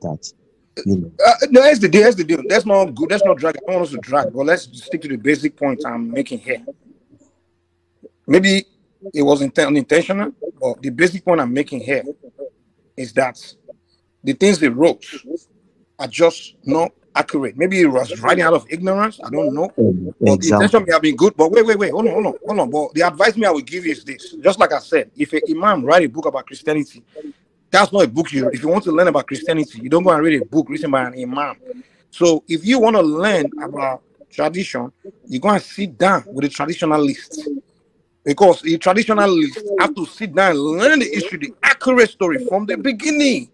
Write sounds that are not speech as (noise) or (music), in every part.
that. You know. Uh, no, that's the deal. That's the deal. That's not good. That's not drag. I want us to drag, but let's stick to the basic point I'm making here. Maybe it was int- unintentional, but the basic point I'm making here is that the things they wrote are just not accurate. Maybe it was writing out of ignorance. I don't know. Exactly. But the intention may have been good. But wait, wait, wait. Hold on, hold on, hold on. But the advice me I will give you is this: just like I said, if an imam write a book about Christianity that's not a book. You, if you want to learn about Christianity, you don't go and read a book written by an imam. So if you want to learn about tradition, you go and sit down with a traditionalist. Because a traditionalist have to sit down and learn the issue, the accurate story from the beginning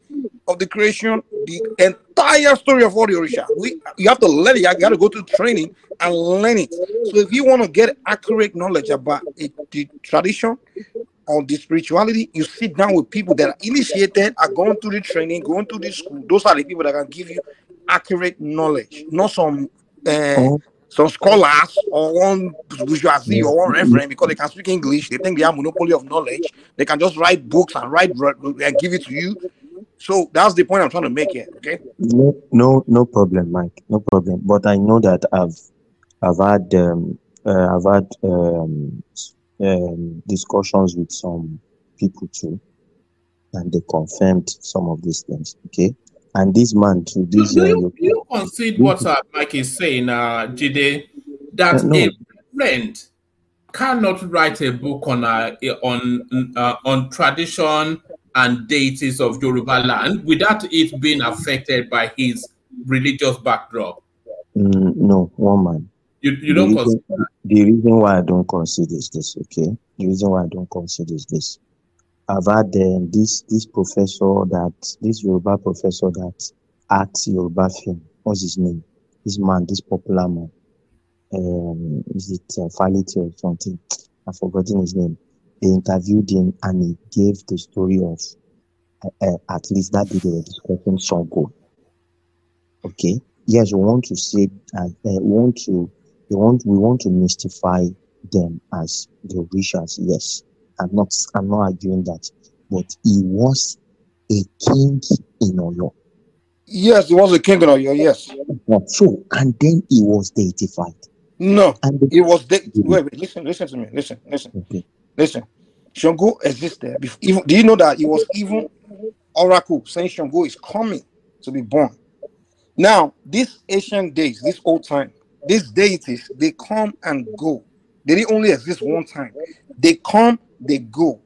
of the creation, the entire story of all the Orisha. We, you have to learn it. You got to go to training and learn it. So if you want to get accurate knowledge about it, the tradition, on the spirituality, you sit down with people that are initiated, are going through the training, going through the school. Those are the people that can give you accurate knowledge, not some uh, oh. some scholars or one bourgeoisie or one reverend because they can speak English. They think they have monopoly of knowledge. They can just write books and write and give it to you. So that's the point I'm trying to make here. Okay. No, no, no problem, Mike. No problem. But I know that I've I've had um, uh, I've had um, um, discussions with some people too, and they confirmed some of these things. Okay, and this man to this. Do you, uh, you concede what uh, Mike is saying, uh, Jide, that uh, no. a friend cannot write a book on uh, on uh, on tradition and deities of Yoruba land without it being affected by his religious backdrop? Mm, no, one man. You, you the don't reason, consider. The reason why I don't consider is this, okay? The reason why I don't consider is this. I've had um, this this professor that this Yoruba professor that acts Yoruba film. What's his name? This man, this popular man. Um, is it uh, or something? I've forgotten his name. They interviewed him and he gave the story of uh, uh, at least that day they were discussing Songo. Okay. Yes, we want to say, uh, uh we want to we want we want to mystify them as the Orishas. Yes, I'm not I'm not arguing that, but he was a king in Oyo. Yes, he was a king in Oyo. Yes. So and then he was deified. No, and the, was de- wait, wait, listen, listen to me, listen, listen, okay. listen. Shango existed. Before, even, do you know that he was even Oracle saying Shango is coming to be born? Now, these ancient days, this old time, these deities they come and go they didn't only exist one time they come they go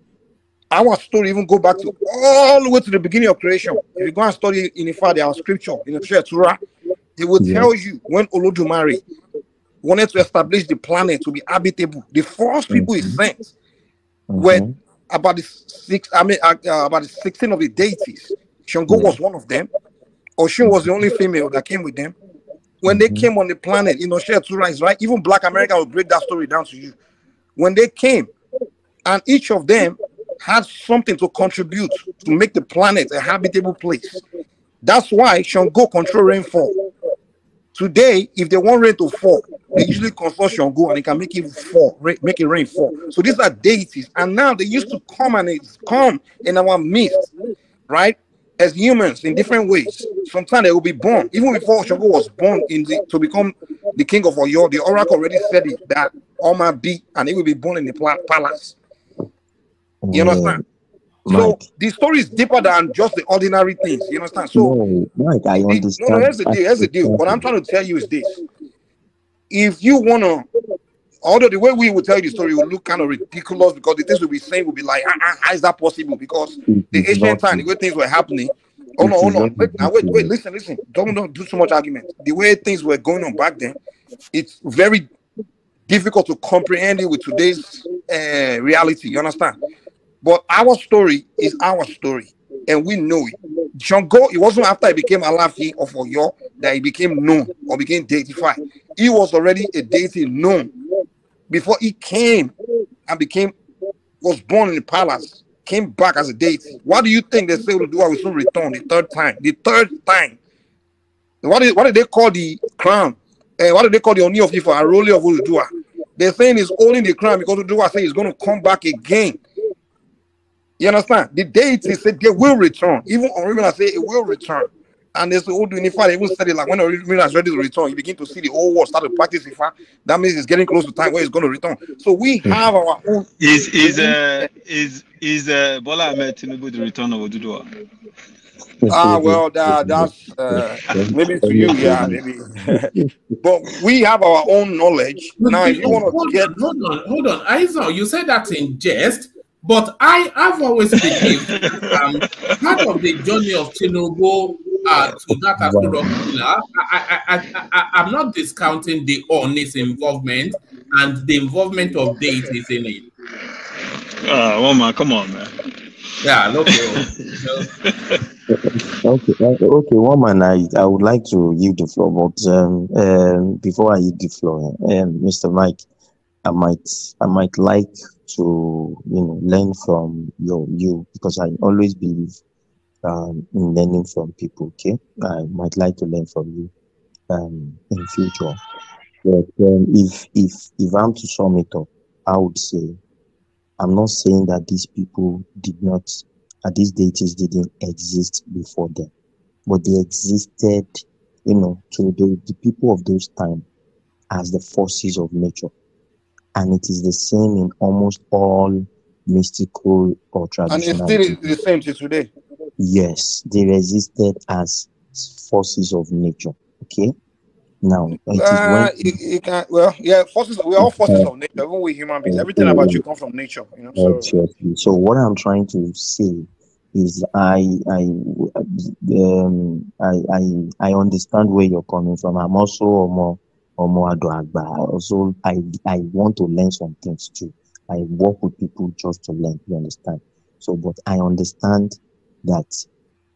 our story even go back to all the way to the beginning of creation if you go and study in father, our scripture in the Torah, it will yeah. tell you when olodumare wanted to establish the planet to be habitable the first mm-hmm. people mm -hmm. he sent mm-hmm. were mm -hmm. about the six i mean uh, uh, about the 16 of the deities shango yeah. was one of them oshun was the only female that came with them when they mm-hmm. came on the planet, you know, share two lines, right? Even Black America will break that story down to you. When they came, and each of them had something to contribute to make the planet a habitable place. That's why Shango control rainfall. Today, if they want rain to fall, they usually consult Shango and they can make it fall, make it rain fall. So these are deities, and now they used to come and it's come in our midst, right? as humans in different ways. Sometimes they will be born. Even before Shogo was born in the, to become the king of Oyo, the oracle already said it that Oma be and he will be born in the palace. You understand? Mike. So the story is deeper than just the ordinary things. You understand? So no, Mike, I understand. no, no, here's the deal. Here's the deal. What I'm trying to tell you is this: if you wanna although the way we would tell the story will look kind of ridiculous because the things we'll be saying will be like, ah, ah, how is that possible? Because the ancient time, the way things were happening. Hold on, hold on. Wait, now, wait, wait, listen, listen. Don't, don't do so much argument. The way things were going on back then, it's very difficult to comprehend it with today's uh, reality. You understand? But our story is our story, and we know it. Django, it wasn't after he became Alafi of Oyo that he became known or became deified. He was already a deity known before he came and became was born in the palace, came back as a date. What do you think they say will do? I will soon return the third time. The third time. What, is, what do they call the crown? Uh, what do they call the only of a role of Udua. They're saying he's holding the crown because Udua say he's going to come back again. You understand? The deity said they will return. Even on I say it will return and there's the old Unifa. They even said it like when Mira is ready to return, you begin to see the whole world start to practice That means it's getting close to time where it's going to return. So we hmm. have our own. Is is uh, (laughs) is is uh, Bola Ahmed Tinubu the return of Odudua? Ah well, that, that's uh, maybe to you, yeah, maybe. (laughs) but we have our own knowledge now. If you want to get, hold on, hold on, Aizo, you said that in jest. But I have always believed um, part of the journey of Tinubu add ah, to that Asura I, I, I, I'm not discounting the honest involvement and the involvement of deities in it. Ah, oh, man, come on, man. Yeah, (laughs) (laughs) okay. okay, okay, woman. I, I would like to yield the floor, but um, um, before I yield the floor, um, Mr. Mike, I might I might like to you know learn from your you because I always believe um, in learning from people. Okay, I might like to learn from you um, in future. But um, if if if I'm to sum it up, I would say I'm not saying that these people did not, uh, these deities didn't exist before them, but they existed, you know, to the, the people of those times as the forces of nature, and it is the same in almost all mystical or traditional. And it's still the same to today. Yes, they resisted as forces of nature. Okay. Now it uh, is when... you, you can well yeah forces we are all forces of nature even we human beings everything about you come from nature you know so, so what I'm trying to say is I I um, I I I understand where you're coming from I'm also more or more also I I want to learn some things too I work with people just to learn you understand so but I understand that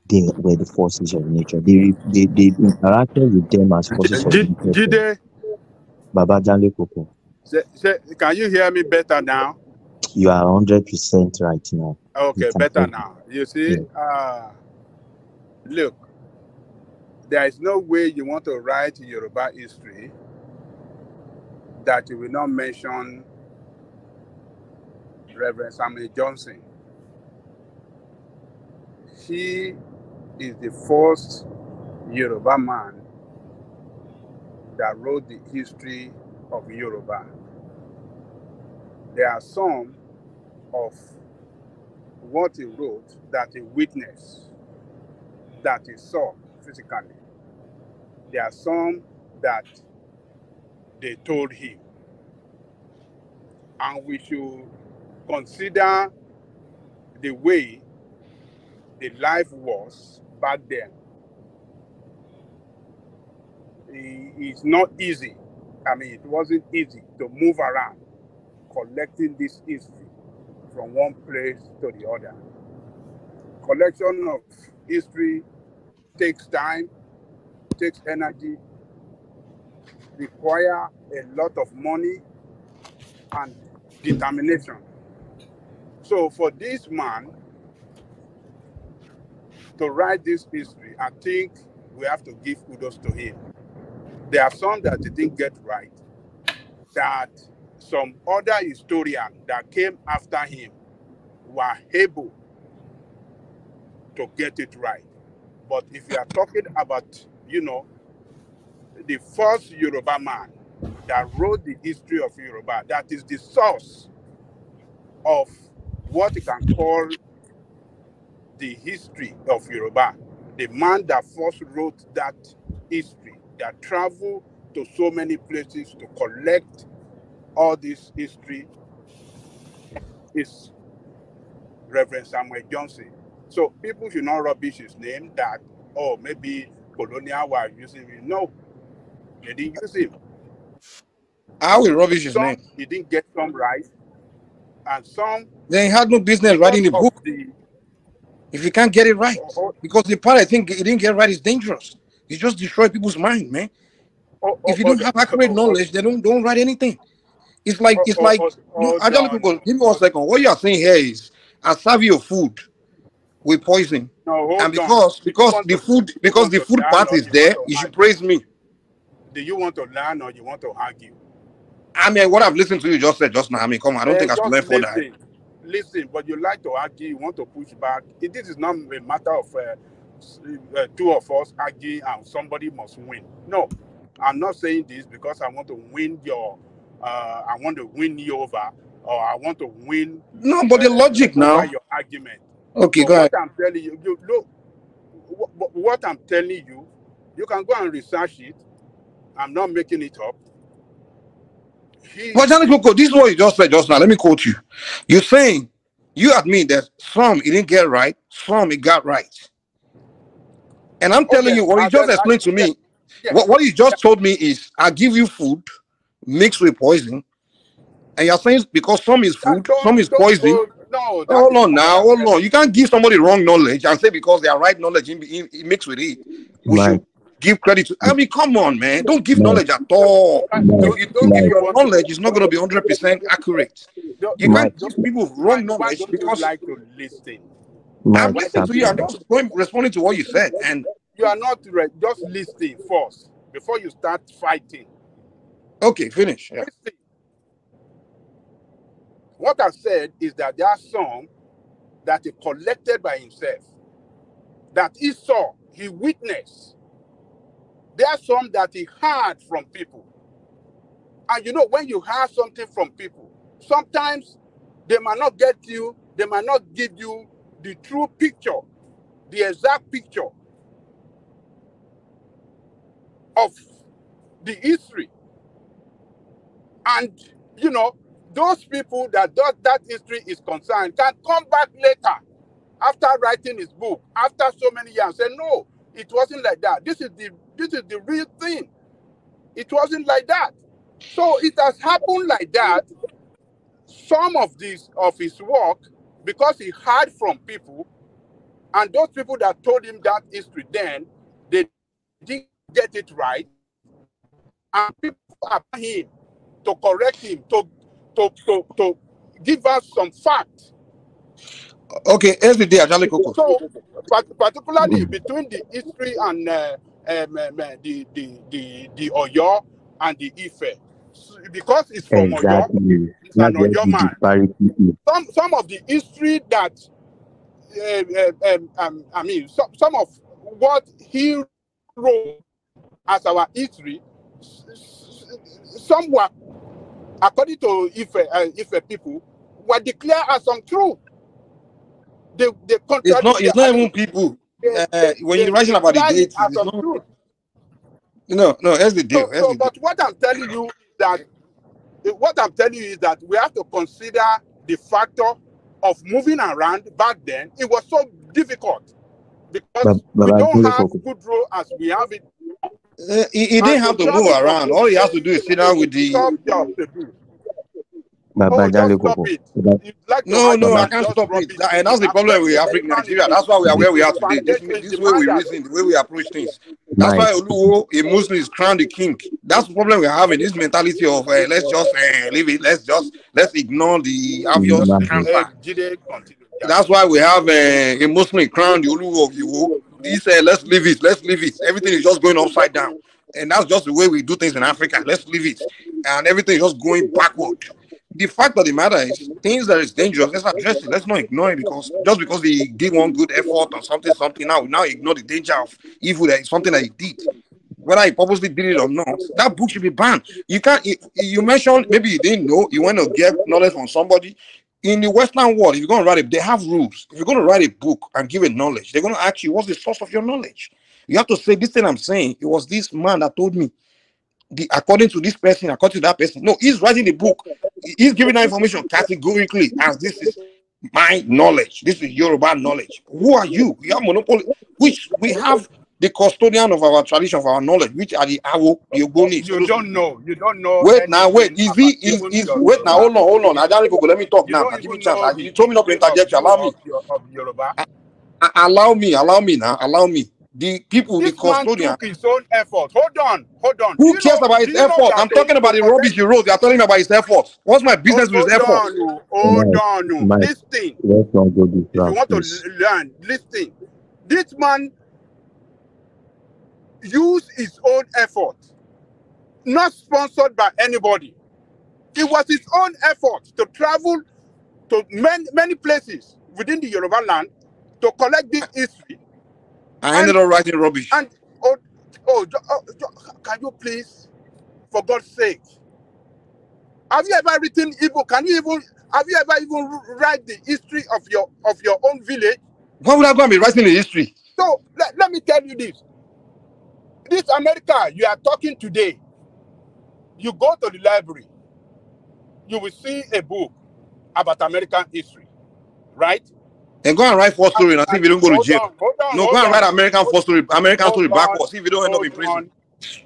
they were the forces of nature. They they, they interacted with them as forces did, of nature. Did they? Baba Janle Koko. Can you hear me better now? You are hundred percent right now. Okay, better now. You see, yeah. uh, look, there is no way you want to write Yoruba history that you will not mention Reverend Samuel Johnson he is the first Yoruba man that wrote the history of Yoruba. There are some of what he wrote that he witnessed, that he saw physically. There are some that they told him. And we should consider the way the life was back then. It's not easy. I mean, it wasn't easy to move around collecting this history from one place to the other. Collection of history takes time, takes energy, require a lot of money and determination. So for this man to write this history, I think we have to give kudos to him. There are some that didn't get right, that some other historian that came after him were able to get it right. But if you are talking about, you know, the first Yoruba man that wrote the history of Yoruba, that is the source of what you can call the history of Yoruba, the man that first wrote that history, that traveled to so many places to collect all this history, is Reverend Samuel Johnson. So people should not rubbish his name that, oh, maybe colonial were using him. No, they didn't use him. I will rubbish his some, name. He didn't get some right. And some. They had no business writing the book. The, if you can't get it right. Oh, oh. Because the part I think you didn't get right is dangerous. You just destroy people's mind, man. Oh, if you don't have accurate knowledge, they don't don't write anything. It's like it's like I don't people give me one second. What you are saying here is I serve you food with poison. No, and because on. because the food to, because the food part is there, you should praise me. Do you want to learn or you want to argue? I mean, what I've listened to you just said just now. I mean, come on, I don't yeah, think I should learn for that listen, but you like to argue, you want to push back. This is not a matter of uh, uh, two of us arguing and somebody must win. No, I'm not saying this because I want to win your, uh, I want to win you over, or I want to win. No, but the logic now. Your argument. Okay, so go ahead. What I'm telling you, you look, what, what I'm telling you, you can go and research it. I'm not making it up. Vaginic Loco, this is what you just said just now. Let me quote you. You're saying, you admit that some it didn't get right, some it got right. And I'm telling okay, you, what you just explained to me, yeah, what, what you just yeah. told me is, I give you food mixed with poison, and you're saying because some is food, some is poison. No, hold on now, hold on. You can't give somebody wrong knowledge and say because they are right knowledge it mixed with it. We right. should give credit to. I mean, come on, man. Don't give knowledge at all. you don't give your knowledge, it's not going to be 100% accurate. You can't give people wrong knowledge because. like to listen? I'm listening to you. I'm just going, responding to what you said. And you are not re- just listening first before you start fighting. Okay, finish. Yeah. What I said is that there are some that he collected by himself, that he saw, he witnessed, there are some that he heard from people. And you know, when you hear something from people, sometimes they might not get you, they might not give you the true picture, the exact picture of the history. And, you know, those people that does that history is concerned can come back later after writing his book, after so many years, say, no, it wasn't like that. This is the this is the real thing. It wasn't like that. So it has happened like that. Some of this of his work, because he heard from people, and those people that told him that history then, they didn't get it right. And people asked him to correct him, to to to, to give us some facts. Okay, every day, Ajale Koko. So, particularly between the history and uh, um, um, the the the the Oyo and the Ife. because it's from exactly. Oyo, it's an Oyo man. Some some of the history that uh, um, um, I mean, some some of what he wrote as our history, some were, according to Ife uh, people, were declared as untrue. They, they it's not, it's not even people uh, when you writing about the date, no, no, no, that's the deal. So, so the but deal. what I'm telling you is that what I'm telling you is that we have to consider the factor of moving around back then. It was so difficult because but, but we don't have good rule as we have it. Uh, he, he didn't have to move around. All he has to do is sit down with the. Baba oh, Jale Koko. No, no, I can't stop it. That, and that's the problem with Africa, Nigeria. That's why we are where we are today. This, this way we reason, the way we approach things. That's nice. why Oluwo, a Muslim, is crowned the king. That's the problem we we're having. This mentality of uh, let's just uh, leave it. Let's just let's ignore the obvious cancer. That's why we have uh, a Muslim crowned the Oluwo of Iwo. He said, uh, let's leave it. Let's leave it. Everything is just going upside down. And that's just the way we do things in Africa. Let's leave it. And everything is just going backward. the fact of the matter is, things that is dangerous, let's address it. Let's not ignore it because just because they did one good effort or something, something now, now ignore the danger of evil that is something that he did. Whether he purposely did it or not, that book should be banned. You can't. You, you mentioned maybe you didn't know. You want to get knowledge from somebody. In the Western world, if you're going to write it, they have rules. If you're going to write a book and give it knowledge, they're going to ask you, "What's the source of your knowledge?" You have to say, "This thing I'm saying, it was this man that told me." the according to this person, according to that person. No, he's writing the book. He's giving that information categorically as this is my knowledge. This is Yoruba knowledge. Who are you? We are monopoly. Which we have the custodian of our tradition, of our knowledge, which are the Awo, the You don't know. You don't know. Wait now, wait. Is he? Is, is wait now? Hold on, hold on. I don't even Let me talk you now. Give me chance. You told me not to interject. Allow me. Allow me. Allow me now. Allow me the people this will be custodian. This his own effort. Hold on, hold on. Who cares know, about his effort? I'm talking about the rubbish he wrote. are telling me about his effort. What's my oh, business oh, with his effort? Oh, hold on, hold oh. on. No. My, listen. Let's not go this if you want please. to learn, listen. This man used his own effort, not sponsored by anybody. It was his own effort to travel to many, many places within the Yoruba land to collect this history I ended up writing rubbish. And oh, oh, oh, can you please, for God's sake, have you ever written Igbo? Can you even have you ever even write the history of your of your own village? Why would I go and be writing the history? So let, let me tell you this. This America you are talking today, you go to the library, you will see a book about American history, right? And go and write four story and see if you don't go to jail. on, hold on, no, go and write American four story, American story backwards. See if you don't end up in prison.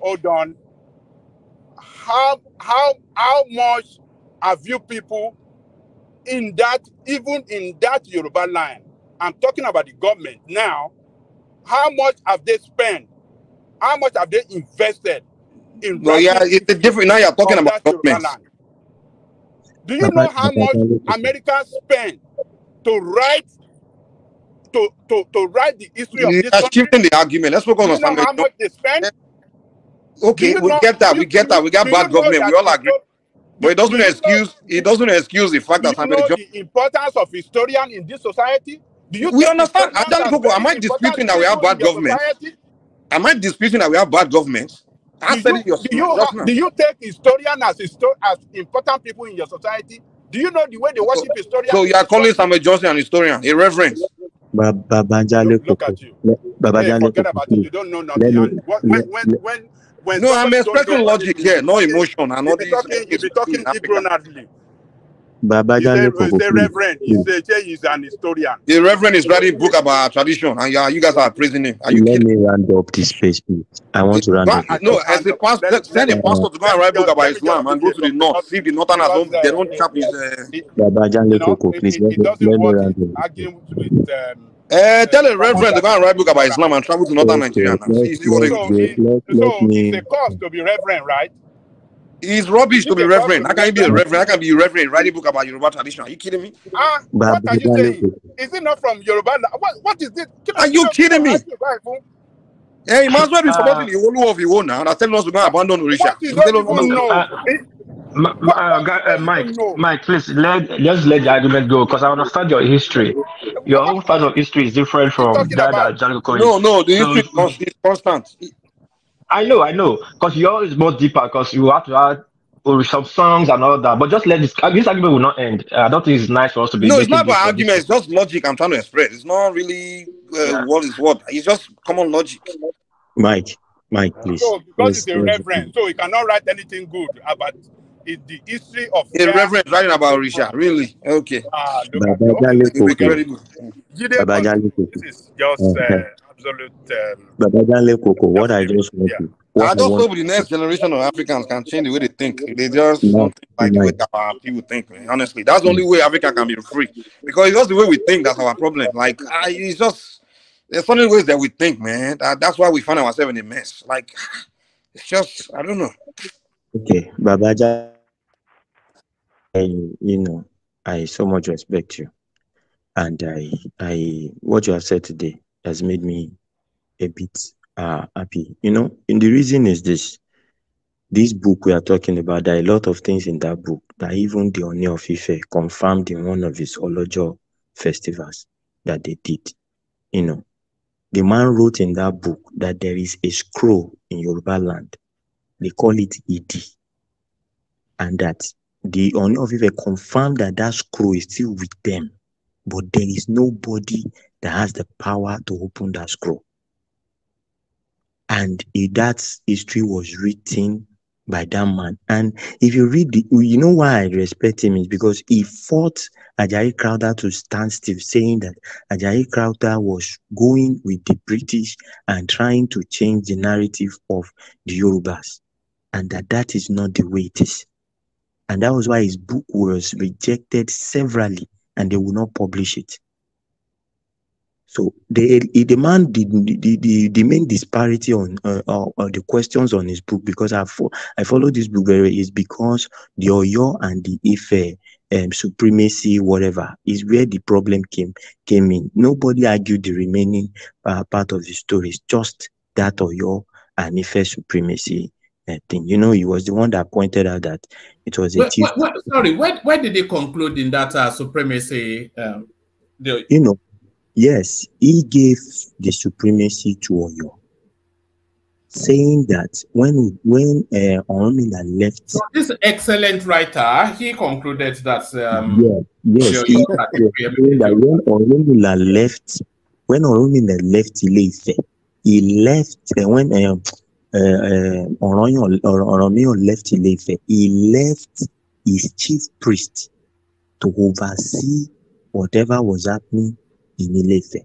Hold on. How how how much have you people in that even in that Yoruba line? I'm talking about the government now. How much have they spent? How much have they invested in? No, yeah, it's different. Now you're talking about government. Do you know how much America spent to write to to to write the history of this. shifting the argument. Let's focus on something. How much they spend? Okay, we get that. We get that. We got bad government. We all agree. But it doesn't excuse it doesn't excuse the fact that Samuel know The importance of historian in this society. Do you we understand? Adam Koko, am I disputing that we have bad government? Am I disputing that we have bad government? I you, it yourself. Do you, do you take historian as histo as important people in your society? Do you know the way they worship so, historians? So you are calling Samuel Johnson an historian, a Babajale Babajale Babajale. No, I'm expecting logic here, no emotion. I'm not Talking, he's talking ignorantly. Baba Dale he's, a, he's a reverend. He's, a, he's an historian. The reverend is writing book about tradition, and you, you guys are praising him. Are you Let kidding? me round up this page, please. I want to round up. No, as the pastor, send a pastor to go and write book about Islam and go to the north. See the northern at home. They don't uh, chap his. Uh, Baba Dale Coco, please. Let me, let me round up. uh, tell a reverend to go and write book about Islam and travel to northern Nigeria. So It's a cost to be reverend, right? It's rubbish to be reverend. How can you be a reverend? How can be a reverend writing book about Yoruba tradition? Are you kidding me? Ah, what are you saying? Is it not from Yoruba? What, what is this? Are you kidding me? Eh, hey, you might as well be ah. supporting the Olu of Iwona and telling us to go abandon Orisha. What is that? Ah, uh, uh, Mike, Mike, please let just let the argument go because I understand your history. Your own part of history is different from that, that No, no, the history so, is constant. I know, I know, because yours is more deeper because you have to add some songs and all that. But just let this uh, this argument will not end. Uh, I don't think it's nice for us to be. No, it's not about argument. It's just logic. I'm trying to express. It's not really uh, yeah. what is what. It's just common logic. Mike, Mike, please. So because please, it's a reverend, so he cannot write anything good about it, the history of. A reverend writing about Risha, ah, really? Okay. Ah, no, no, no. Baba Jale Koke. This is just. Uh, absolute. Um, but Bagale Coco, what I just want yeah. I just hope the next generation of Africans can change the way they think. They just yeah. don't think like yeah. the way that our people think, man. Honestly, that's the only way Africa can be free. Because it's just the way we think that's our problem. Like, I, it's just there's so many ways that we think, man. That, that's why we find ourselves in a mess. Like, (sighs) it's just I don't know. Okay, Babaja, I, you know, I so much respect you, and I, I, what you have said today has made me a bit uh, happy. You know, and the reason is this. This book we are talking about, there are a lot of things in that book that even the Oni of Ife confirmed in one of his Olojo festivals that they did. You know, the man wrote in that book that there is a scroll in Yoruba land. They call it ED. And that the Oni of Ife confirmed that that scroll is still with them, but there is nobody that has the power to open that scroll. And if that history was written by that man. And if you read, the, you know why I respect him is because he fought Ajayi Crowder to stand still, saying that Ajayi Crowder was going with the British and trying to change the narrative of the Yorubas, and that that is not the way it is. And that was why his book was rejected severally, and they will not publish it. So they they demand the the, the, the main disparity on uh, or, the questions on his book because I fo- I follow this book very is because the Oyo and the Ife um, supremacy whatever is where the problem came came in. Nobody argued the remaining uh, part of the story. It's just that Oyo and Ife supremacy uh, thing. You know, he was the one that pointed out that it was a. Where, where, where, sorry, where, where did he conclude in that uh, supremacy? Um, the, you know Yes, he gave the supremacy to Oyo, saying that when when uh, Oromila left, so this excellent writer he concluded that um, yeah, yes, he, he that when Oromila left, when Oromila left Ileife, he left uh, when uh, uh, uh left Ileife, he left his chief priest to oversee whatever was happening in Ilefe.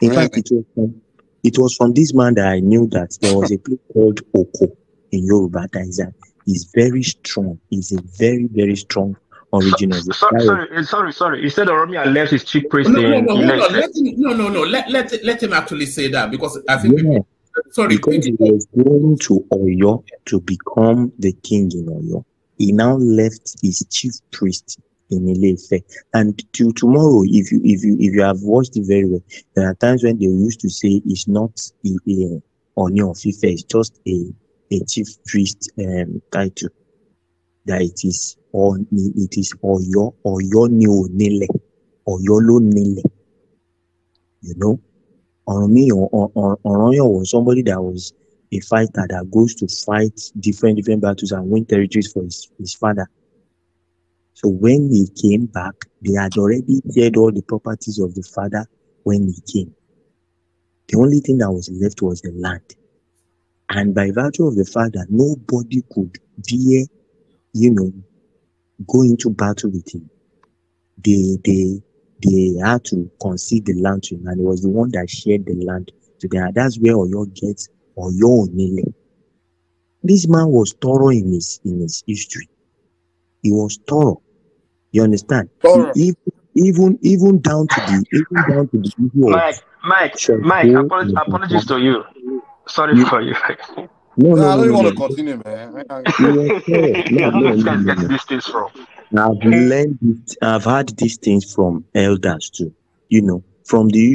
In right. fact, it was, from, it was from this man that I knew that there was a place called Oko in Yoruba that is, a, is very strong. It's a very, very strong original. So, sorry, eh, sorry, sorry. He said Oromia left his chief priest no, no, no, no, let him, no, no, no. Let, let, let him actually say that because I think. Yeah. People, sorry, because he was going to Oyo to become the king in Oyo. He now left his chief priest in Ile-Ife. And till tomorrow, if you if you if you have watched it very well, there are times when they used to say it's not a, a fifa, it's just a a chief priest um, title. That it is on it is your new ni or your low Nile. You know, me or on Oromiyo or somebody that was a fighter that goes to fight different different battles and win territories for his, his father so when he came back, they had already shared all the properties of the father when he came. The only thing that was left was the land. And by virtue of the fact that nobody could dare, you know, go into battle with him, they they they had to concede the land to him, and he was the one that shared the land to them. And that's where Oyo gets Oyo Onile. This man was thorough in his in his history. He was thorough. You understand? Thorough. He, even even down to the even down to the issue Mike, Mike, Mike, apolog- apologies to you. Sorry you, for you. (laughs) No, no, no, I don't no, want no. to continue, man. (laughs) no, these guys get These things from. I've learned. It, I've had these things from elders too. You know, from the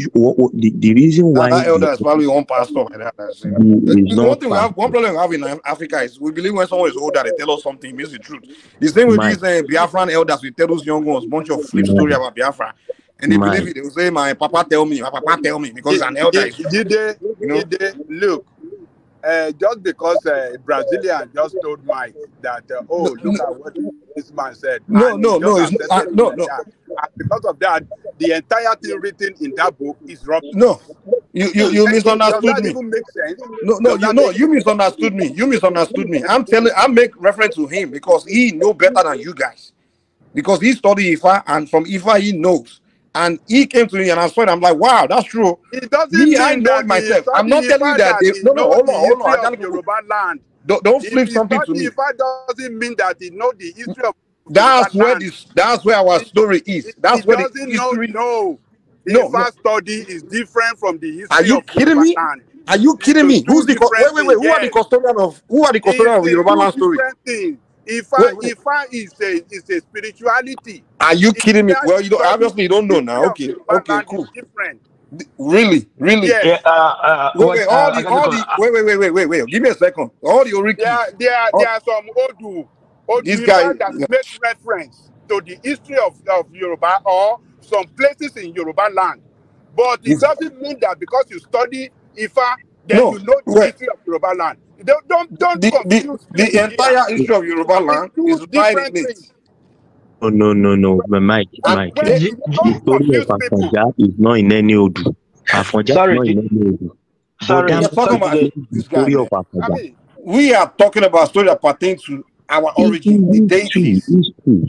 the, the reason why that elder is probably one pastor. That, the, one thing we have, one problem we have in Africa is we believe when someone is older, they tell us something means the truth. The same with my, these uh, Biafran elders, we tell those young ones bunch of flip story about Biafra. And they my, believe it. They will say, "My papa tell me, my papa tell me," because did, an elder. Did, did they? You know? Did they look? Uh, just because uh, Brazilian just told Mike that, uh, oh, no, look no, at what this man said. No, no, no, it's uh, no, no. And because of that, the entire thing written in that book is rubbish. No, you you, you misunderstood me. make sense. No, no, does you know you misunderstood me. You misunderstood me. I'm telling. I make reference to him because he know better than you guys, because he study Ifa and from Ifa he knows and he came to me and I saw it. I'm like, wow, that's true. It doesn't me, I know myself. I'm not telling you that. They, no, no, hold on, hold on. Yoruba land. Don't, don't flip something to me. If that doesn't mean that he know the history of that's where land. this. That's where our story is. That's where the history. Know, no, no. study is different from the history. Are you kidding me? Land. Are you kidding me? Who's the wait, wait, wait? Who are the custodian of who are the custodian of Yoruba land story? Thing. If Ifa is a is a spirituality. Are you kidding me? Well, you don't obviously you don't know now. Okay, okay, cool. Different. Really, really. Yes. Yeah, uh, uh, wait, wait, all uh, the, all the, uh, wait, wait, wait, wait, wait, wait. Give me a second. All the orikis. There, there, all, there are some Odu, Odu guy that yeah. makes reference to the history of of Yoruba or some places in Yoruba land, but it doesn't mean that because you study Ifa, then no, you know the wait. history of Yoruba land. Don't don't, don't the, the, the entire issue of Yoruba land is divided. Things. No, oh, no, no, no, my mic, Mike. The story of Afanja is not in any Odu. Afanja is not in any Odu. Sorry, but sorry, sorry, the story of Afanja. I mean, we are talking about a story that pertains to our origin, the deity.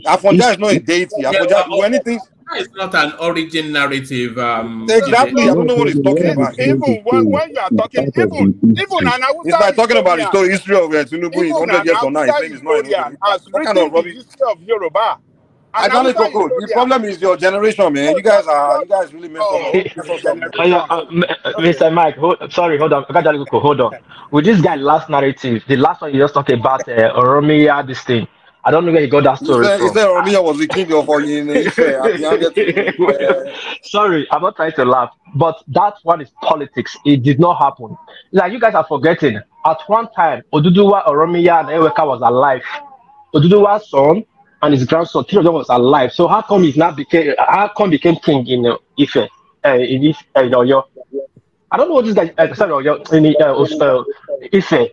Afanja is not a deity. Afanja, when anything It's not an origin narrative. Um, exactly. I don't know what he's talking about. Even when, when you are talking, even even an It's like talking about the history of uh, Tinubu is 100 years or now. He's saying it's not. Has written kind of rubbish. history of Yoruba. I don't know, The problem is your generation, man. You guys are, you guys really messed up. Mr. Oh. (laughs) Uh, uh, Mike, hold, sorry, hold on. Hold on. With this guy, last narrative, the last one you just talked about, uh, Oromia, this thing. I don't know where you got that story is there, from. Is there was the king of Onion? (laughs) Sorry, I'm not trying to laugh, but that one is politics. It did not happen. Like you guys are forgetting. At one time, Oduduwa, Oromiya, and Eweka was alive. Oduduwa's son and his grandson, three of them was alive. So how come he's not became? How come became king in uh, Ife? Uh, in Ife, uh, in Oyo? I don't know what this guy. Uh, sorry, Oyo, in uh, uh Ife.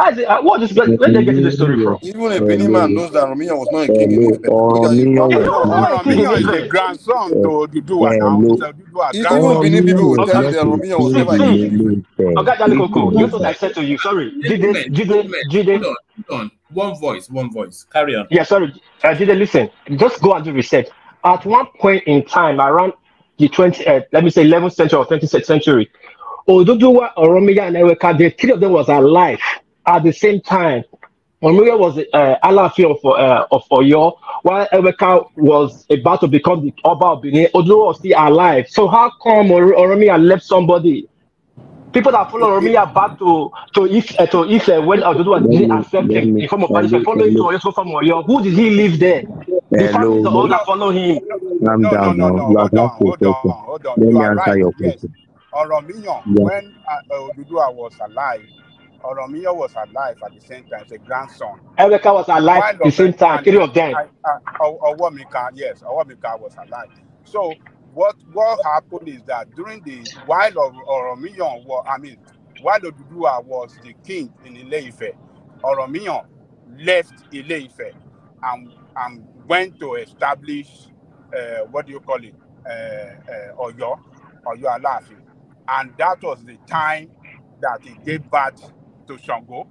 Isaac, I, uh, what just let, let them get to the story from. Even a Benin man knows that Romina was not a king in Romina is the grandson to Dudua now. Even Benin people will tell that Romina was never a king. Oga Jalikoko, you thought I said to you, sorry. Jide, Jide, Jide. Hold on, one voice, one voice. Carry on. Yeah, sorry. Uh, Jide, listen. Just go and do research. At one point in time, around the 20, uh, let me say 11th century or 20th century, Oduduwa, Oromia, and Eweka, the three of them was alive. at the same time, Omiwe was uh, Alaafin of uh, of Oyo, while Emeka was about to become the Oba of Benin. Odunuwa was still alive. So how come Or- Oromia left somebody? People that follow Oromia back to to if uh, to Ife uh, when Odunuwa was accept in form of punishment, following to Oyo from Oyo. Who did he leave there? The families of Oyo follow him. Calm no, down no, no, now. You have not put Let me answer your question. Oromia, when uh, uh, Odunuwa was alive. Oromiyo was alive at the same time, it's a grandson. Emeka was alive at the same time, three of them. Owomika, yes, Owomika was alive. So what what happened is that during the while of Oromiyo was, I mean, while Odudua was the king in Ile-Ife, Oromiyo left ile and and went to establish uh, what do you call it, uh, eh, uh, eh, Oyo, Oyo Alaafin, and that was the time that he gave birth to Shango.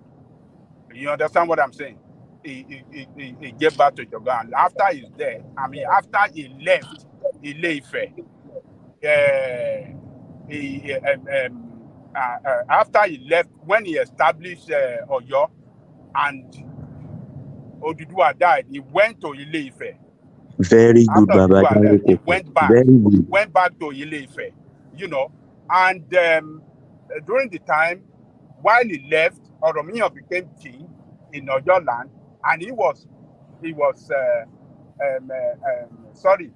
You understand what I'm saying? He, he, he, he gave back to Joga. after he's there, I mean, after he left Ile-Ife, uh, he, um, um, uh, uh, after he left, when he established uh, eh, Oyo and Oduduwa died, he went to ile Very good, after Baba. Oduduwa he went back, Very good. went back to ile you know. And um, during the time, While he left, Oromiyan became king in Oyo land, and he was he was uh, um, uh, um, sorry.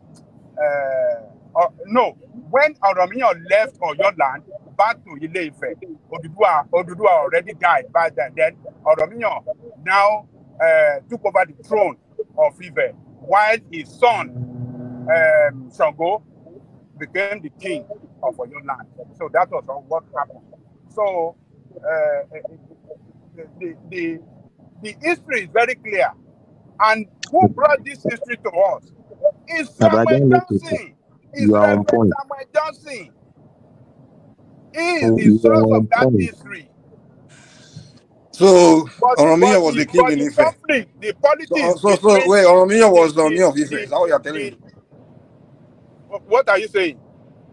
Uh, uh, no, when Oromiyan left Oyo land back to Ileife, ife Oduduwa, Oduduwa already died by then. Then Oromiyan now uh, took over the throne of Ife, while his son um, Sango became the king of Oyo land. So that was what happened. So the, the, the history is very clear. And who brought this history to us? It's Samuel Johnson. It's you are on point. Samuel Johnson. He is oh, the source of that point. history. So Oromiya was the king in Ife. the politics. So, so, so wait, Oromiya was the king of Ife. Is that what you are telling me? What are you saying?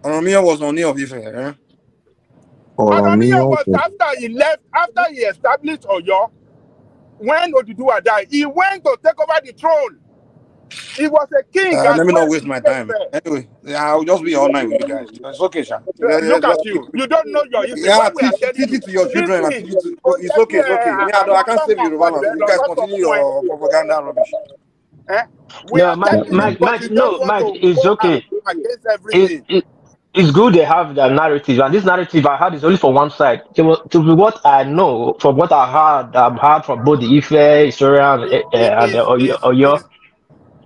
Oromiya was the king of Ife. Eh? Ọ̀rànmíyàn was after he left, after he established Oyo, when Oduduwa died, he went to take over the throne. He was a king. Uh, let me not waste my time. There. Anyway, I'll just be all night with you guys. It's okay, Sha. Look yeah, at you. You don't know your history. Yeah, teach, teach it to your children. And teach it to, it's okay. It's okay. Yeah, I can't save you, Romano. You guys continue your propaganda rubbish. Eh? no, Mike, Mike, Mike, no, Mike, it's okay. it's good they have the narrative, and this narrative I had is only for one side. To, to what I know, from what I heard, I've heard from both the Ife, Isora, and, uh, and eh, Oyo.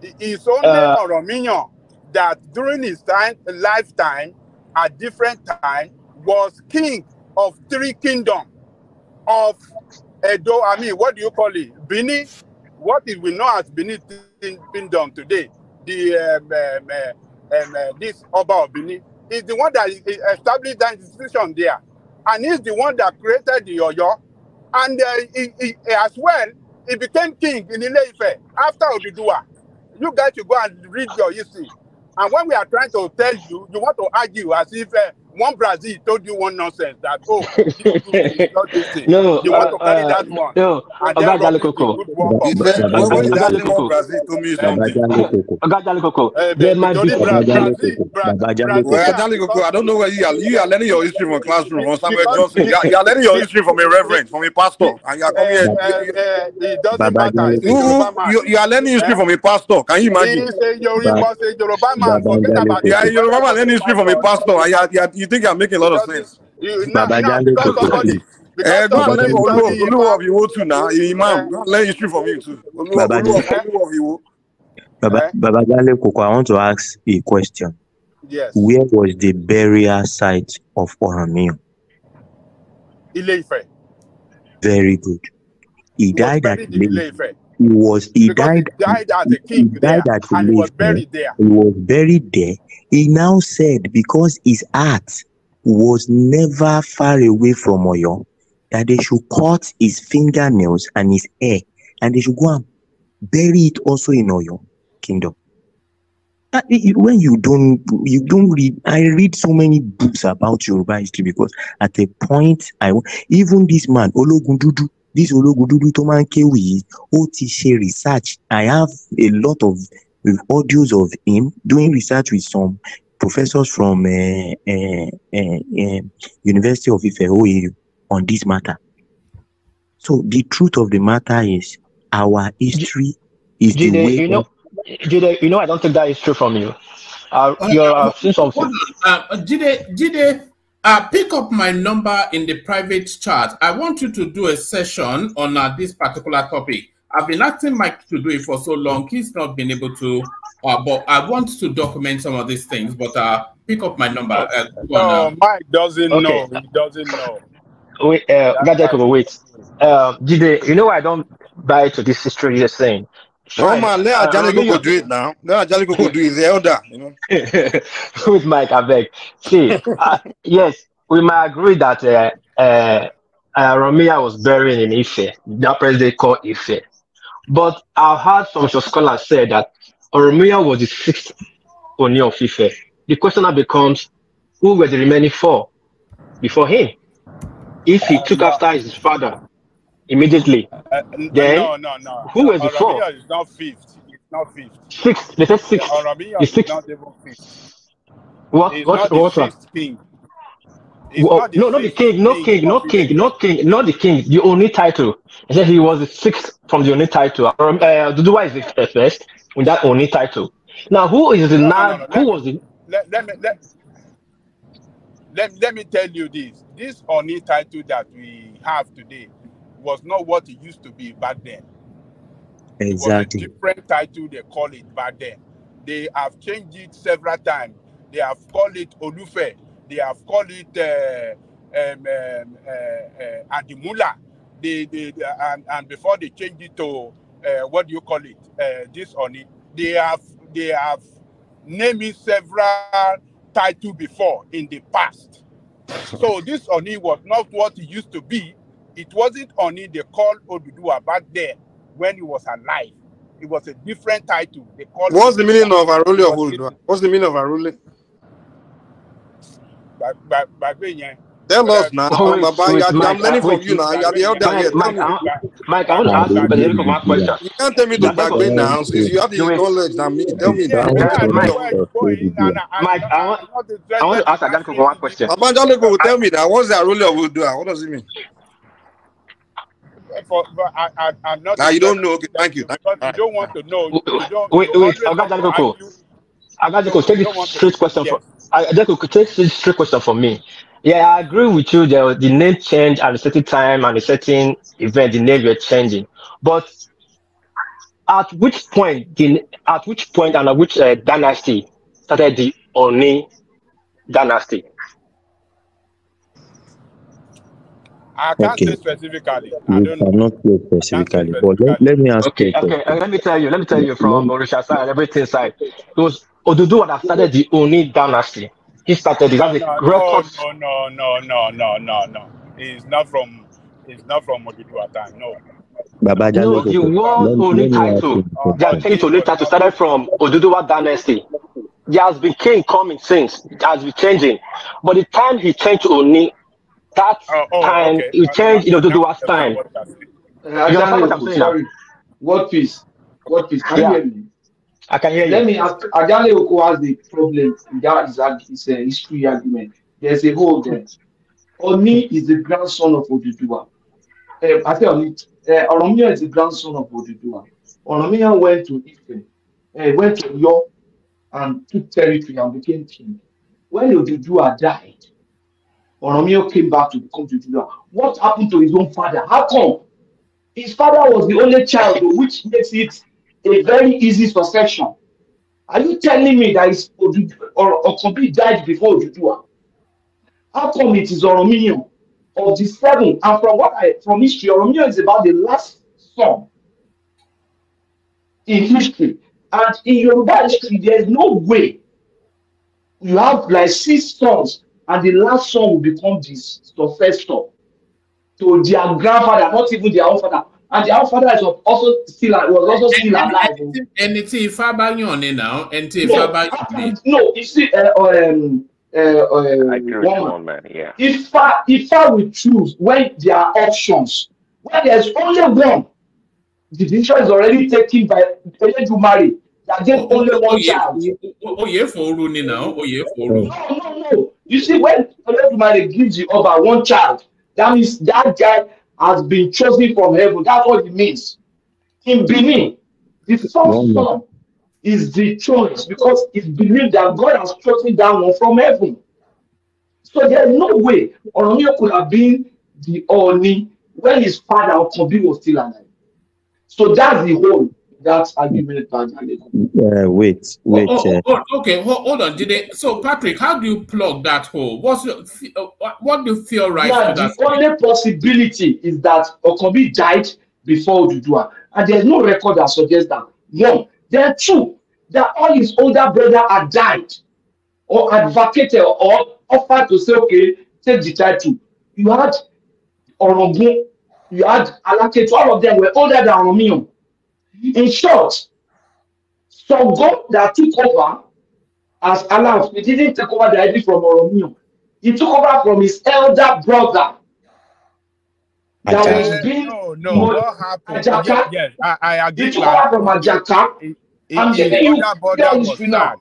It's only uh, that during his time, lifetime, at different time, was king of three kingdoms of Edo. I mean, what do you call it? Bini. What did we know as Bini kingdom today? The um, um, um, um, this Oba of Bini is the one that established that institution there. And he's the one that created the Oyo. And uh, he, he, as well, he became king in Ile-Ife after Oduduwa. You guys should go and read your history. And when we are trying to tell you, you want to argue as if uh, one Brazil told you one nonsense that oh (laughs) no, you want to uh, carry uh, that one. No, Oga Jalekoko. Oga Jalekoko. Eh, there might be Oga Jalekoko. I don't know where you are. You are learning your history from classroom or somewhere Johnson. You are learning your history from a reverend, from a pastor, and you are coming eh, here. Eh, it doesn't matter. You are learning history from a pastor. Can you imagine? You are Yoruba man. Forget about. You are Yoruba man learning history from a pastor. You are you think I'm making a lot of sense. Baba Jande Koko. Eh, go and learn Oluwo Oluwo of Iwo too now. Imam, eh? go and learn history from him too. Baba Jande. Eh? Baba eh? Baba Jande Koko, I want to ask a question. Yes. Where was the burial site of Oramio? Ile Ife. Very good. He died at Ile Ife. he was he died, he died as a king he there, died at and he was buried there. He was buried there. He now said because his heart was never far away from Oyo, that they should cut his fingernails and his hair, and they should go and bury it also in Oyo kingdom. When you don't, you don't read. I read so many books about Yoruba history because at a point, I even this man Ologundudu this ológun dúdú tó máa ń kéwì yìí ó ti ṣe research i have a lot of audios of him doing research with some professors from uh, uh, uh, uh, University of Ife OAU on this matter so the truth of the matter is our history is Jide, the way you know, Jide, you know I don't think that is true from you uh, you're uh, uh, uh, Jide, Jide Uh, pick up my number in the private chat. I want you to do a session on uh, this particular topic. I've been asking Mike to do it for so long. He's not been able to, uh, but I want to document some of these things. But uh, pick up my number. Uh, no, on, Mike doesn't okay. know. He doesn't know. Wait, uh, Gadget, wait. Uh, Jide, you know I don't buy to this history you're saying. Oh man, let Ajani go do it now. Let Ajani go do it. The elder, you know. (laughs) with Mike Abeg. See, uh, yes, we might agree that uh, uh, uh Ramia was buried in Ife. That place they call Ife. But I've heard some scholars say that Oromia was the sixth Oni of Ife. The question now becomes, who were the remaining four before him? If he took uh, after his father, immediately. Uh, uh then, no, no, no. Who was it uh, for? is not fifth. It's not fifth. Sixth. They said sixth. Yeah, uh, the sixth. Not even fifth. What? It's what? What? What? Well, not no, not the king, not king, not king, not king, not the king. The only title. I said he was the sixth from the only title. Um, uh, Duduwa is the first with that only title. Now, who is the no, now? No, no, who let, was the? Let, let me let, let, let me tell you this. This only title that we have today was not what it used to be back then. Exactly. different title they call it back then. They have changed it several times. They have called it Olufe. They have called it uh, um, um, uh, uh, Adimula. They, they, and, and before they changed it to uh, what do you call it? Uh, this on it. They have they have named it several title before in the past. (laughs) So this on it was not what it used to be It wasn't only they called Odudua back there when he was alive. It was a different title. They called What's the meaning of Arule of Odudua? What's the meaning of Arule? Tell us now. I'm, I'm learning from you now. You're the elder here. Mike, Mike, I want to ask you, but let me my question. You can't tell me to back me now. Since you have the knowledge than me, tell me that. Mike, I want to ask Ajaliko one question. Ajaliko will tell me that. What's the role of Odudua? What does it mean? for, for I, I, I'm not. Now you don't know. Okay, thank you. Thank you. Right. don't want to know. wait, wait. I got that cool. I got you. Take this straight question yes. from. I just could take this straight question for me. Yeah, I agree with you. The, the name change at a certain time and a certain event, the name you're changing. But at which point, the, at which point, and at which uh, dynasty started the Oni dynasty? I can't okay. say specifically. I don't cannot say specifically, but let, let me ask okay. you. Okay, okay. let me tell you, let me tell you from Mauritius side, everything side. Because Oduduwa that started the Oni dynasty. He started it. That's no, record. No, no, no, no, no, no. He's not from He's not from Oduduwa time. No. Baba no, the one only title, the King's only title started from Oduduwa dynasty. There has been king coming since, there has been changing. But the time he changed to Oni, That oh, oh, time. Okay. It changed, you know, to do our time. Understand what uh, I'm saying? Sorry. What is, What piece? Can yeah. you hear me? I can hear you. Let me ask. Ajale Oko has the problem. That is a, it's a history argument. There's a whole there. Oni is the grandson of Oduduwa. Um, I tell you, uh, Oromia is the grandson of Oduduwa. Oromia went to Ife, uh, went to York, and took territory and became king. When Oduduwa died, Oromio came back to become to Judah. What happened to his own father? How come? His father was the only child, which makes it a very easy succession. Are you telling me that his or Okobi died before Ojudua? How come it is Oromio of the seven? And from what I from history, Oromio is about the last son in history. And in Yoruba history, there is no way you have like six sons and the last son will become the successor to their grandfather not even their own father and their own father is also still was also still alive. ẹni tí ifá bá yàn ni na ẹni tí ifá bá yàn ni. no you see uh, um, uh, uh, woman, yeah. ifá ifá will choose when there are options when there is only one the decision is already taken by Olejumare that there is only one child. oyè fòoru ni na oyè fòoru. no no You see, when Olodumare gives you over one child, that means that child has been chosen from heaven. That's what it means. In Benin, the first mm. son is the choice because it's believed that God has chosen that one from heaven. So there's no way Oromia could have been the only when his father Kobi was still alive. So that's the whole that argument that uh, wait, oh, wait. Oh, oh, oh, okay, hold, hold on. Did they, so, Patrick, how do you plug that hole? What's your, uh, what do you feel right yeah, The only possibility is that Okobi died before Odudua, and there's no record that suggests that. One, then two, that all his older brother had died or advocated or offered to say, okay, take the title. You had Orogun, you had Alake, all of them were older than Romeo. In short, some God that took over as Alam, he didn't take over directly from Oromio. He took over from his elder brother. That Ajaka. was being no, no, more, what happened? Ajaka. Yes, yes, I, I agree. He took over from Ajaka. It, it, and it, then you tell his funeral.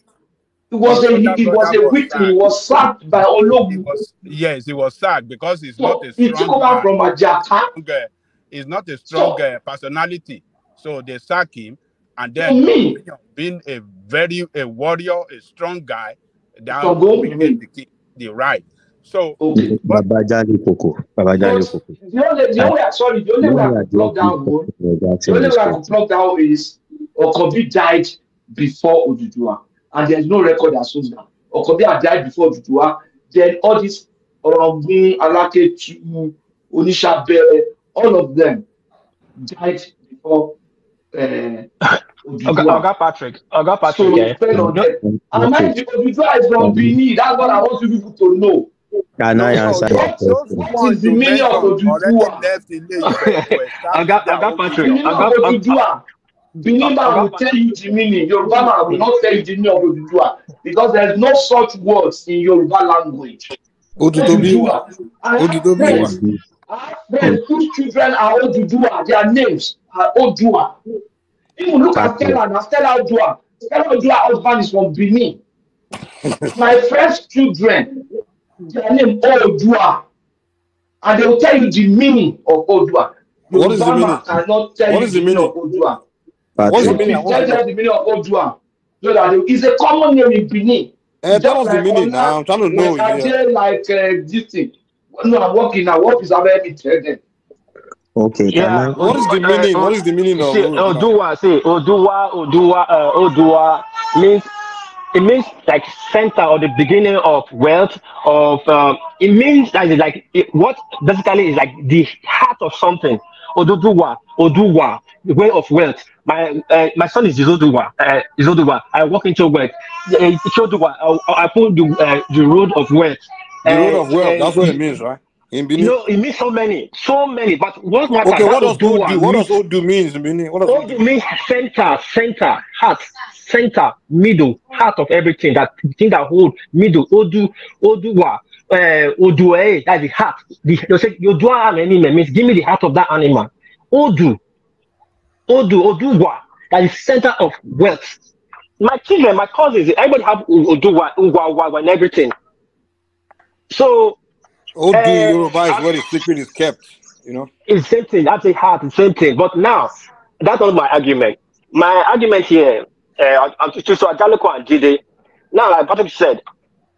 It was a it was a weakling. He was sacked by Ologun. Yes, he was sacked because he's so not a strong. He took over from Ajaka. He's not a strong so, uh, personality. So they sack him. And then me, being a very a warrior, a strong guy, that so became the, king, the right. So okay. but, Baba Jali Koko. Baba Jali Koko. The only, the only, ah, sorry, the only way I could block down one, the only way I could block down is Okobi died before Odudua, and there's no record that shows that. Okobi had died before Odudua. Then all these um, Orogun, Alaketu, Onishabere, all of them died before Eh, Oga Patrick, Oga Patrick, so yeah. Spend on them. And mind you, Oduduwa is from Benin. Mm. That's what I want you people to know. Can I answer that question? What is the meaning of Oduduwa? (laughs) Oga Oga Patrick, Oga Oduduwa. Benin man will tell you the meaning. Yoruba man will not tell you the meaning of Oduduwa because there is no such words in Yoruba language. Odudobi. Odudobi. Then whose children are Oduduwa. Their names. Uh, Odua. Even look That's at Stella now. Stella Odua. Stella Odua husband is from Benin. (laughs) My first children, their name Odua. And they will tell you the meaning of Odua. What is the meaning? Cannot tell what is the meaning of Odua? What's the meaning? Tell them the meaning of Odua. So that it's a common name in Benin. Eh, that was like the meaning now. I'm trying to know. Like, uh, this thing. No, I'm working now. What is I've ever them? Okay. Yeah. I... What is the oh, meaning? Uh, what is the meaning of see, Odua? Say Odua, Odua, uh, Odua means it means like center or the beginning of wealth of um, it means that like it, what basically is like the heart of something oduduwa oduwa the way of wealth my uh, my son is izoduwa uh, izoduwa i walk into wealth uh, I, I, put the, uh, the road of wealth the road uh, of wealth that's what it means right in Benin? No, it means so many, so many. But what matters? Okay, what does Odu do what does Odu mean? in Benin? What does Odu means center, center, heart, center, middle, heart of everything. That thing that hold middle. Odu, Oduwa, uh, eh, Odue. Eh, That's the heart. you say Odua an animal means give me the heart of that animal. Odu, Odu, Oduwa. That is center of wealth. My children, my cousins, everybody have Oduwa, Uwa, Uwa, and everything. So Old uh, eh, Yoruba is where secret is kept, you know? It's the same thing. That's the heart, the same thing. But now, that's not my argument. My argument here, uh, eh, to so Ajaloko and Jide, now, like Patrick said,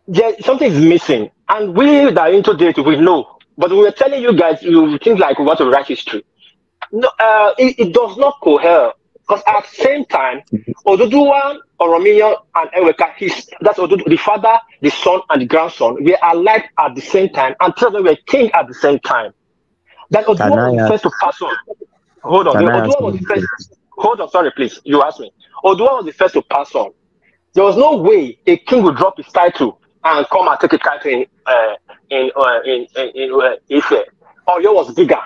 there, something is missing. And we that are into this, we know. But we are telling you guys, you think like we want to write history. No, uh, it, it does not cohere because at the same time, mm-hmm. Oduduwa, Oromiyan, and Eweka, his, that's Odudu, the father, the son, and the grandson, were alive at the same time, and they were king at the same time. That Oduduwa was the first to pass on. Hold on. was the first. Hold on, sorry, please. You asked me. Oduduwa was the first to pass on. There was no way a king would drop his title and come and take a title in uh, in uh, in in, in uh, Ife. Oyo was bigger.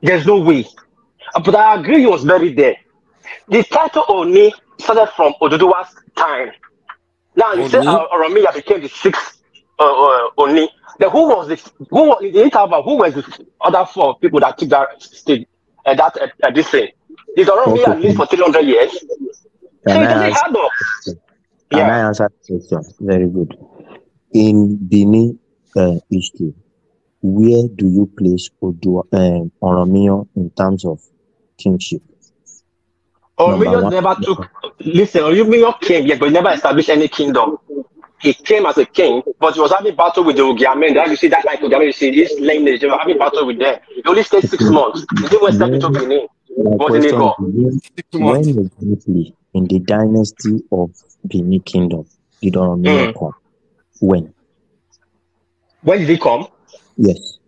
There's no way. But I agree he was buried there. The title Oni started from Oduduwa's time. Now you Oni? say uh, Oromia became the sixth uh, uh, Oni. Then who was the who was in the interval? Who was the other four people that took that stage uh, that uh, this thing? Is Oromia okay. at least for three hundred years? Can I it Can I answer the question? Very good. In Bini uh, history, where do you place Odua, um, Oromio in terms of kingship. Orion oh, never took, listen, Orion came, yeah, but he never established any kingdom. He came as a king, but he was having battle with the Ugiamen. That you see, that like Ugiamen, you see, his lineage, they were having battle with them. He only stayed six mm-hmm. months. He didn't step into When exactly in the dynasty of Benin Kingdom did Orion mm. come? When? When did he come? Yes.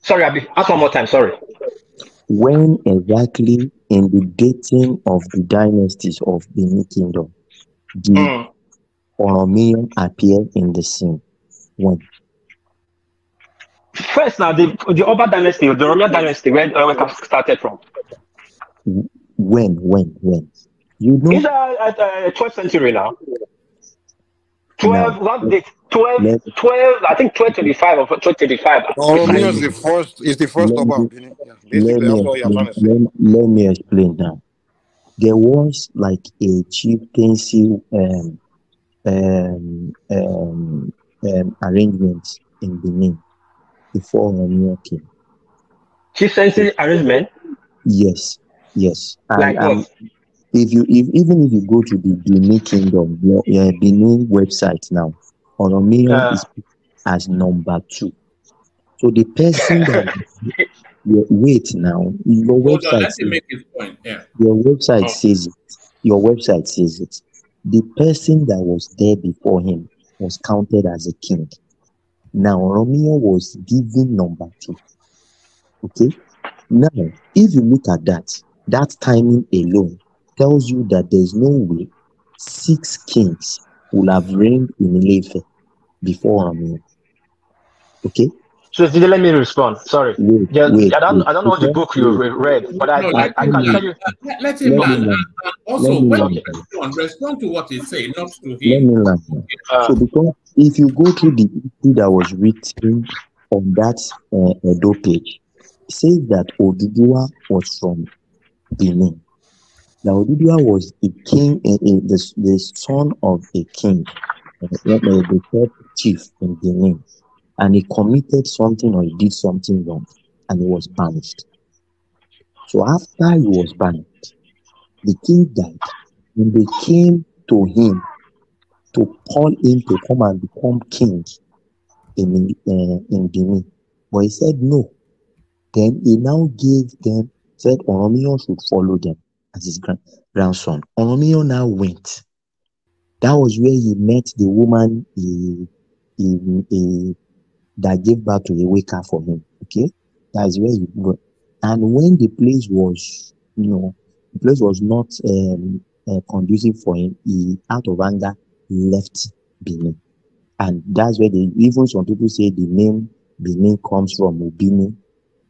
Sorry, Abi, ask one more time. Sorry. When exactly in the dating of the dynasties of new Kingdom did mm. appear in the scene? When? First, now the the Oba dynasty, the Oromiyan dynasty, where Oromiyan started from. When, when, when? You know, it's a, a, a 12th century now. 12, no. what 12, 12, I think twenty-five or 1235. Romeo is the first, is the first let of me, let, me, explain now. There was like a chieftaincy um, um, um, um, arrangement in Benin before Romeo came. Chieftaincy arrangement? Yes, yes. And, like what? Um, if you if even if you go to the Benin Kingdom, your yeah, Benin website now, Oromia yeah. is as number two. So the person that (laughs) your weight now, your Hold website, on, yeah. your website oh. says it. Your website says it. The person that was there before him was counted as a king. Now Romeo was given number two. Okay. Now, if you look at that, that timing alone tells you that there's no way six kings will have reigned in Ilefe before Amin. Okay? So let me respond. Sorry. Wait, yeah, wait, I don't, wait, I don't know the book you read, but I, no, I, I, I can tell you. Let him let Also, let when respond, respond to what he's saying, not to him. Let me Uh, so because if you go to the that was written on that uh, Edo page, it says that Oduduwa was from Benin. Laodibia was the king, the, the son of a king, uh, uh the top chief in name, and he committed something or he did something wrong, and he was banished. So after he was banished, the king died, and they came to him to call him to come and become king in uh, in Benin, but he said no. Then he now gave them said Oromion should follow them as his grand- grandson. Oromio now went. That was where he met the woman he, he, he, that gave birth to the Iweka for him. Okay, that is where he went. And when the place was, you know, the place was not um, uh, conducive for him, he out of anger left Benin, and that's where they even some people say the name Benin comes from Ubini,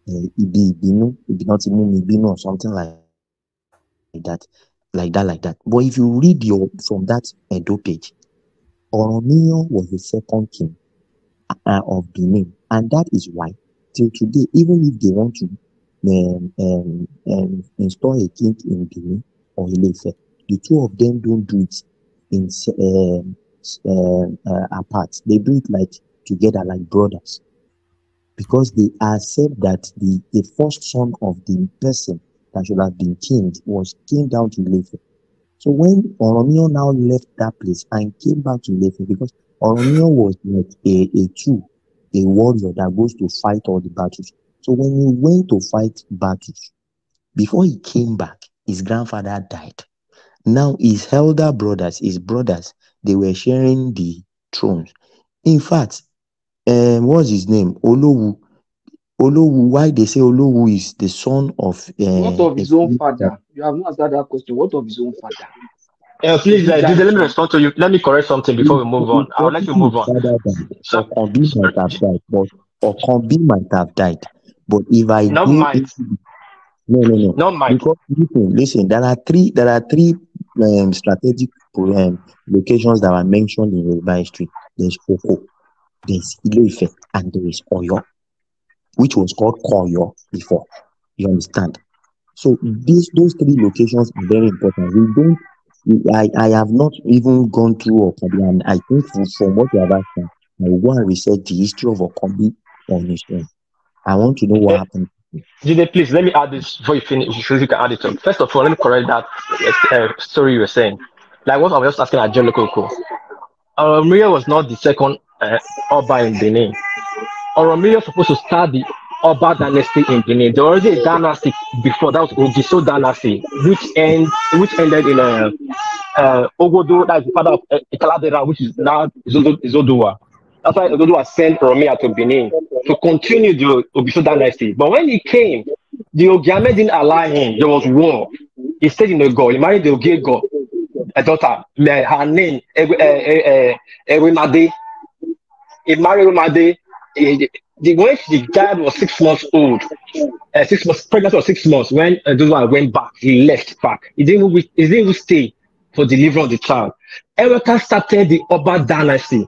uh, Ibi Ibinu, Ibinotimu Ibinu, or something like like that, like that, like that. But if you read your from that Edo page, Oromio was the second king uh, of Benin, and that is why till today, even if they want to um, um, um, install a king in Benin or Ilefe, the two of them don't do it in um, um, uh, apart. They do it like together, like brothers, because they accept that the, the first son of the person that should have been king was came down to Ilefe. So when Oromio now left that place and came back to Ilefe, because Oromio was not a, a true a warrior that goes to fight all the battles. So when he went to fight battles, before he came back, his grandfather died. Now his elder brothers, his brothers, they were sharing the thrones. In fact, um, what's his name? Olowu Olowu, why they say Olowu is the son of. Uh, what of his own father? You have not answered that question. What of his own father? Eh, please, uh, let me respond to you. Let me correct something before we move on. I'll let you move on. So, Okonbi might have died, but Okonbi might have died. But if I not do, might. no, no, no, not might. Because listen, listen, there are three, there are three um, strategic um, locations that are mentioned in the history. There's Oko, there's Iloife, and there is Oyo which was called Koyo before. You understand? So these those three locations are very important. We don't. I, I have not even gone through Okabi, and I think from what you have asked, I want to research the history of Okabi on its own. I want to know what happened. Jide, please let me add this before you finish. You can add it to. First of all, let me correct that uh, story you were saying. Like what I was just asking at John Lokoko. Almuria was not the second uh, Oba in Benin. Oromia was supposed to start the Oba dynasty in Benin. There already a dynasty before that was Ogiso dynasty, which end which ended in a uh, uh, Ogodo, that is the father of uh, Ikaladera, which is now Zodua. That's why Zodua sent Oromia to Benin to continue the Ogiso dynasty. But when he came, the Ogiame didn't allow him. There was war. He stayed in Ogo. He married the Ogego, a daughter. Her name, Ewimade. Uh, uh, he married Ewimade when the dad was six months old, uh, six months pregnant or six months, when uh, Dudwan went back, he left back. He didn't, he didn't stay for delivering the child. erica started the Oba dynasty.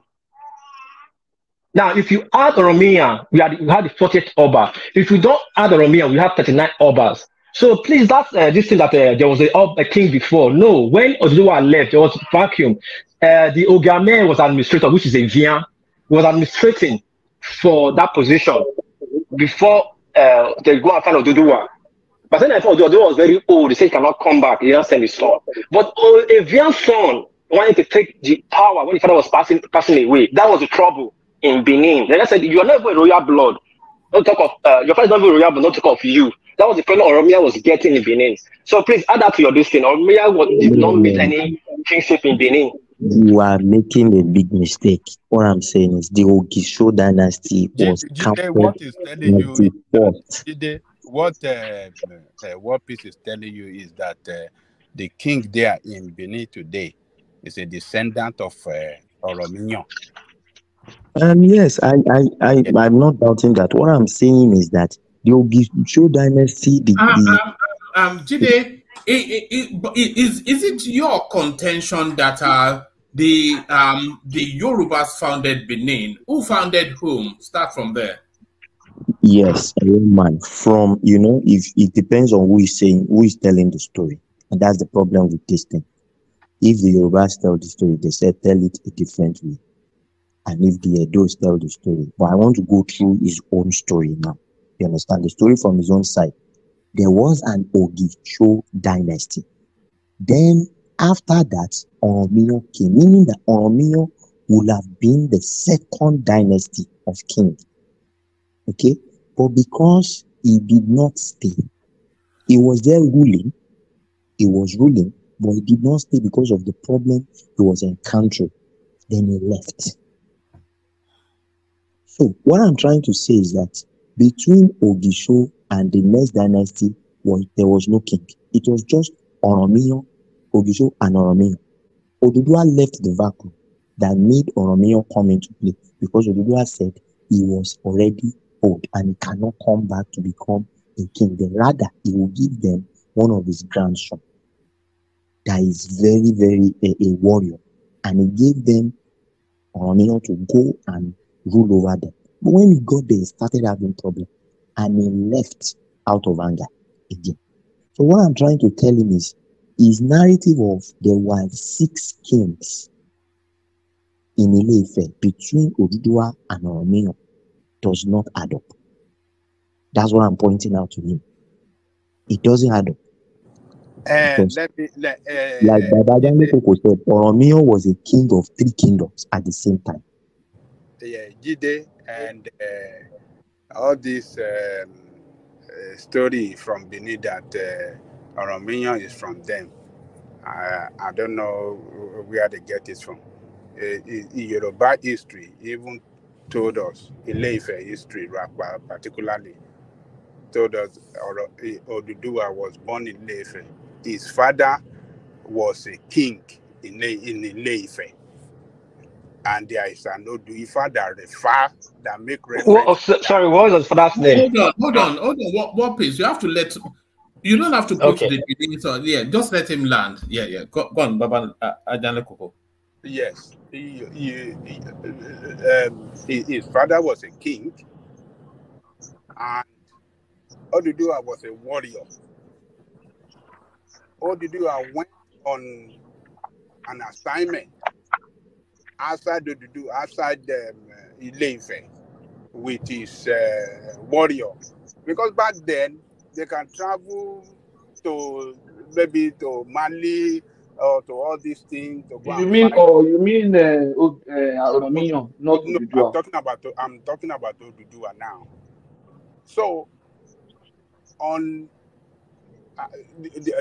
Now, if you add Romania, we had, we had the 40th Oba. If you don't add Romania, we have 39 Obas. So please, that's uh, this thing that uh, there was a, uh, a, king before. No, when Oduwa left, there was vacuum. Uh, the Ogame was administrator, which is a Vian, was administrating for that position before uh, they go after Oduduwa. But then I thought Oduduwa was very old. He said he cannot come back. He has not send his son. But uh, oh, Evian's son wanted to take the power when his father was passing passing away. That was the trouble in Benin. They just said, you are not even royal blood. Don't talk of, uh, your father is not even royal blood. Don't talk of you. That was the problem Oromia was getting in Benin. So please add up to your list. thing. Oromia mm. did not meet any kingship in Benin. You are making a big mistake. What I'm saying is the Ogisho dynasty was captured. What is telling you? what uh, uh, what piece is telling you is that uh, the king there in Benin today is a descendant of uh, Oromia. Um, yes, I, I, I, I'm not doubting that. What I'm saying is that they will give show dynasty the, um, the um, um, um Jide, is it your contention that uh, the um, the Yorubas founded Benin? Who founded whom? Start from there. Yes, a man. From you know, if it depends on who is saying, who is telling the story, and that's the problem with this thing. If the Yorubas tell the story, they say tell it a different way, and if the Edo tell the story, but I want to go through his own story now. You understand the story from his own side. There was an Ogicho dynasty. Then after that, Oromio came, meaning that Oromio would have been the second dynasty of king. Okay, but because he did not stay, he was there ruling. He was ruling, but he did not stay because of the problem he was encountering. Then he left. So what I'm trying to say is that between Ogisho and the next dynasty was there was no king. It was just Oromiyo, Ogisho, and Oromiyo. Odudua left the vacuum that made Oromiyo come into play because Odudua said he was already old and he cannot come back to become a king. Then rather, he will give them one of his grandson that is very, very a, a warrior, and he gave them Oromiyo to go and rule over them. When he got there, he started having problems, and he left out of anger again. So what I'm trying to tell him is his narrative of there were six kings in ile between Odudua and Oromiyan does not add up. That's what I'm pointing out to him. It doesn't add up. Uh, let me, let, uh, like Baba Koko said, Oromiyan was a king of three kingdoms at the same time. Yeah, Jide, and uh, all this um, uh, story from Benin that uh, is from them. I, I don't know where they get it from. Uh, Yoruba history even told us, in Ileife history particularly, told us Oduduwa was born in Ileife. His father was a king in, in Ileife and there is an Oduifa that refer that make reference. Well, oh, so, sorry, what was the last name? Hold on, hold on, hold on. What, what please? You have to let. You don't have to go okay. to the beginning. So yeah, just let him land. Yeah, yeah. Go, go on, Baba uh, Koko. Yes, he, he, he, um, his father was a king, and Odudua was a warrior. Odudua went on an assignment outside Odudu, outside the um, Ileife with his uh, warrior, Because back then, they can travel to maybe to Mali or to all these things. you mean, oh, you mean, uh, oh, uh, not no, I'm talking about I'm talking about Odudua now. So, on uh,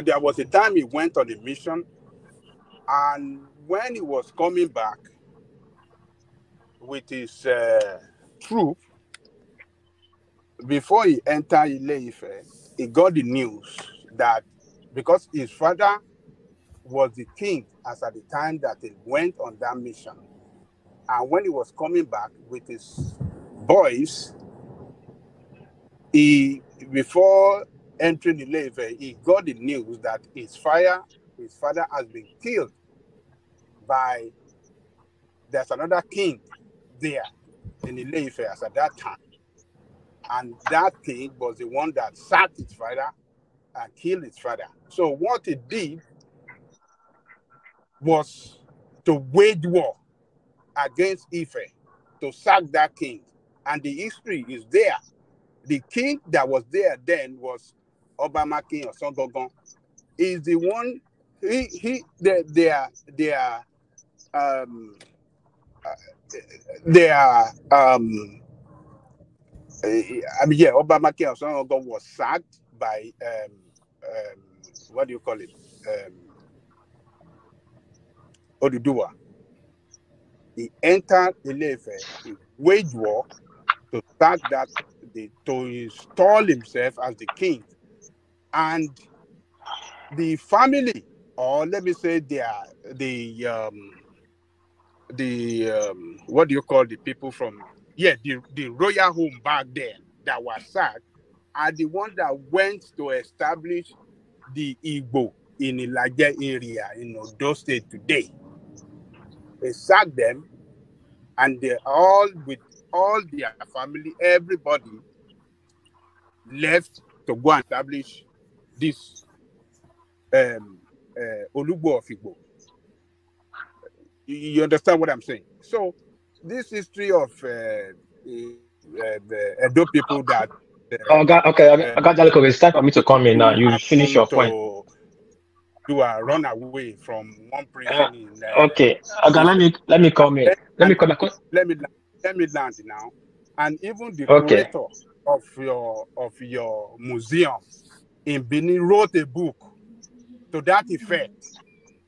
there was a time he went on a mission, and when he was coming back, with his uh, troop before he entered the levee, he got the news that because his father was the king as at the time that he went on that mission. And when he was coming back with his boys, he before entering the levee, he got the news that his fire, his father has been killed by there's another king there in the Layfairs at that time. And that king was the one that sacked his father and killed his father. So what he did was to wage war against Ife to sack that king. And the history is there. The king that was there then was Obama King or Songogon. Is the one he he their their their um uh, they are. Um, eh, I mean, yeah, Obamacare Osango was sacked by um, um, what do you call it? Um, Oduduwa. He entered Ilefe, he waged war to sack that, the, to install himself as the king. And the family, or let me say, their, the um, the um, what do you call the people from yeah the, the royal home back then that was sacked are the ones that went to establish the Igbo in a larger area in Odo State today. They sacked them and they all with all their family, everybody left to go and establish this um, uh, Olugbo of Igbo. You, you understand what I'm saying? So this history of uh, the uh, Edo people that. Uh, oh, God, okay, I got, that. It's time for me to come in now. You finish your point. You are run away from one prison. Ah, uh, okay, ah, okay, let me let me come in. Let, me come. Let me let me land now, and even the okay. of your of your museum in Benin wrote a book to that effect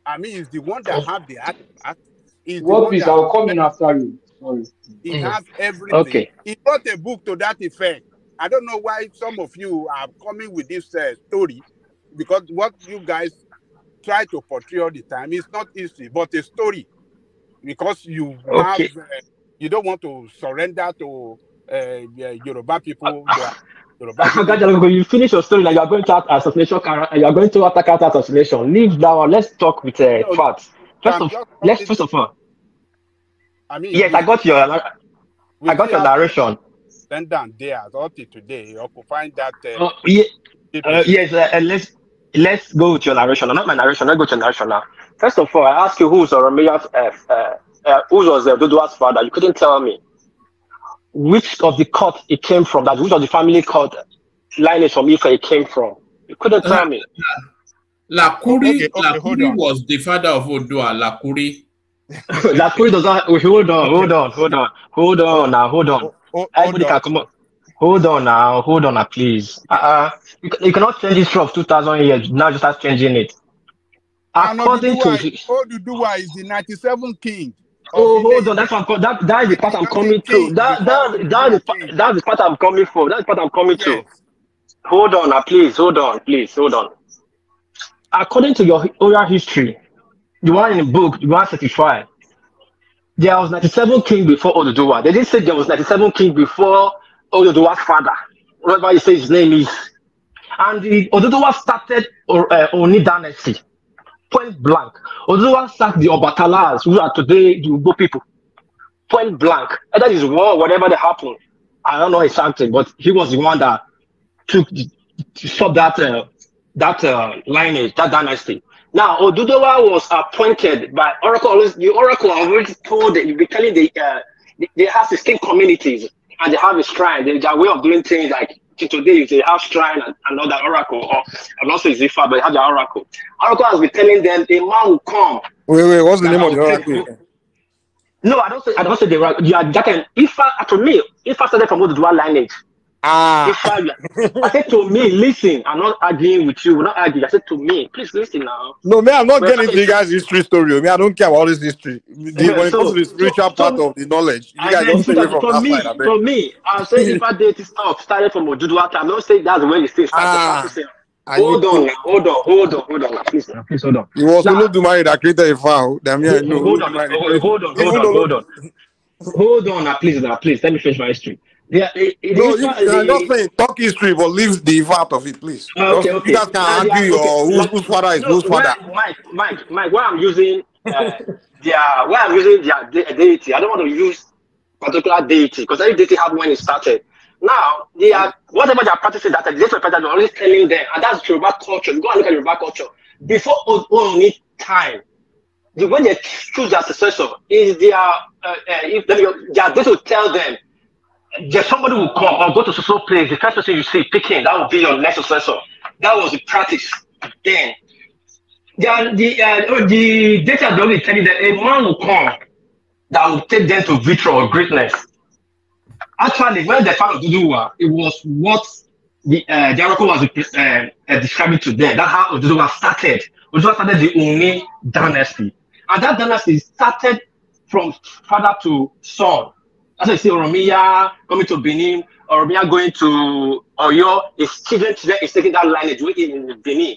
I mean, it's the one that oh. have the attack. Is what is? I'll come in after you. Sorry. He mm. has everything. Okay. He brought a book to that effect. I don't know why some of you are coming with this uh, story, because what you guys try to portray all the time is not history, but a story, because you okay. have uh, you don't want to surrender to uh, Yoruba people. Uh, (laughs) you finish your story. Like you are going to assassination. You are going to attack out assassination. Leave that Let's talk with uh, no, facts. First of, let's first of all. I mean, yes, I got your. I got your narration. Then down there, up to today, you could find that. Uh, oh, yeah, uh, yes, uh, uh, let's let's go with your narration. Not my narration. Let's go to your narration now. First of all, I ask you who's Oromiya's, uh, uh, uh, who was the Dudua's father. You couldn't tell me which of the court it came from, that which of the family court lineage from Ife it came from. You couldn't tell me. Lakuri, okay, okay, Lakuri was the father of Odua, ah, Lakuri. (laughs) Lakuri does not, hold on, hold on, hold on, hold on now, ah, hold on. Everybody can come Hold on now, ah, hold on now, please. Uh, you, you cannot change history of 2000 years, now just start changing it. According to... Odua oh, is the 97th king. Oh, oh, hold on. That's what that, that is the part I'm coming to. That, that, that, is, that is part I'm coming for. That's what part I'm coming to. Hold on, please. Hold on, please. Hold on. According to your oral history, you are in a book, you are certified. There was 97 king before Oduduwa. They didn't say there was 97 king before Oduduwa's father. Whatever you say his name is. And the Oduduwa started uh, Oni dynasty point blank. Oduduwa sacked the Obatalas, who are today the Ugo people. Point blank. And that is war, whatever that happened. I don't know exactly, but he was the one that took to stop that uh, that uh, lineage, that dynasty. Now, Oduduwa was appointed by Oracle. the Oracle already told You be telling the uh, they have distinct communities and they have a shrine. They, their way of doing things like till today, if they have shrine and another oracle, or I'm not saying Zifa, but they have the oracle. Oracle has been telling them a man will come. Wait, wait, what's the name of the oracle? No, I don't say I don't say the oracle. You are that can Ifa to me, Ifa started from what the dual lineage. Ah. (laughs) I said to me, listen, I'm not arguing with you. We're not arguing. I said to me, please listen now. No, man, I'm not we getting the guys' history story. I oh. mean, I don't care about all this history. The, when so, it comes to the spiritual so, part so, of the knowledge, you guys don't stay from that me, side. For me, I'm saying if I did this stuff started from Ojudwata, I'm not saying that's where ah. you stay. Ah. Hold on, hold on, hold on, hold on, please, please hold on. You also now, Olodumare that created a foul. Damn, yeah, no, hold, on, hold on, hold on, hold on, hold on, hold on, please, now, please, let me finish my history. Yeah, it, it no, you, not saying talk history, but leave the evil out of it, please. Okay, okay. You guys can uh, argue yeah, okay. whose, whose father is no, whose father. Mike, Mike, Mike, why I'm using uh, (laughs) their, why I'm using their de deity. I don't want to use particular deity because every deity had when it started. Now, they are whatever they are practicing that they I'm always telling them, and that's Yoruba culture. You go and look at Yoruba culture before only time. The way they choose their successor is their uh, uh, if they, they are going to tell them just somebody will come or go to social place. The first person you see picking, that will be your next successor. That was the practice then. The, the, uh, oh, the data dog tell telling that a man will come that will take them to victory or greatness. Actually, when they found Oduduwa, it was what the uh, Jericho was uh, uh, describing to them. That how Oduduwa started. Oduduwa started the Umi dynasty. And that dynasty started from father to son as I see Oromia coming to Benin, Oromia going to Oyo, his children today is taking that lineage in Benin.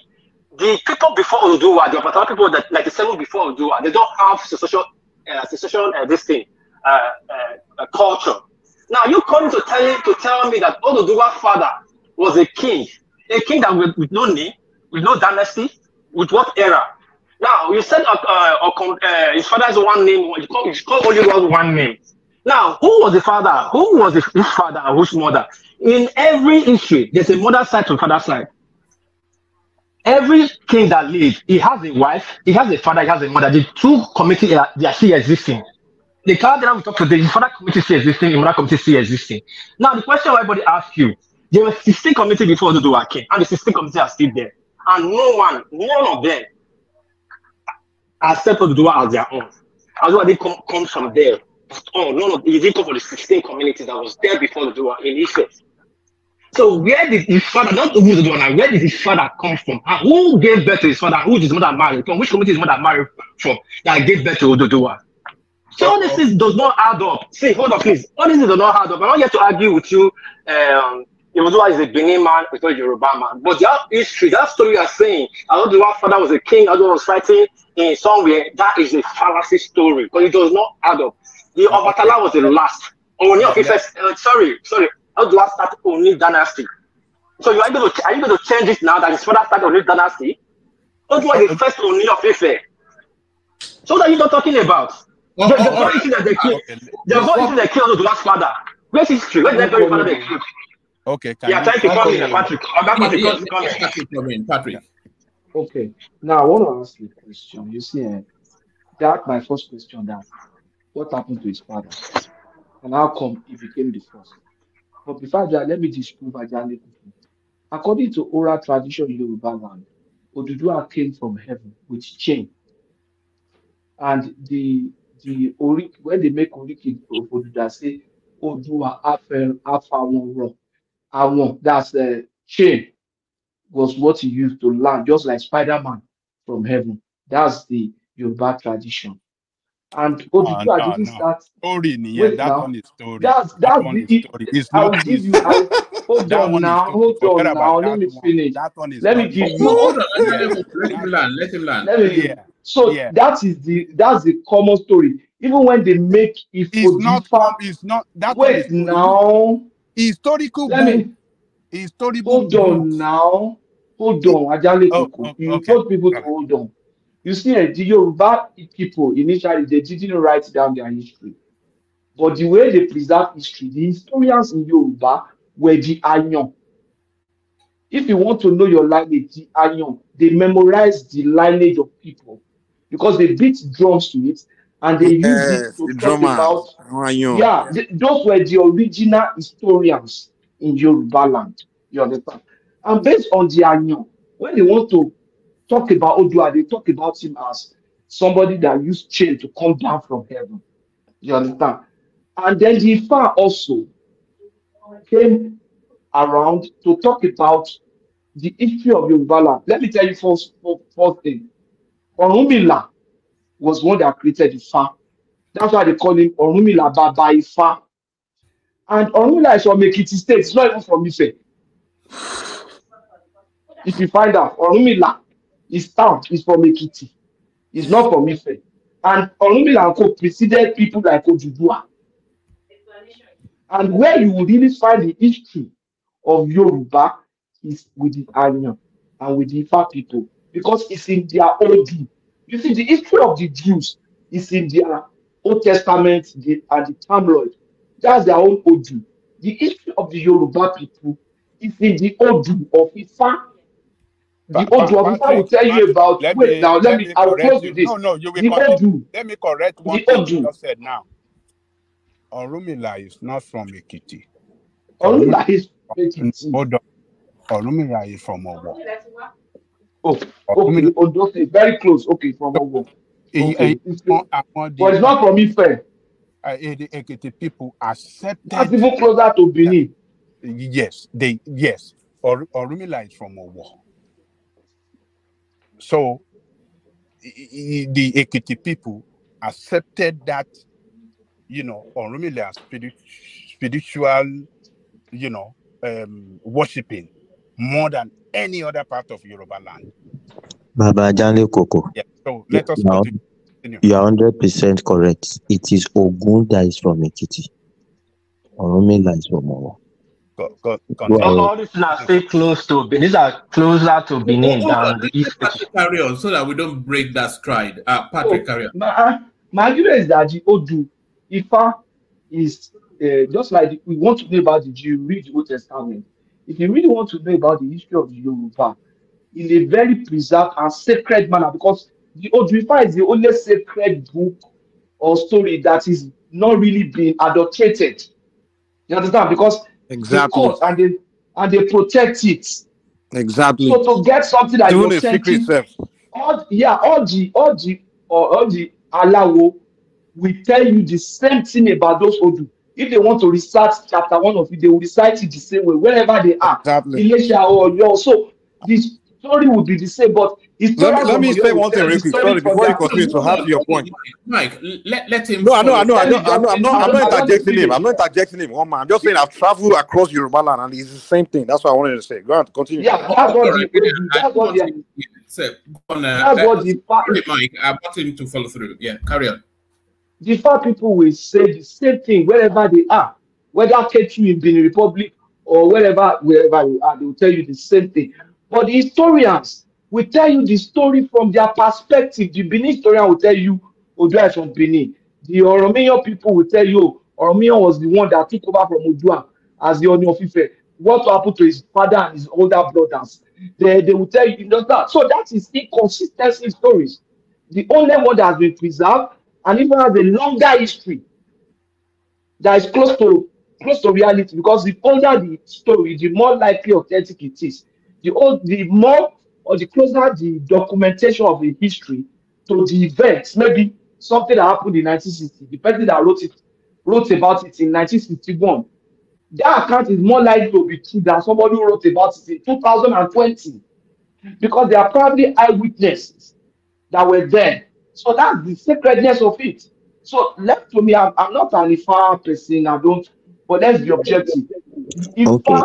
The people before Odua, the Opatala people that like the seven before Odua, they don't have secession, uh, secession uh, this thing, uh, uh, culture. Now you come to tell to tell me that Oduduwa's father was a king, a king that with, with no name, with no dynasty, with what era? Now you said uh, uh, uh, his father one name. You call, you call only one name. Now, who was the father? Who was the whose father and whose mother? In every history, there's a mother side to father side. Every king that lives, he has a wife, he has a father, he has a mother. The two committees they are still existing. The character that we talk to the father committee still existing, the mother committee still existing. Now, the question everybody asks you, there were 16 committees before the Dua King, and the 16 committees are still there. And no one, none of them accepted the Dua as their own. As well, they come, come from there. Oh all. None of he didn't come for the 16 communities that was there before the Dua in Egypt. So where did his father, not who's the one, where did his father come from? And who gave birth to his father? Who did his mother marry from? Which community is mother married from that gave birth to Ododoa? So all this is, does not add up. See, hold on, please. All this does not add up. I'm not here to argue with you. Um, Ododoa is a Benin man, it's not Yoruba man. But that history, that story you are saying, Ododoa's father was a king, Ododoa was fighting in somewhere, that is a fallacy story because it does not add up. The Obatala was the last. Only of Ife, uh, sorry, sorry, How do I start only dynasty. So you are able to are you able to change it now that his father started only dynasty? Odua is the first only of Ife. So what are you not talking about? Oh, the, the oh, only thing that they killed, the only thing they killed Odua's father. Where's history? Where's the very father they killed? Okay, can yeah, thank you, come in, Patrick. Oh, that's Patrick, yeah, come Patrick, come in, Patrick. Okay, now I want to ask you a question. You see, eh, that my first question that what happened to his father and how come he became the first. But before that, let me disprove journey. According to oral tradition in Yoruba land, Odudua came from heaven with chain. And the the Orik, when they make Oriki of Oduda, say Odua Afel Afawon Rock. Awon, that's the eh, chain, was what he used to land, just like Spider Man from heaven. That's the Yoruba tradition and go oh, to no, I did no. start. Story, yeah, Wait, that now. one is story. That's that's that one the, is story. It's I'll give you. i hold on now. Hold on now. Let me finish. That one is. Let me give you. Hold on. Let him land. Let him land. Let me. Yeah. So that is the that's the common story. Even when they make if it's not it's not that Wait one now. Historical. Let me. Historical. Hold on now. Hold on. Ajale. Oh, okay. You told people to hold on. You see, eh, the Yoruba people initially they didn't write down their history, but the way they preserve history, the historians in Yoruba were the Anyon. If you want to know your lineage, the Anyon, they memorize the lineage of people because they beat drums to it and they yes, use it to talk about. Anyon. Yeah, they, those were the original historians in Yoruba land. You understand? And based on the Anyon, when they want to talk about Odua, they talk about him as somebody that used chain to come down from heaven. You understand? And then the Ifa also came around to talk about the issue of Yoruba land. Let me tell you first, first thing. Orunmila was one that created Ifa. That's why they call him Orunmila Baba Ifa. And Orunmila is from Ekiti State, it's not even from Ife. If you find out, Orunmila His town is from Ekiti. It's not from Ife. And Orunmila Anko preceded people like Ojudua. And where you will really find the history of Yoruba is with the Anya and with the Ifa people because it's in their OD. You see, the history of the Jews is in their Old Testament the, and the Talmud. That's their own Odu. The history of the Yoruba people is in the Odu of Ifa the ba, old one I will tell you about. Let wait me, now, let, let me, me I will close you. this. No, no, you will the old you. Let me correct one thing you just said now. Orumila is not from Ekiti. Orumila is Hold on. Orumila is from Owo. Oh, Orumila. Odo very close. Okay, from Owo. Okay. But it's not from Ife. Uh, the Ekiti people accepted. That's even closer to Benin. Yes, they yes. Or Orumila is from Owo. So the Ekiti people accepted that, you know, Orumila spiritual, you know, um, worshipping more than any other part of Yoruba land. Baba Janle Koko. Yeah, so let us now, continue. You are hundred percent correct. It is Ogun that is from Ekiti. Orumila is from Owo. Go, go, go well, all these are still close to these are closer to oh, Benin oh, than oh, the East. Patrick, carry on so that we don't break that stride. Uh, Patrick, oh, carry on. My, my argument is that the Odu Ifa is uh, just like we want to know about the Jew, read the Old Testament. If you really want to know about the history of the Yoruba in a very preserved and sacred manner, because the Odu Ifa is the only sacred book or story that is not really being adulterated. You understand? Because Exactly. Because, and they and they protect it. Exactly. So to get something that you're sending. All, yeah, all the all the or all the alawo will tell you the same thing about those Odu. If they want to recite chapter one of it, they will recite it the same way wherever they are. Exactly. Elisha or Oyo. So this story will be the same, but Let, me let, me say one thing real quick. Sorry, before you continue to have your point. Mike, let, let him. No, I know, I know, I know, I know. I'm not, I'm not interjecting him. I'm not interjecting him. One man. I'm just saying I've traveled across Yoruba land and it's the same thing. That's what I wanted to say. Go on, continue. Yeah, that's what the. That's what the. Uh, uh, Mike, I want him to follow through. Yeah, carry on. The far people will say the same thing wherever they are, whether Ketu in Benin Republic or wherever, wherever you are, they will tell you the same thing. But the historians, will tell you the story from their perspective. The Benin historian will tell you Odua is from Benin. The Oromiyan people will tell you Oromiyan was the one that took over from Odua as the Ooni of Ife. What happened to his father and his older brothers? They, they will tell you, you know that. So that is inconsistency stories. The only one that has been preserved and even has a longer history that is close to close to reality because the older the story, the more likely authentic it is. The old, the more or the closer the documentation of the history to the events, maybe something that happened in 1960, the person that wrote it wrote about it in 1961, that account is more likely to be true than somebody who wrote about it in 2020 because there are probably eyewitnesses that were there. So that's the sacredness of it. So left to me, I'm, I'm not an IFA person. I don't, but that's the objective. IFA okay.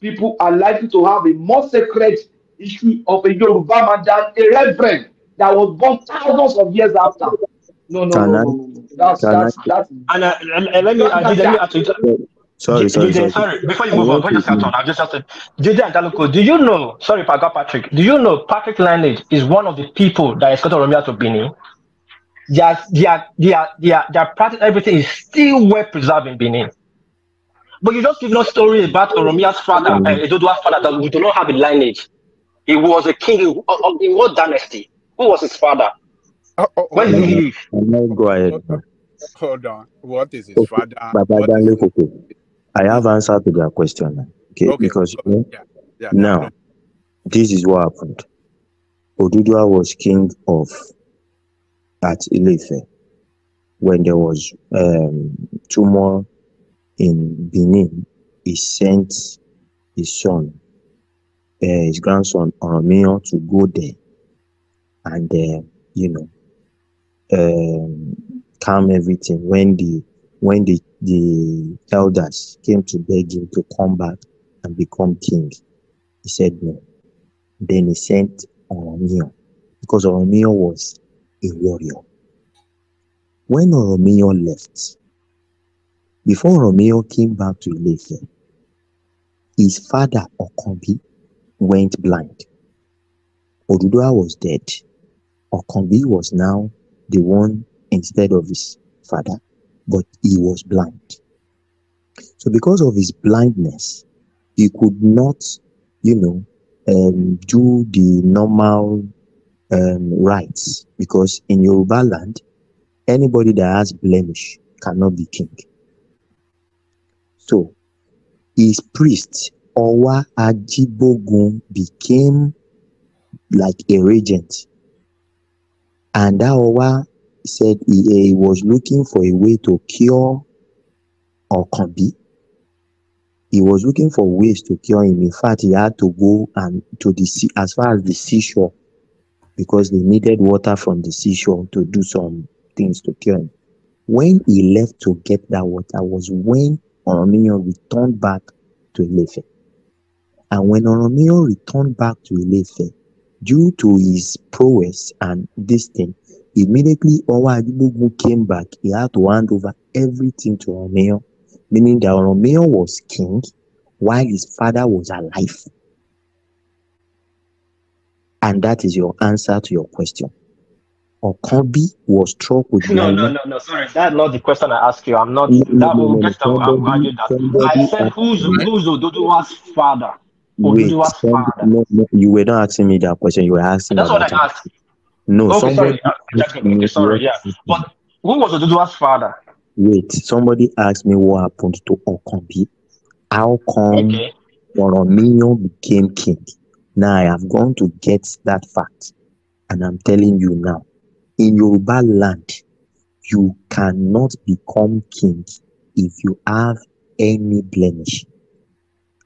people are likely to have a more sacred issue of a Yoruba man than a reverend that was born thousands of years after. No, no, no, That's, that's, that's, Sorry, sorry, sorry, Before you move on, i just asked JJ do you know, sorry if I got Patrick, do you know Patrick Lineage is one of the people that is escorted Romeo to Bini? Benin? Their, their, their, their, their practice, everything is still well preserved in Benin. But you just give no story about Oromia's father, mm. uh, Edodua's father, that we do not have a lineage. He was a king in, in what dynasty? Who was his father? Oh, oh, oh. when did he leave? Go ahead. Hold on. What is his okay. father? Is his... I have answered to that question. Okay. okay. Because okay. Yeah. Yeah. now, this is what happened. Odudua was king of at Ilefe when there was um, tumor in Benin. He sent his son uh, his grandson Oromio to go there and uh, you know um, calm everything when the when the the elders came to beg him to come back and become king he said no then he sent Oromio because Oromio was a warrior when Oromio left before Romeo came back to Ilefe his father Okombi went blind. Oduduwa was dead. Okonbi was now the one instead of his father, but he was blind. So because of his blindness, he could not, you know, um, do the normal um, rights because in Yoruba land, anybody that has blemish cannot be king. So his priests Ọwá Ajibogun became like a regent. And that Ọwá said he, he was looking for a way to cure Okanbi. He was looking for ways to cure him. In fact, he had to go and to the sea as far as the seashore because they needed water from the seashore to do some things to cure him. When he left to get that water was when Oromiyan returned back to Ilefe. And when Oromio returned back to Ilefe, due to his prowess and this thing, immediately Owa came back. He had to hand over everything to Oromio, meaning that Oromio was king while his father was alive. And that is your answer to your question. Okobi was struck with. No, no, no, no. Sorry, that's not the question I asked you. I'm not. No, that no, no, no. I said who's who's Ododuwa's father? Wait, some, no, no, you were not asking me that question. You were asking. That's what I asked. No, okay, somebody. Sorry, sorry, yeah. But who was Oduduwa's father? Wait, somebody asked me what happened to Okombi. How come okay. became king? Now I have gone to get that fact, and I'm telling you now, in Yoruba land, you cannot become king if you have any blemish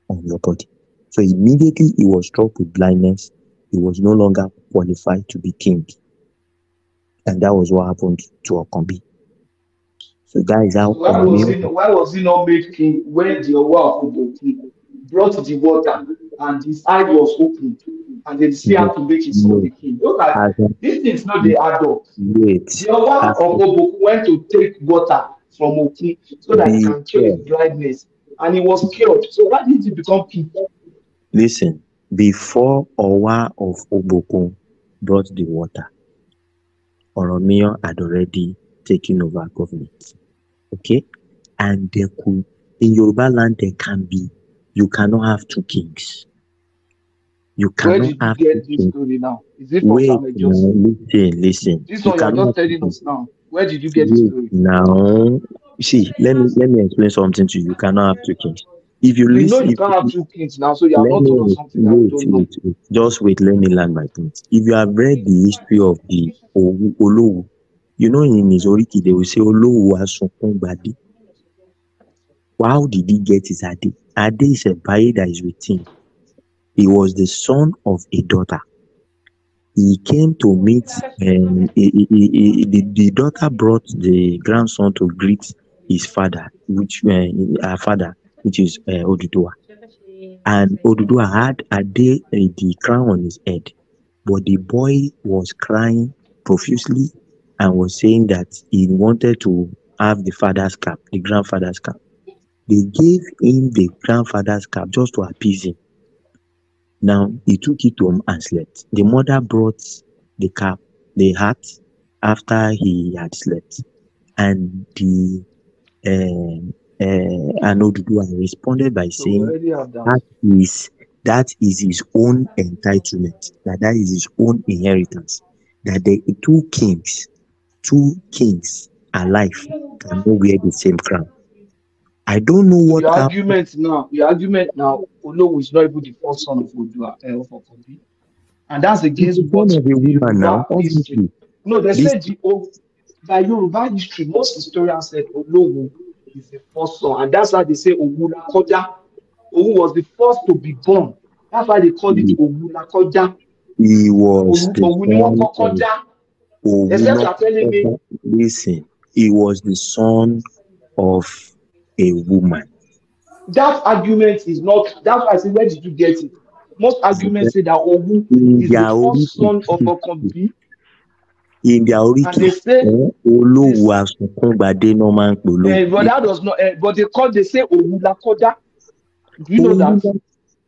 on your body. So immediately he was struck with blindness. He was no longer qualified to be king. And that was what happened to Okombi. So that is how. Why was, he, why was he not made king when the Owa brought the water and his eye was opened and they still yeah. have to make his own king? Look at As this is not the adult. The went to take water from Oki so that he can cure blindness and he was cured. So why did he become king? Listen, before Owa of Obokun brought the water, Oromio had already taken over government. Okay? And they could, in Yoruba land, there can be, you cannot have two kings. You cannot Where did you get this kings. story now? Is it from Wait, no, listen, listen. This you one you're not telling us now. Where did you get this story? Now, see, let me let me explain something to you. You cannot have two kings. if you listen, you know you can't have two kings now, so you are not doing something wait, wait, wait, wait, Just wait, let me land my point. If you have read the history of the Olowu, you know in his oriki they will say Olowu Asunkun Gbade. How did he get his Ade? Ade is a buyer that is with him. He was the son of a daughter. He came to meet, um, he, he, he, the, the daughter brought the grandson to greet his father, which uh, her father which is uh, Oduduwa. And Oduduwa had a day uh, the crown on his head, but the boy was crying profusely and was saying that he wanted to have the father's cap, the grandfather's cap. They gave him the grandfather's cap just to appease him. Now he took it home and slept. The mother brought the cap, the hat, after he had slept, and the um, uh, and Oduduwa responded by saying that is that is his own entitlement, that that is his own inheritance, that the two kings, two kings alive cannot wear the same crown. I don't know what your happened. argument now. Your argument now, Olo is not even the first son of Odua eh, and that's against what of a woman now. No, they said the old, by Yoruba history, most historians said Olo is the first son. And that's why they say Owulakoja. Owu was the first to be born. That's why they called it mm. Owulakoja. He was Owu, the Owu Listen, he was the son of a woman. That argument is not. That's why I say, where did you get it? Most arguments say that Owu is the first son of Okonbi in their origin wọn olówó àsunkúngbàdé náà máa ń pè olówó. Eh, but that does not uh, but they call they say owulakoda do you know that.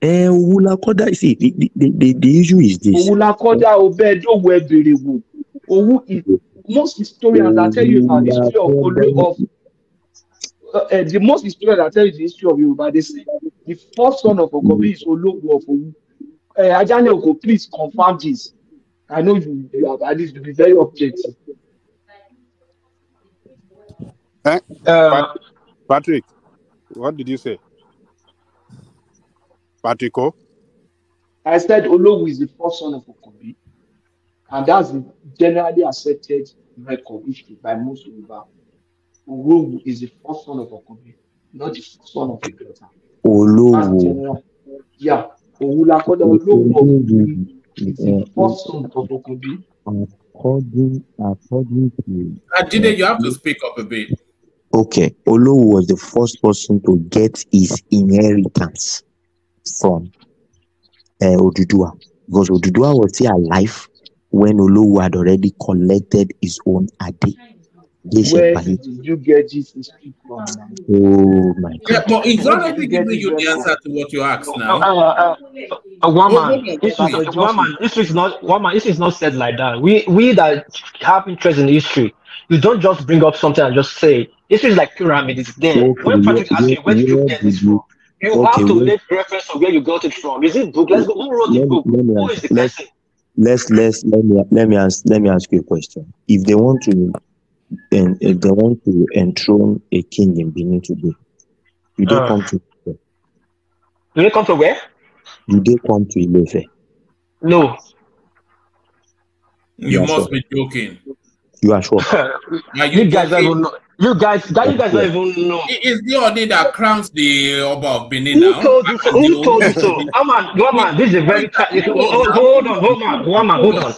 Uh, owulakoda see the, the, the, the issue is this. owulakoda obedowo eberewo owu is most historians that tell you about the history of olu of uh, uh, the most historians that tell you the history of Yoruba they say the first son of Okobi is Olowo of Owu uh, Ajani Oko please confirm this. I know you, you have at least to be very objective. Eh? Uh, Patrick, what did you say? Patrick O? I said Olowu is the first son of Okobi, and that's the generally accepted record issue by most Yoruba. Olowu is the first son of Okobi, not the first son of Igbota. Olowu. Yeah, Owulakoda Olowu It's important for According, according to. Adide, ah, you have to speak up a bit. Okay, Olu was the first person to get his inheritance from uh, eh, Odudua because Odudua was still alive when Olu had already collected his own Ade. Where did you get this from? Oh my God. Yeah, but it's already giving you the answer to what you asked now. Uh, uh, uh, one man, is one man, This is not one man, This is not said like that. We we that have interest in history, you don't just bring up something and just say this is like pyramid. It's there. Okay, when Patrick asks you where did you get this from, you okay, have to make reference to where you got it from. Is it book? Let's go. Who wrote the book? Who is the person? Let's let's let me let me ask let me ask you a question. If they want to and if they want to enthrone a king in Benin today, you don't uh. come to. Do they come to where? You don't come to Ilefe. No. You, you must sure. be joking. You are sure. (laughs) are you, you guys don't know. You guys, that you guys don't even know. It is the only that crowns the Oba of Benin now. Who told you so? Who told you so? I'm a, on. this is a very. tight. hold on, hold on, hold on. Hold on, hold on,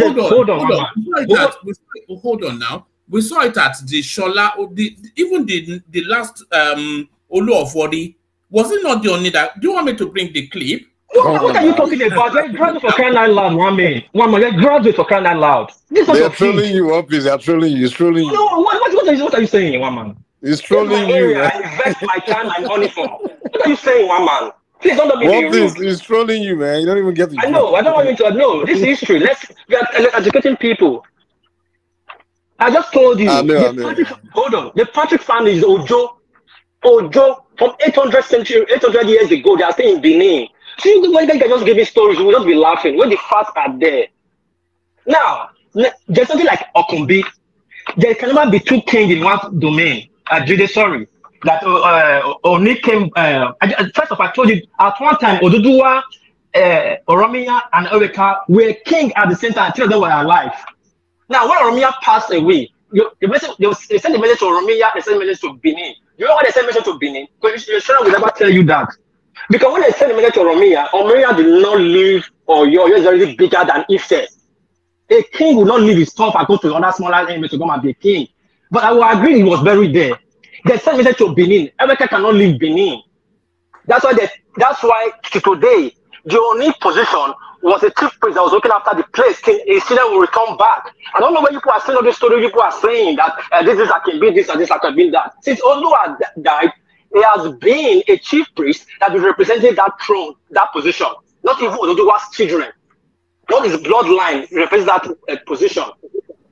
hold on. Hold on ah, now we saw it at the Shola, oh, the, even the the last um Wadi. Was it not the only that? Do you want me to bring the clip? What, what are you talking about? Let's graduate for crying out loud, one man. One man, let's graduate for crying out loud. This They're trolling you up, They're trolling you. trolling you. No, what, what, what, are, you, saying, one man? It's trolling you. Man. Eh? I invest my time and money for. What are you saying, one man? Please don't be rude. What is it's trolling you, man? You don't even get it. I know. I don't want you to know. This is history. Let's we are, educating people. I just told you. I know, the I know. Patrick, hold on. The Patrick family is Ojo. Ojo from 800 century, 800 years ago, they are still in Benin. See, when they are just giving stories, we'll just be laughing. When the facts are there. Now, there's something like Okumbi. There can never be two kings in one domain. I did sorry. That uh, uh, Oni came. Uh, first of all, I told you at one time, Oduduwa, uh, Oromia, and Erika were king at the same time. until they were alive. Now, when Oromia passed away, you, the message, they, they sent the message to Oromia, they sent the message to Benin. You know why they sent the message to Benin? Because your children will never tell you that. Because when they sent the message to Oromia, Oromia did not leave Or your is already bigger than Ife. A king would not leave his top and go to another smaller enemy to come and be a king. But I will agree he was buried there. They sent message to Benin. America cannot leave Benin. That's why they, that's why today the only position was a chief priest that was looking after the place. King Asina will return back. I don't know where people are saying all this story. People are saying that uh, this is I can be this and this I can be that. Since Olua died, he has been a chief priest that is representing that throne, that position. Not even Oduduwa's children. Not his bloodline represents that uh, position.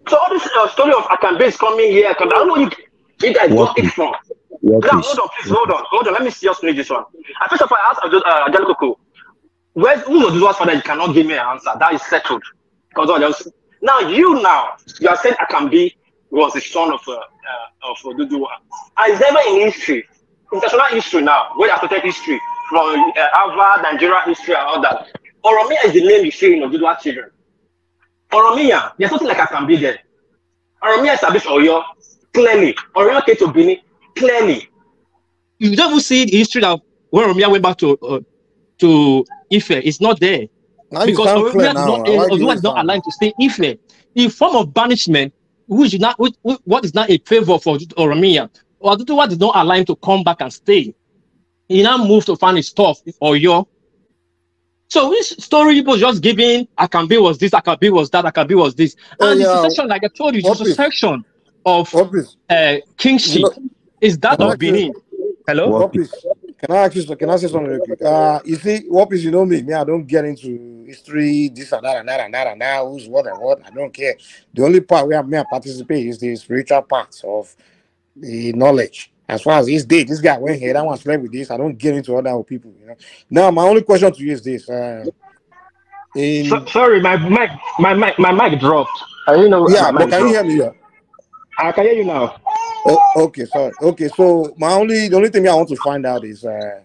So all this uh, story of Akambe is coming here. I don't know where you, you got it from. What hold on, please, hold on, hold on. Let me see read this one. I first of all, I asked Angelico Where's who was father? You cannot give me an answer. That is settled. Because others, now you now you are saying I can be was the son of uh, of Oduduwa. And it's never in history, international history now, where I started history from uh, Harvard, Nigeria history, and all that. Oromia is the name you see in Oduduwa children. Oromia, there's nothing like I can be there. Oromia established Oyo clearly. Oromia came to Benin clearly. You don't see the history that Oromia went back to. Uh, to Ife. It's not there. Now because Oromia is not, like not aligned to stay Ife. In form of banishment, which is not which, which, what is not a favor for Oromia, or what is not allow to come back and stay. He now moved to find his stuff or your. So this story was just giving Akambi was this, Akambi was that, Akambi was this. Oh, and oh, yeah. it's a section, like I told you, it's a section of uh, kingship. You know, is that of Benin. Hello? Wopis. Can I ask you? Can I say something real quick? Uh, you see, what is you know me? Me, I don't get into history, this and that and that and that and that. Who's what and what? I don't care. The only part where me I participate is the spiritual part of the knowledge. As far as this day, this guy went here. That one slept with this. I don't get into other people. You know. Now, my only question to you is this. Uh, in... so, sorry, my mic, my mic, my mic dropped. I didn't know. Yeah, but can dropped. you hear me? Yeah? I can hear you now. Oh, okay, sorry. Okay, so my only the only thing I want to find out is uh,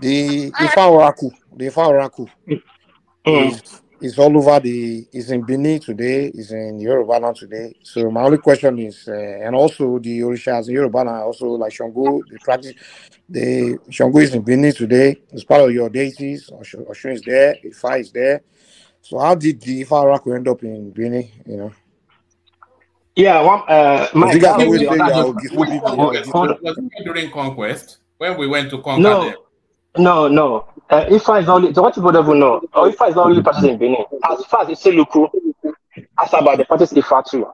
the Oraku. The Ifawaraku mm. is, is all over the is in Benin today, is in Yoruba today. So my only question is, uh, and also the Orishas in Yoruba land, also like Shango, the practice, the Shango is in Benin today. It's part of your deities. Oshun is there, Ifa is there. So how did the Oraku end up in Benin? You know. Yeah, one, uh, during conquest when we went to conquer no, them. No, no. Uh, Ifa is only the what people don't know. Or Ifa is only practiced in Benin. As far as Iseluku, as about the practice Ifa too.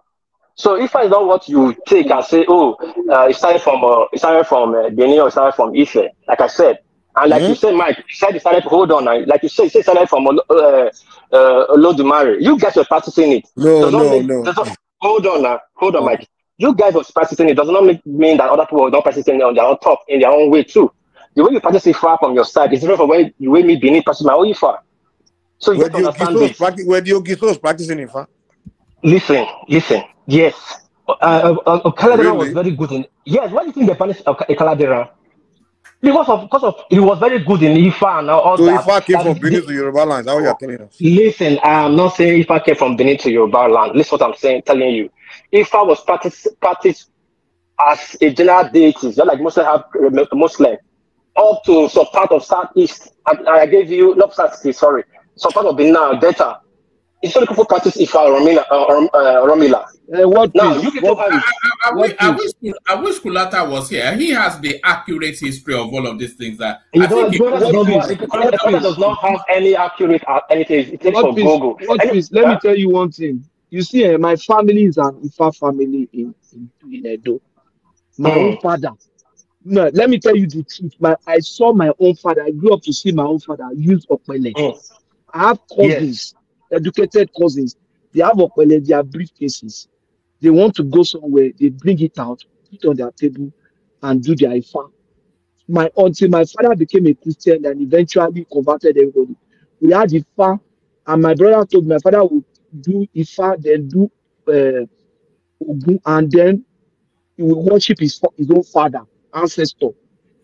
So Ifa is not what you take and say, oh, uh, it started from uh, it started from uh, Benin or it started from Ife. Like I said, and like mm-hmm. you said, Mike, you said you started, hold on, uh, like you said, it started from uh, uh, Lodumare. You your practice in it. No, no, no. Hold on now. Hold on, Mike. You guys was practicing it does not mean that other people are not practicing it on their own top in their own way too. The way you practice it far from your side is different from where you way me being practice my own far. So you where do you Giso's practi- where do you Giso's practicing it far? Listen, listen. Yes, uh, uh, uh, really? was very good in. Yes, why do you think they punish uh, Caladera? because of because of he was very good in Ifa and all so that. So Ifa came from Benin to Yoruba land. That's what you're telling us. Listen, I'm not saying Ifa came from Benin to Yoruba land. Listen, what I'm saying, telling you, Ifa was practiced practiced as a general deity, just like Muslim have Muslim, up to some part of Southeast. I, I gave you not Southeast, sorry, some part of Benin, Delta historical practice if uh, uh, Romila. Uh, eh, uh, Romila. Uh, what now, I, wish, Kulata was here. He has the accurate history of all of these things. That I does, think does, he, does, does, does, does not have any accurate uh, anything. It takes what from Google. What let me tell you one thing. You see, uh, my family is an Ifa family in, in, in Edo. My mm. own father. No, let me tell you the truth. My, I saw my own father. I grew up to see my own father use Opele. Mm. I have cousins. Yes educated cousins. They have a their briefcases. They want to go somewhere, they bring it out, put it on their table, and do their ifa. My until my father became a Christian and eventually converted everybody. We had ifa, and my brother told my father would do ifa, then do uh, and then he will worship his, his own father, ancestor.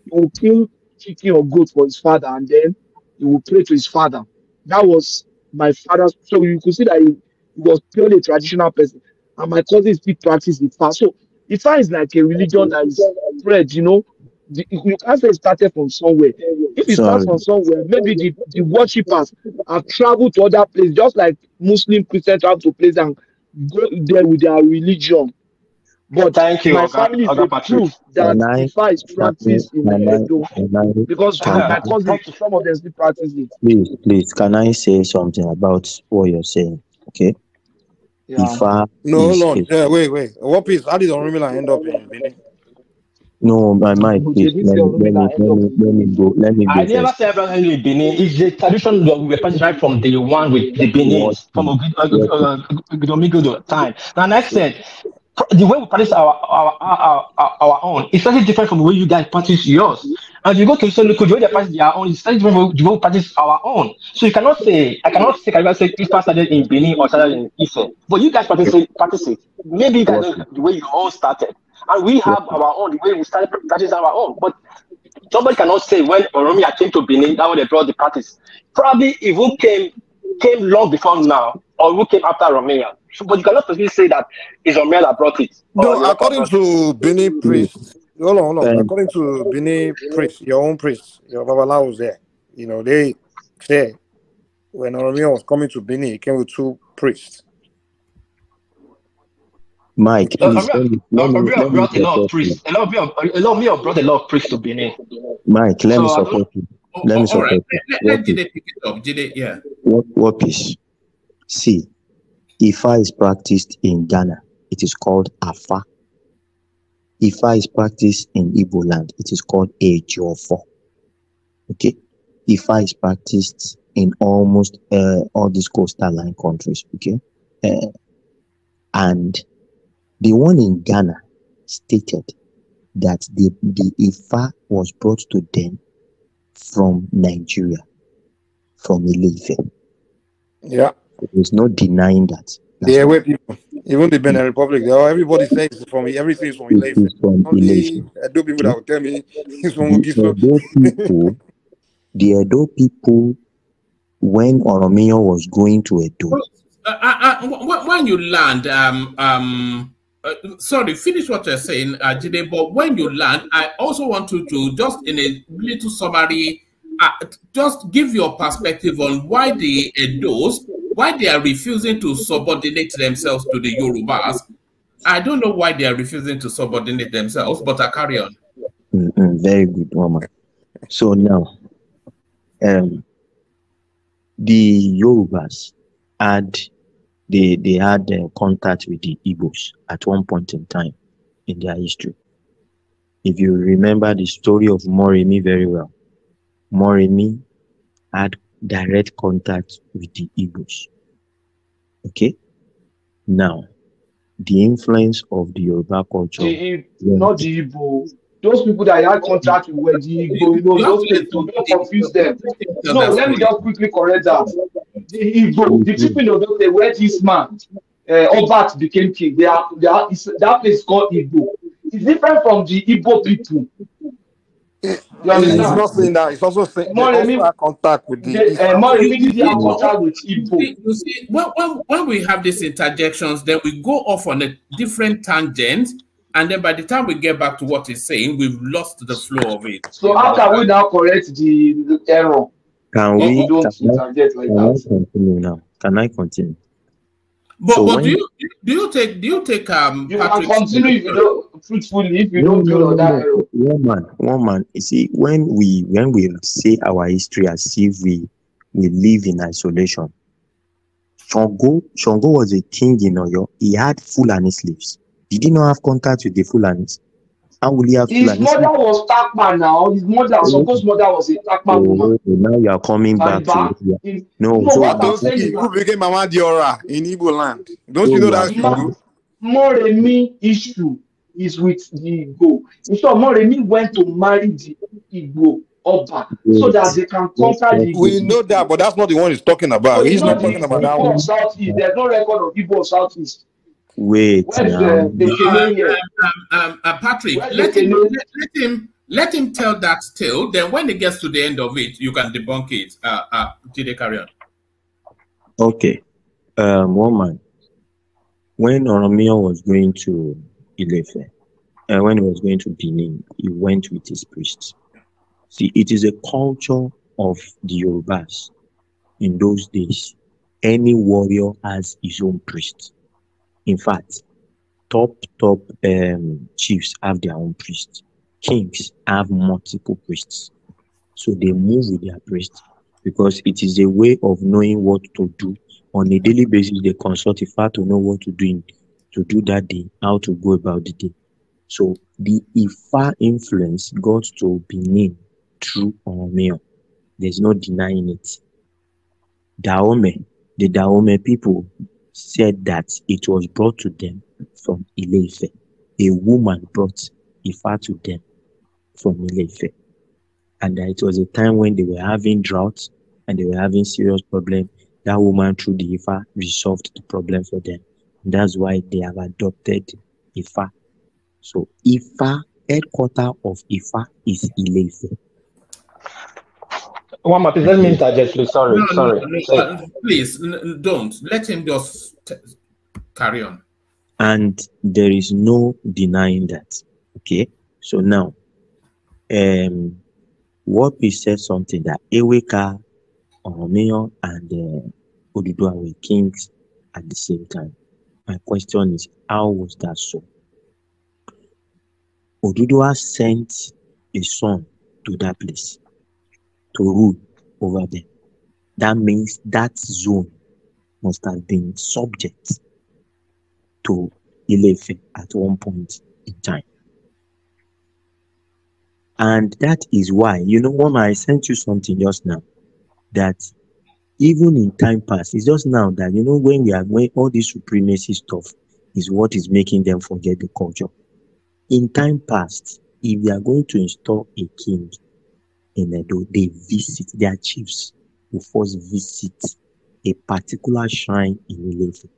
He will kill chicken or goat for his father, and then he will pray to his father. That was my father. So you could see that he, was purely a traditional person. And my cousins still practice the fast. So the is like a religion that is spread, you know. The, you can't say it started from somewhere. If it starts from somewhere, maybe the, the worshippers have traveled to other places, just like Muslim Christians travel to places and go there with their religion. But thank you, my Oga, family is Oga the proof that Nanai, Ifa is practiced in Edo. Because can I, I to some of them still practice it. Please, please, can I say something about what you're saying? Okay. Yeah. Ifa. No, hold on. Yeah, wait, wait. What piece? How did Orumila end up in Benin? No, my mind. Please, let, me, let, me, let, me, let me go. Let me go. I never said everything with Benin. It's the tradition that we were passing right from day one with the Benin, from a good, good, a, a, a, a, a, a, a, a time. Now next said, the way we practice our our, our our, our own is slightly different from the way you guys practice yours. And you go to so local, the way they practice their own is slightly different from the way we practice our own. So you cannot say, I cannot say, I cannot say this part started in Benin or started in Ife. But you guys practice practice it. Maybe you guys know the way you all started. And we have our own, the way we started that is our own. But somebody cannot say when Oromia came to Benin, that when they brought the practice. Probably even came came long before now, or who came after Romania so, but you cannot specifically say that it's Omer that brought it. No, according to Bini Priest, hold on, hold on. Um, according to Bini Priest, your own priest, your Babala was there. You know, they say when Oromia was coming to Bini, he came with two priests. Mike, no, uh, please, let me, let me, brought a lot of priests. A lot of people, a lot of people brought a lot of priests to Bini. Mike, let so, me uh, support you. Oh, let oh, me support right. you. Let, let, let Jide pick it up. Did they? yeah. What, what piece? See, Ifa is practiced in Ghana. It is called Afa. Ifa is practiced in Igbo land. It is called Ejiofor. Okay. Ifa is practiced in almost uh, all these coastal line countries. Okay. Uh, and the one in Ghana stated that the, the Ifa was brought to them from Nigeria, from Ilefe. Yeah. There's no denying that. That's yeah, where people, even the Benin Republic, everybody says it's from everything is from Ilefe. I do people that will tell me (laughs) it's from The Edo people, the Edo people, when Oromio was going to Edo. Well, uh, uh, uh when you land, um, um, uh, sorry, finish what you're saying, uh, Jide, but when you land, I also want you to just in a little summary, uh, just give your perspective on why the Edos why they are refusing to subordinate themselves to the Yorubas. I don't know why they are refusing to subordinate themselves, but I carry on. Mm -hmm. very good, woman. So now, um, the Yorubas had they they had uh, contact with the Igbos at one point in time in their history. If you remember the story of Morimi very well, Morimi had direct contact with the Igbos. Okay. Now, the influence of the Yoruba culture. The, Not the Igbo. Those people that I had contact with were the Igbo. You know, those people, don't confuse them. No, let me just quickly correct that. The Igbo, the mm-hmm. people of they were this man, uh, eh, Obat became king. They are, they are, that place is called Igbo. It's different from the Igbo people. It, you understand? He's not saying that. He's also saying more they also have contact with the. They, uh, more immediately have contact with Igbo. You see, when, when, when we have these interjections, then we go off on a different tangent. And then by the time we get back to what he's saying, we've lost the flow of it. So how can we now correct the, the error? Can we, we don't can interject I, like can that? I continue now? Can I continue? But, so but do you, you, do you take do you take um you Patrick can continue if you don't truthfully if you no, don't no, go no, that no. one man one man you see when we when we say our history as if we we live in isolation Shango Shango was a king in Oyo he had Fulani slaves he did not have contact with the Fulanis How will he have His plans? mother was Takpa now. His mother, oh. Soko's mother was a Takpa oh, woman. Now you are coming and back to No, no so what don't say you became Mama Diora in Igbo land. Don't oh, you know that? Ma- me issue is with the Igbo. So more me went to marry the Igbo Oba so that they can conquer yes. the Igbo. We know that, but that's not the one he's talking about. So he's, not, talking about that one. Southeast. There's no record of Igbo Southeast. Wait. Um, um, um, uh, Patrick, let him, let, let, him let him tell that tale. Then when it gets to the end of it, you can debunk it. Uh, uh, carrier. carry on. Okay. Um, woman, when Oromio was going to Ilefe, uh, when he was going to Benin, he went with his priests. See, it is a culture of the Yorubas in those days. Any warrior has his own priest. In fact, top, top um, chiefs have their own priests. Kings have multiple priests. So they move with their priests because it is a way of knowing what to do. On a daily basis, they consult Ifa to know what to do, in, to do that day, how to go about the day. So the Ifa influence got to be true through Oromeo. There's no denying it. Daome, the Daome people, said that it was brought to them from Ileife. A woman brought Ifa to them from Ileife. And it was a time when they were having drought and they were having serious problem. That woman through the Ifa resolved the problem for them. And that's why they have adopted Ifa. So Ifa, headquarter of Ifa is Ileife. One more, please. Let me interject, please. Sorry, no, sorry. No, no, please don't let him just carry on. And there is no denying that. Okay. So now, um, what we said something that Eweka, Oromeo, and uh, Odudua were kings at the same time. My question is, how was that so? Odudua sent a son to that place to rule over them. That means that zone must have been subject to Ilefe at one point in time. And that is why, you know, when I sent you something just now that even in time past, it's just now that, you know, when we are going, all this supremacy stuff is what is making them forget the culture. In time past, if we are going to install a king, in Edo, they visit their chiefs who first visit a particular shrine in Ilefe.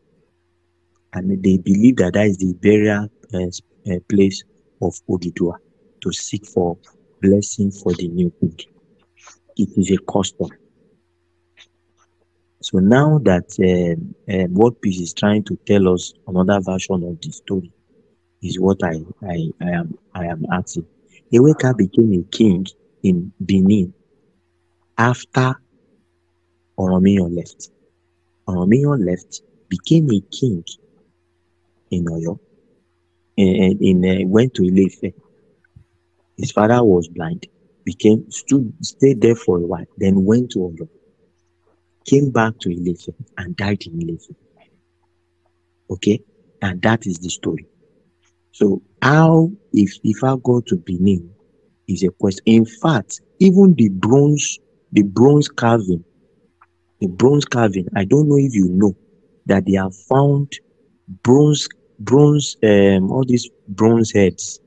And they believe that that is the burial uh, place of Odidua to seek for blessing for the new king. It is a custom. So now that uh, uh, Peace is trying to tell us another version of the story, is what I I, I am I am asking. Eweka became a king in Benin after Oromiyan left. Oromiyan left, became a king in Oyo, and, and, and uh, went to Ilefe. His father was blind, became stood stayed there for a while, then went to Oyo, came back to Ilefe, and died in Ilefe. Okay, and that is the story. So how if if I go to Benin is a question. In fact, even the bronze, the bronze carving, the bronze carving. I don't know if you know that they have found bronze, bronze, um, all these bronze heads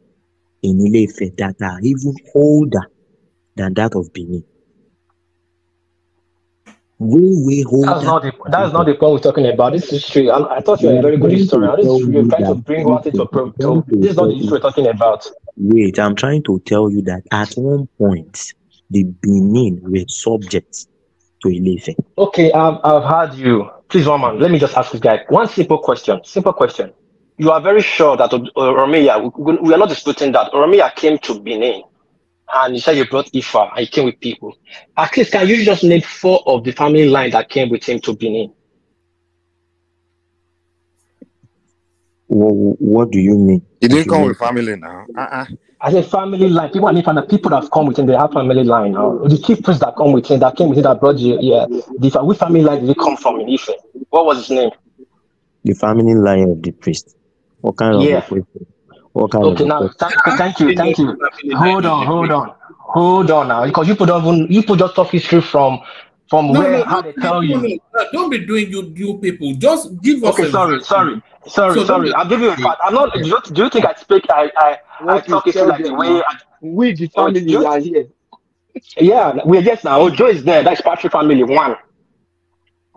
in Ilefe that are even older than that of Benin. That's not the, that's not the point we're talking about. This history. I, I thought you were a very good historian. This is, you're trying to bring what it to, to, This is not the history we're talking about. Wait, I'm trying to tell you that at one point, the Benin were subject to Ilefe. Okay, I've, I've heard you. Please, one man, let me just ask this guy one simple question. Simple question. You are very sure that Oromiya, we, are not disputing that Oromiya came to Benin and you said you brought Ifa and he came with people. At least can you just name four of the family line that came with him to Benin? What, what do you mean? He didn't come mean? with family now. Uh-uh. As a family line, people and the people that have come with him, they have family line now. The chief priest that come with him, that came with him, that brought you, yeah. The, which family line did he come from in Ife? What was his name? The family line of the priest. What kind yeah. of priest? What kind okay, of now th- thank you, thank you. Hold on, hold on, hold on now, because you put on you put just talk history from from no, where no, how no, they tell you. don't be doing you you people. Just give us. Okay, sorry, sorry, sorry, so sorry. I'll give you a fact. I'm not. Do you, do you think I speak? I I, I talk history like the way. I, we the oh, family oh, are here. Yeah, we're just now. Ojo oh, is there. That's Patrick family one.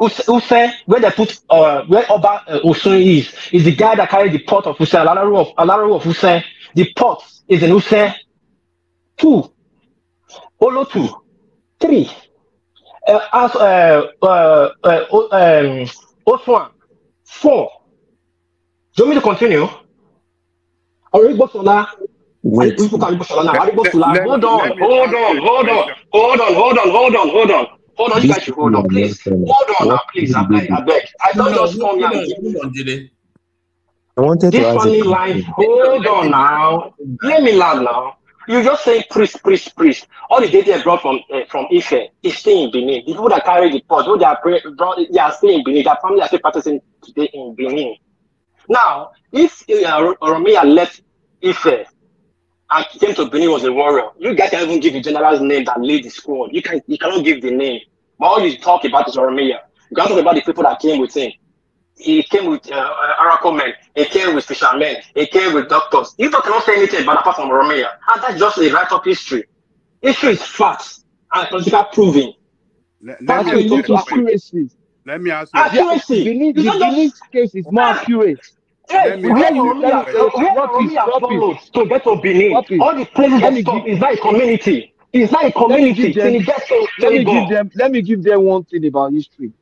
Use, where they put uh, where Oba uh, Osun is, is the guy that carried the pot of Use, Alaru of Alaru of Use. The pot is in Use. Two, Olo two, three. Uh, as uh, uh, uh, um, Oswan, four. Do you want me to continue? Origbosola. Wait. Hold on, hold on, hold on, hold on, hold on, hold on, hold on. Hold on, you guys should hold on, please. Hold on now, please. I beg, I beg. I don't just come here and give on, Jide. I wanted this to ask funny line. Hold on now. Let me land now. You just saying, priest, priest, priest. All the data brought from uh, from Ife is still in Benin. The people that carry the pot, who they are brought, they are still in Benin. Their family are still practicing today in Benin. Now, if uh, eh, Oromia left Ife came to Benin was a warrior. You guys can even give the general's name that lead the squad. You can you cannot give the name. But all you talk about is Oromia. You can talk about the people that came with him. He came with uh, oracle uh, men. He came with fishermen. He came with doctors. You not cannot say anything but apart from Oromia. And that's just a write-up history. History is facts and political proving. Let, let, me, let, me, accuracy. let me ask you. Accuracy. Benin's, Benin's case is more ah! accurate. Yes, me, to get to Benin, all the places that stop is not a community. It's not a community. Let me give them, let me give them, one thing about history.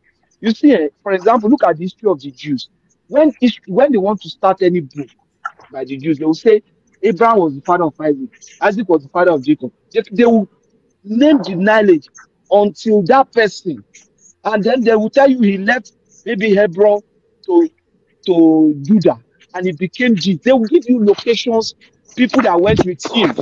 You see, eh, for example, look at the history of the Jews. When when they want to start any book by the Jews, they will say Abraham was the father of Isaac, Isaac was the father of Jacob. They, they will name the knowledge until that person, and then they will tell you he left maybe Hebron to to Judah and it became Jesus. They will give you locations, people that went with him.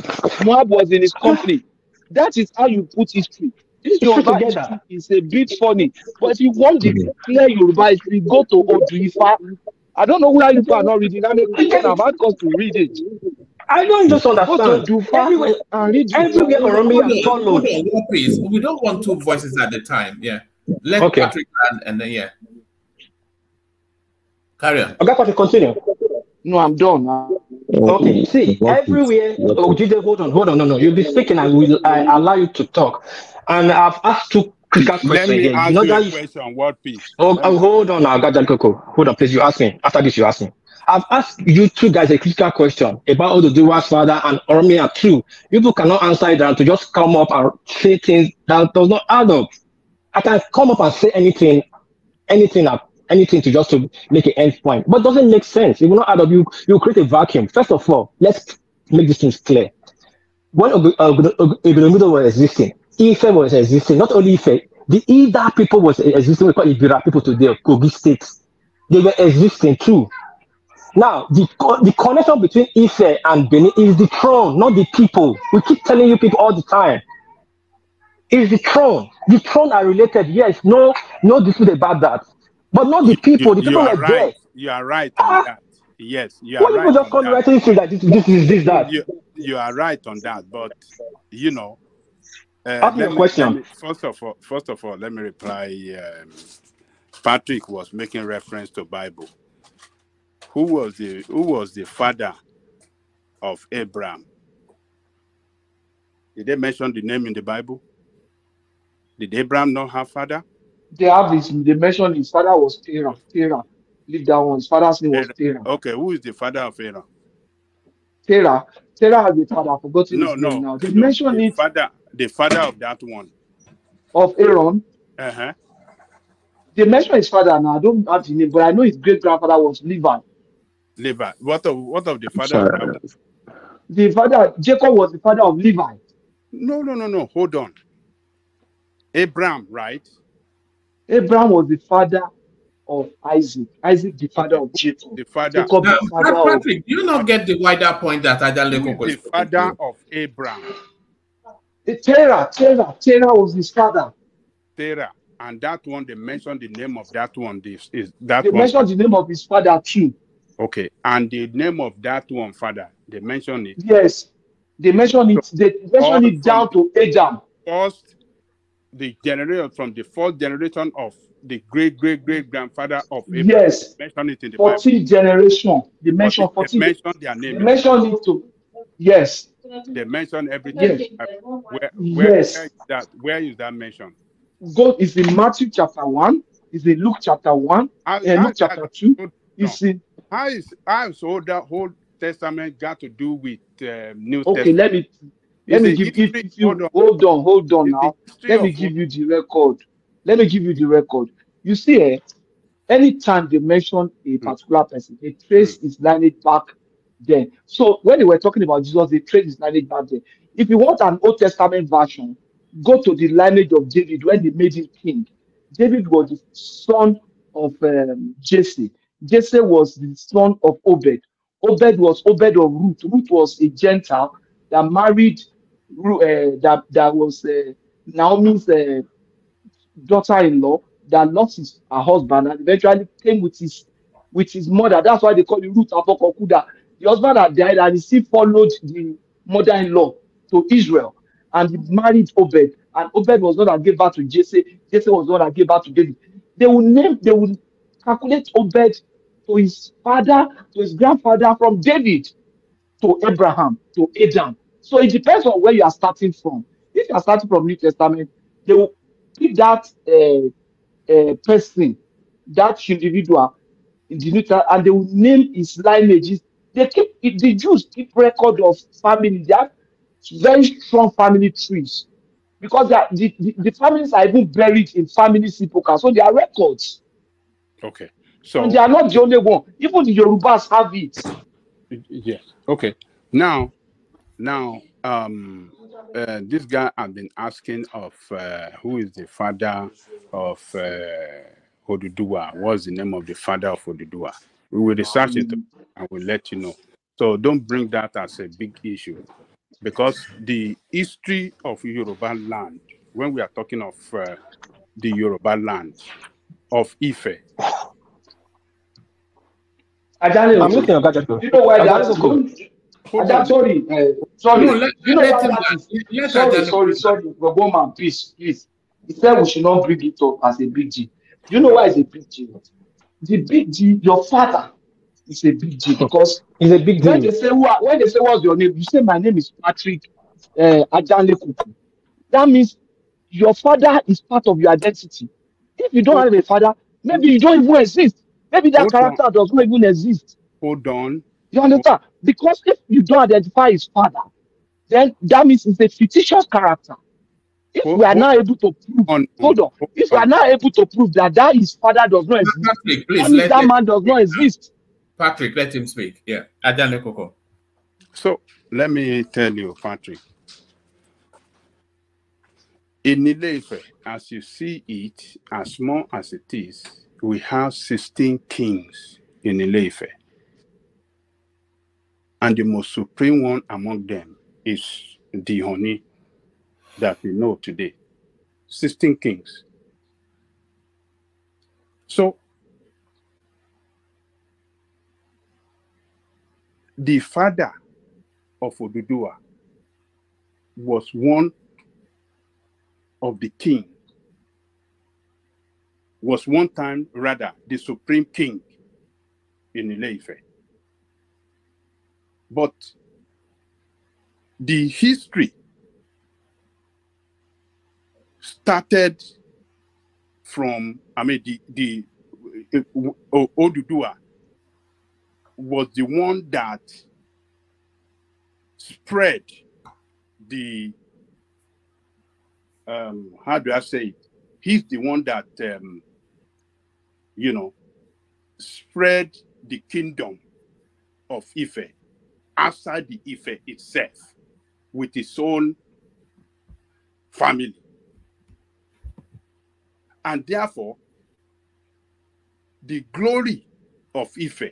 Moab was in his company. That is how you put history. This Yoruba history is a bit funny, but if you want to clear Yoruba history, go to Oduifa. I don't know why you are not reading. I'm about us to read it. I don't just understand. everywhere, everywhere around me, follow, Please, we don't want two voices at the time. Yeah, let okay. Patrick and, and then yeah. Carry on. Okay, Patrick, continue. No, I'm done. Okay, see, everywhere. Oh, just hold on, hold on. No, no, you'll be speaking. I will I allow you to talk. And I've asked two critical questions. Let me ask you, know you question. world peace. Oh, oh, hold on, that Coco. Hold on, please. You ask me. After this, you ask me. I've asked you two guys a critical question about the Oduduwa's father and Oromia too. People cannot answer it and to just come up and say things that does not add up. I can come up and say anything, anything at anything to just to make an end point. But doesn't make sense. It will not add up. You you create a vacuum. First of all, let's make these things clear. When Ogunomudo uh, was existing, Ife was existing, not only Ife, the Ida people was existing, we call Ibira people today, Kogi states, They were existing too. Now, the, the connection between Ife and Benin is the throne, not the people. We keep telling you people all the time. It's the throne. The throne are related. Yes, no, no dispute about that but not the people. The you people were right. there. You are right. Ah. Yes, you are well, right. People just come writing through that this, this is this that. You, you are right on that, but you know. Uh, Ask me a question. Me, first of all, first of all, let me reply. Um, Patrick was making reference to Bible. Who was the Who was the father of Abraham? Did they mention the name in the Bible? Did Abraham not have father? they have his they mentioned his father was Terah. Terah. Leave that one. His father's name was Terah. Okay, who is the father of Terah? Terah. Terah has a father. i forgot forgotten no, no, now. They no, mentioned the it. Father, the father of that one. Of Aaron. Uh-huh. They mentioned his father now. I don't have the name, but I know his great grandfather was Levi. Levi. What of what of the father? The father Jacob was the father of Levi. No, no, no, no. Hold on. Abraham, right? Abraham was the father of Isaac. Isaac, the father of Jacob. The father. Jacob, now, the father Patrick, of, do you not get the wider point that Ajaleko was the father of Abraham? The Terah, Terah, Terah was his father. Terah, and that one they mentioned the name of that one. This is that they one. mentioned the name of his father too. Okay, and the name of that one father they mentioned it. Yes, they mentioned it. They mentioned it down to Adam. First the generation from the fourth generation of the great great great grandfather of Abraham. Yes, mention it in the 14 generation. They mention 14. They mention their name. They mention it too. Yes. They mention everything. Yes. Where, where yes. Where is that where is that mentioned? God is in Matthew chapter one. Is in Luke chapter one. How, uh, Luke chapter two. No. Is in how is how is all that whole Testament got to do with uh, New okay, Testament? Okay, let me let me give you, you hold on, hold on now. Let me give you the record. Let me give you the record. You see, eh, anytime they mention a hmm. particular person, they trace hmm. his lineage back then. So when they were talking about Jesus, they trace his lineage back then. If you want an Old Testament version, go to the lineage of David when they made him king. David was the son of um, Jesse. Jesse was the son of Obed. Obed was Obed of Ruth. Ruth was a Gentile that married Eh, that that was eh, Naomi's eh, daughter-in-law that lost his, her husband and eventually came with his with his mother. That's why they call it of Abokokuda. The husband had died and he still followed the mother-in-law to Israel and he married Obed. And Obed was not that gave birth to Jesse. Jesse was not that gave birth to David. They will name, they will calculate Obed to his father, to his grandfather, from David to Abraham, to Adam, so it depends on where you are starting from. If you are starting from New Testament, they will pick that uh, uh, person, that individual, in the New and they will name his lineages. They keep the Jews keep record of family. They have very strong family trees because are, the, the, the, families are even buried in family sepulchres, so they are records. Okay, so and they are not the only one. Even the Yorubas have it. Yeah. Okay. Now, now, um, uh, this guy I've been asking of uh, who is the father of uh, Odudua? What's the name of the father of Odudua? We will research it and we'll let you know. So don't bring that as a big issue because the history of Yoruba land, when we are talking of uh, the Yoruba land of Ife. Ajani, you know why that's Adam, sorry, uh, sorry. No, let, you know let him sorry, sorry, sorry. man, please, please. He said we should not bring it up as a big G. Do you know why it's a big G? The big G, your father is a big G because (laughs) he's a big G. When they say what, when they say what's your name, you say my name is Patrick uh, Ajanlekuku. That means your father is part of your identity. If you don't have a father, maybe you don't even exist. Maybe that Hold character on. does not even exist. Hold on. You understand? Because if you don't identify his father, then that means it's a fictitious character. If we are oh, now able to prove, on, hold on, if we are now able to prove that that his father does not exist, Patrick, please, that, that man does not exist. Patrick, let him speak. Yeah, Adana Koko. So let me tell you, Patrick. In Ilefe, as you see it, as small as it is, we have 16 kings in Ilefe. And the most supreme one among them is the honey that we know today 16 kings. So, the father of Odudua was one of the king, was one time rather the supreme king in Ileife. But the history started from, I mean, the, the uh, eh, Odudua was the one that spread the, um, how do I say it? He's the one that, um, you know, spread the kingdom of Ife outside the Ife itself with his own family. And therefore, the glory of Ife,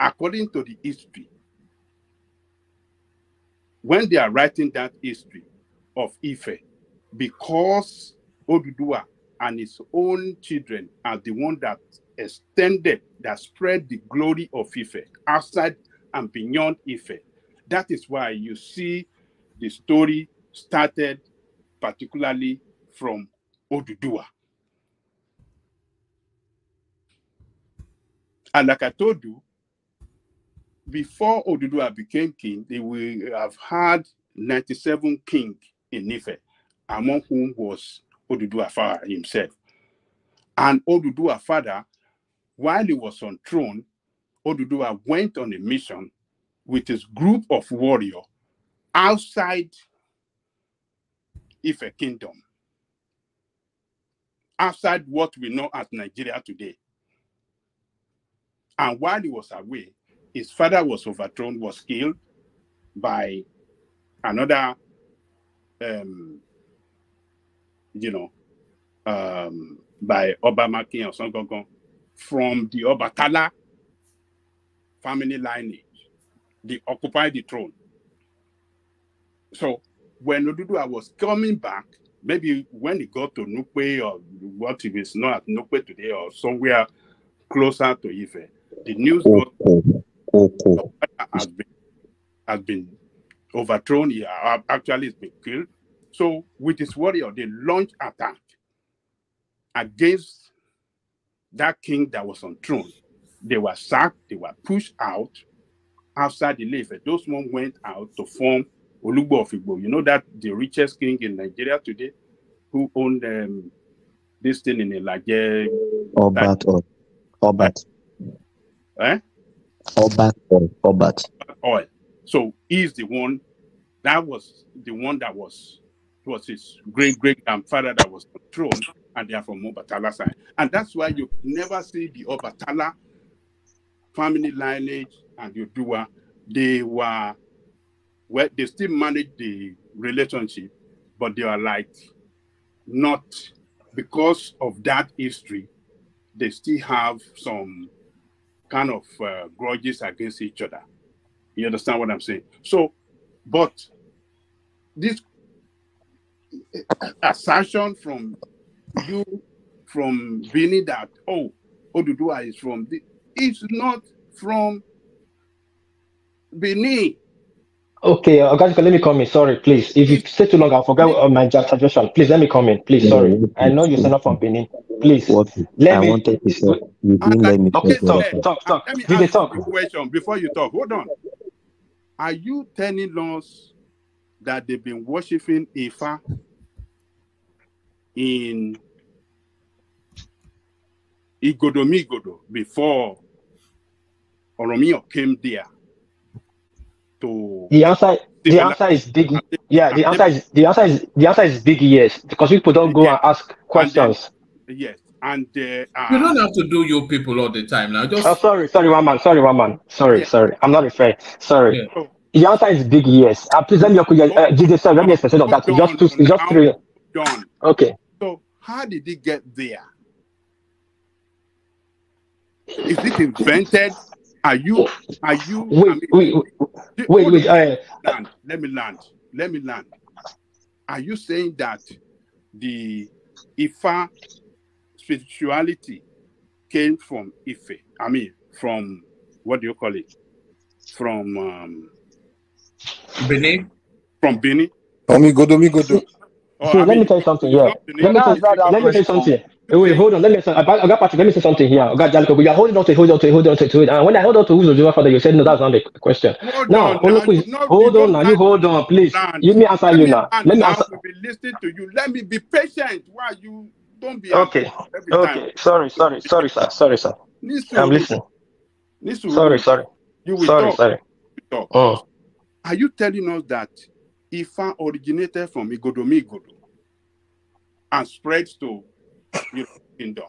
according to the history, when they are writing that history of Ife, because Oduduwa and his own children are the one that extended that spread the glory of Ife outside and beyond Ife. That is why you see the story started particularly from Odudua. And like I told you, before Odudua became king, they will have had 97 kings in Ife, among whom was Odudua father himself. And Odudua father while he was on throne, Oduduwa went on a mission with his group of warriors outside Ife Kingdom, outside what we know as Nigeria today. And while he was away, his father was overthrown, was killed by another, um, you know, um, by Obama King or something from the Obatala family lineage. They occupied the throne. So when Odudua was coming back, maybe when he got to Nukwe or what if it's not at Nukwe today or somewhere closer to Ife, the news Okay. Has, been, has been overthrown. He uh, actually has been killed. So with his warrior, they launched attack against that king that was on throne. They were sacked, they were pushed out outside the Leife. Those one went out to form Olugbo of Igbo. You know that the richest king in Nigeria today, who owned um, this thing in Ilaje. Obat. Oil. Obat. Eh? eh? Obat. Oil. Obat. Oil. So he's the one, that was the one that was, was his great great grandfather that was on throne and they are from Obatala side. And that's why you never see the Obatala family lineage and the Odua. They were, well, they still manage the relationship, but they are like not because of that history, they still have some kind of uh, grudges against each other. You understand what I'm saying? So, but this (coughs) assertion from you from Vini that, oh, Odudua is from. The, it's not from Benin. Okay, uh, Ogajika, let me come in. Sorry, please. If you stay too long, I'll forget uh, my suggestion. Please let me come in. Please, sorry. I know you're not from Benin. Please. What, let I me. Wanted to say, you didn't let me okay, talk, talk, talk, talk. Ah, let me ask talk? question before you talk. Hold on. Are you telling us that they've been worshiping Ifa in Igodomigodo before Oromio came there to the answer the answer is big yeah the answer is the answer is the answer is big yes because people don't go yeah. and ask questions and then, yes and uh, uh, you don't have to do your people all the time now just oh sorry sorry one man sorry one man sorry yeah. sorry i'm not afraid sorry yeah. Oh. the answer is big yes i present your uh, jesus seven percent of that just two just three done. okay how did it get there? Is it invented? Are you? Are you? Wait, I mean, wait, wait, wait, wait I, land, let me land. Let me land. Are you saying that the Ifa spirituality came from Ife? I mean, from what do you call it? From um, Benin. From Benin. Omigodo, Omigodo. Oh, so let mean, me tell you something. Yeah, let me, say, let me say something. Wait, hold on. Let me say. I got Patrick. Let me say something here. I got Jalico. But you're holding on to it, holding on to it, holding on to it, And when I hold on to who's the father, you said no. That's not the question. Hold now, on, now, please. Hold on. Now, you hold on, please. Let me answer you now. Let me answer. Be listening to you. Let me be patient while you don't be. Okay. Okay. Sorry. Sorry. Sorry, sir. Sorry, sir. I'm listening. Sorry. Sorry. You will sorry. Sorry. Talk. Oh. Are you telling us that Ifa originated from Igodomigodo and spread to the kingdom.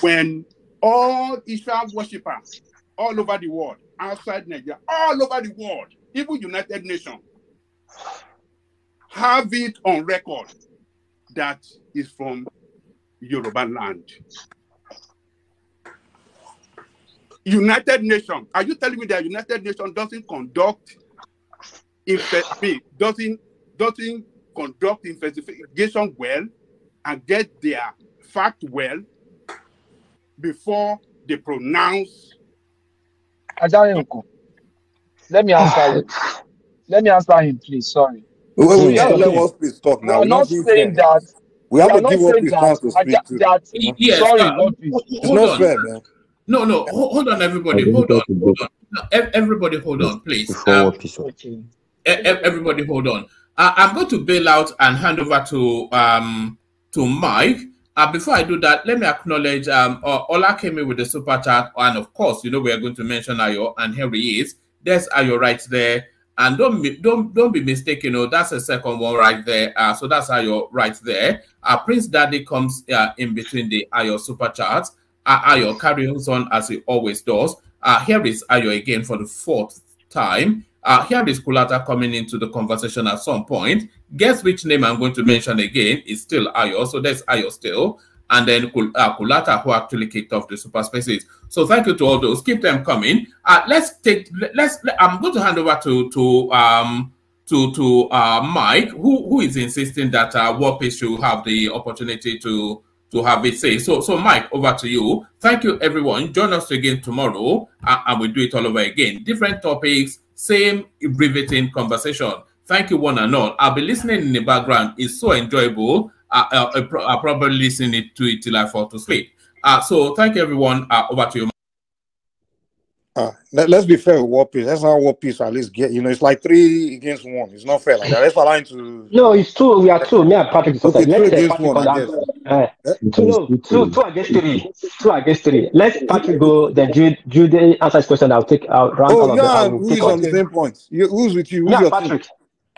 When all Israel worshippers all over the world, outside Nigeria, all over the world, even United Nations, have it on record that is from Yoruba land. United Nations, are you telling me that United Nations doesn't conduct infest, doesn't doesn't conduct investigation well and get their fact well before they pronounce. Ajayenko, let me answer you. Let me answer him, please. Sorry. Well, we have let us please talk now. We're not saying that. We have to give up his chance to speak. That, that, yes, sorry, uh, not it's not on. fair, man. No, no, hold on, everybody. Hold on. Hold on. Everybody, hold on, please. Um, okay everybody hold on. I, am going to bail out and hand over to um, to Mike. Uh, before I do that, let me acknowledge um, uh, Ola came in with the super chat, and of course, you know we are going to mention Ayo, and here he is. There's Ayo right there, and don't be, don't don't be mistaken. Oh, you know, that's the second one right there. Uh, so that's Ayo right there. Uh, Prince Daddy comes uh, in between the Ayo super chats. Uh, Ayo carries on as he always does. Uh, here is Ayo again for the fourth time uh, here is Kulata coming into the conversation at some point. Guess which name I'm going to mention again is still Ayo. So there's Ayo still. And then uh, Kulata, who actually kicked off the super spaces. So thank you to all those. Keep them coming. Uh, let's take. Let's. I'm going to hand over to to um to to uh Mike, who who is insisting that uh Warpace should have the opportunity to to have a say. So, so Mike, over to you. Thank you, everyone. Join us again tomorrow, and, and we'll do it all over again. Different topics, same riveting conversation. Thank you, one and all. I'll be listening in the background. It's so enjoyable. I, will probably listen to it till I fall to sleep. Uh, so, thank you, everyone. Uh, over to you. Uh, let, us be fair with War Peace. That's not War Peace at least get. You know, it's like three against one. It's not fair like that. Let's align to. No, it's two. We are two. Me and Patrick. Okay, two against one, two, two against three. Two against three. Let Patrick go, then Jude, Jude answer his question. I'll take out round. Oh, yeah, who's on the same point? You, who's with you? Who's yeah, Patrick. Team?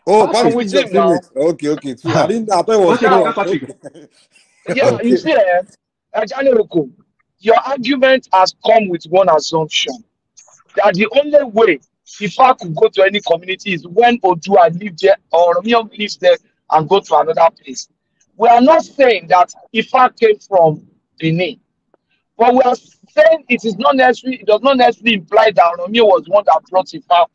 Oh, Patrick, Patrick with them now. Okay, okay. I didn't, I thought it was. Okay, Patrick. yeah, okay. you see, uh, eh? Janeroko, your argument has come with one assumption that the only way FIFA could go to any community is when Odua lives there or Romeo lives there and go to another place. We are not saying that Ifa came from Benin, but we are saying it is not necessary. It does not necessarily imply that Romeo was one that brought Ifa.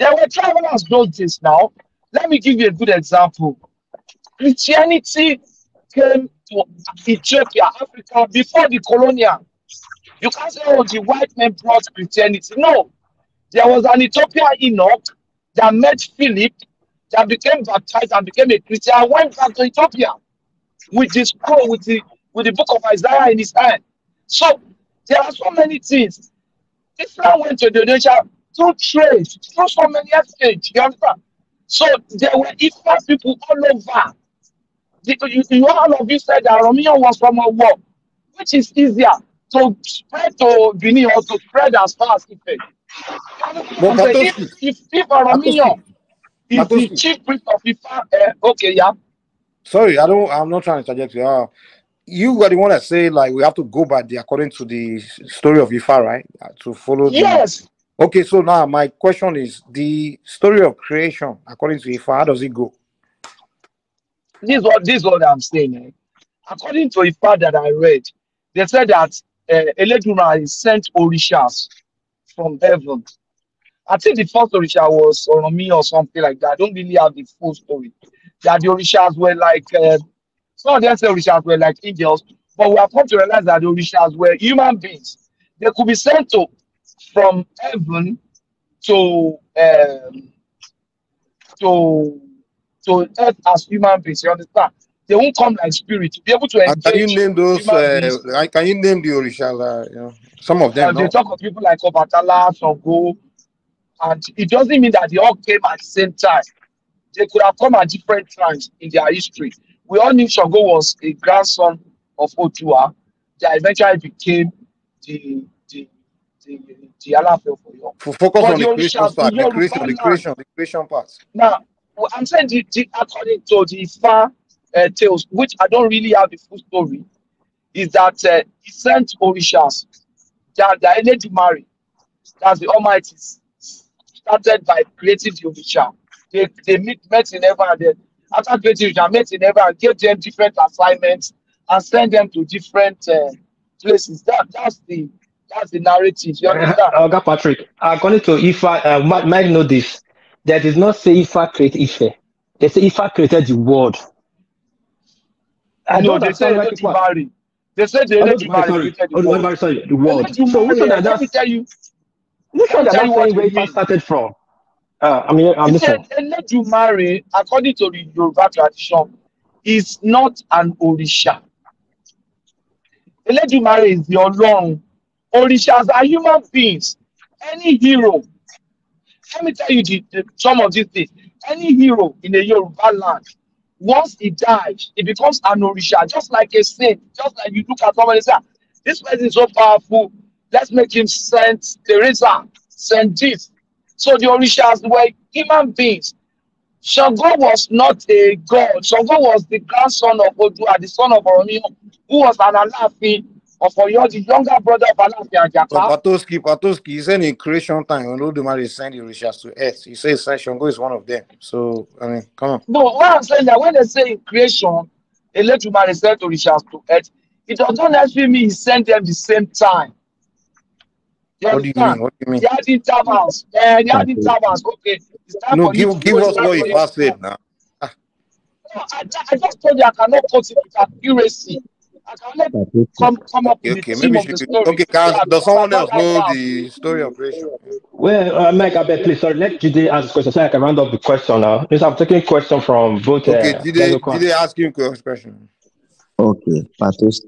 There were travelers doing this Now, let me give you a good example. Christianity came to Ethiopia, Africa, before the colonial. You can't say, oh, the white men brought Christianity. No. There was an Ethiopian Enoch that met Philip, that became baptized and became a Christian, and went back to Ethiopia with the scroll, with the with the book of Isaiah in his hand. So there are so many things. Israel went to Indonesia through trade, through so many exchange. You understand? So there were Israel people all over. The, you, you all of you said that Romeo was from a war, which is easier to spread to Benin or to spread as far as it is. If, if, if Romeo is the chief priest of Ifa, uh, eh, okay, yeah sorry, I don't. I'm not trying to interject. You. Uh, you got the one that said like we have to go by the according to the story of Ifa, right? Uh, to follow. Yes. The... Okay, so now my question is the story of creation according to Ifa. How does it go? This is what this is what I'm saying. Eh? According to Ifa that I read, they said that uh, eh, is sent orishas from heaven. I think the first orisha was Oromi or something like that. I don't really have the full story. That the Orishas were like, uh, of them say Orishas were like angels, but we have come to realize that the Orishas were human beings. They could be sent to from heaven to um, to to earth as human beings. You understand? They won't come like spirit to be able to engage. Can you name those? Uh, can you name the Orishas? Uh, you know, some of them. Uh, no? They talk of people like Obatala, Songo, and it doesn't mean that they all came at the same time. they could have come at different times in their history. We all knew Shango was a grandson of Otua that eventually became the the the, the Alafel for you. Focus but on the, the creation part, the creation, the creation, the creation part. Now, I'm saying the, the, according to the far uh, tales, which I don't really have the full story, is that uh, he sent Orishas, that the marry. That the Almighty, started by creating the they, they meet, met in ever and then after 20 years, I met in ever and give them different assignments and send them to different uh, places. That, that's the that's the narrative. You uh-huh. understand? Uh, Patrick, according to Ifa, uh, might, know this. That is not say Ifa created Ife. They say Ifa created the world. I no, they say like Ifa. They said oh, the let Ifa created the oh, world. Oh, sorry, the world. So which one that that's... tell you. Which one that that's where Ifa started from? Uh, I mean, I'm listening. He said, you marry, according to the Yoruba tradition, is not an Orisha. you marry is your Ọlọ́run. Orishas are human beings. Any hero, let me tell you the, the, some of these things. Any hero in a Yoruba land, once he dies, he becomes an Orisha, just like a saint. Just like you look at somebody and say, ah, This person is so powerful, let's make him Saint Teresa, Saint this, So the Orishas were human beings. Shango was not a god. Shango was the grandson of Odua, the son of Oromio, who was an alafi of Oyo, the younger brother of Alaafin Ajaka. But Patoski, Patoski, he said in creation time, when Olodumare sent the Orishas to earth. He says Shango is one of them. So, I mean, come on. No, what I'm saying that when they say in creation, Olodumare sent Orishas to earth, it does not necessarily mean he sent them the same time. what do you mean? What do you mean? They had intervals. Uh, they had intervals. Okay. No, give, give us what you first said now. No, I, just told you I cannot quote it with accuracy. I cannot come, come up with okay, the maybe she could, Okay, can, does someone else know the story of Rachel? Well, uh, Mike, I beg, please, sorry, let Jide ask the question so I can round up the question now. Yes, I'm taking a question from both. Uh, okay, Jide, Jide ask you a question. Okay, Patos,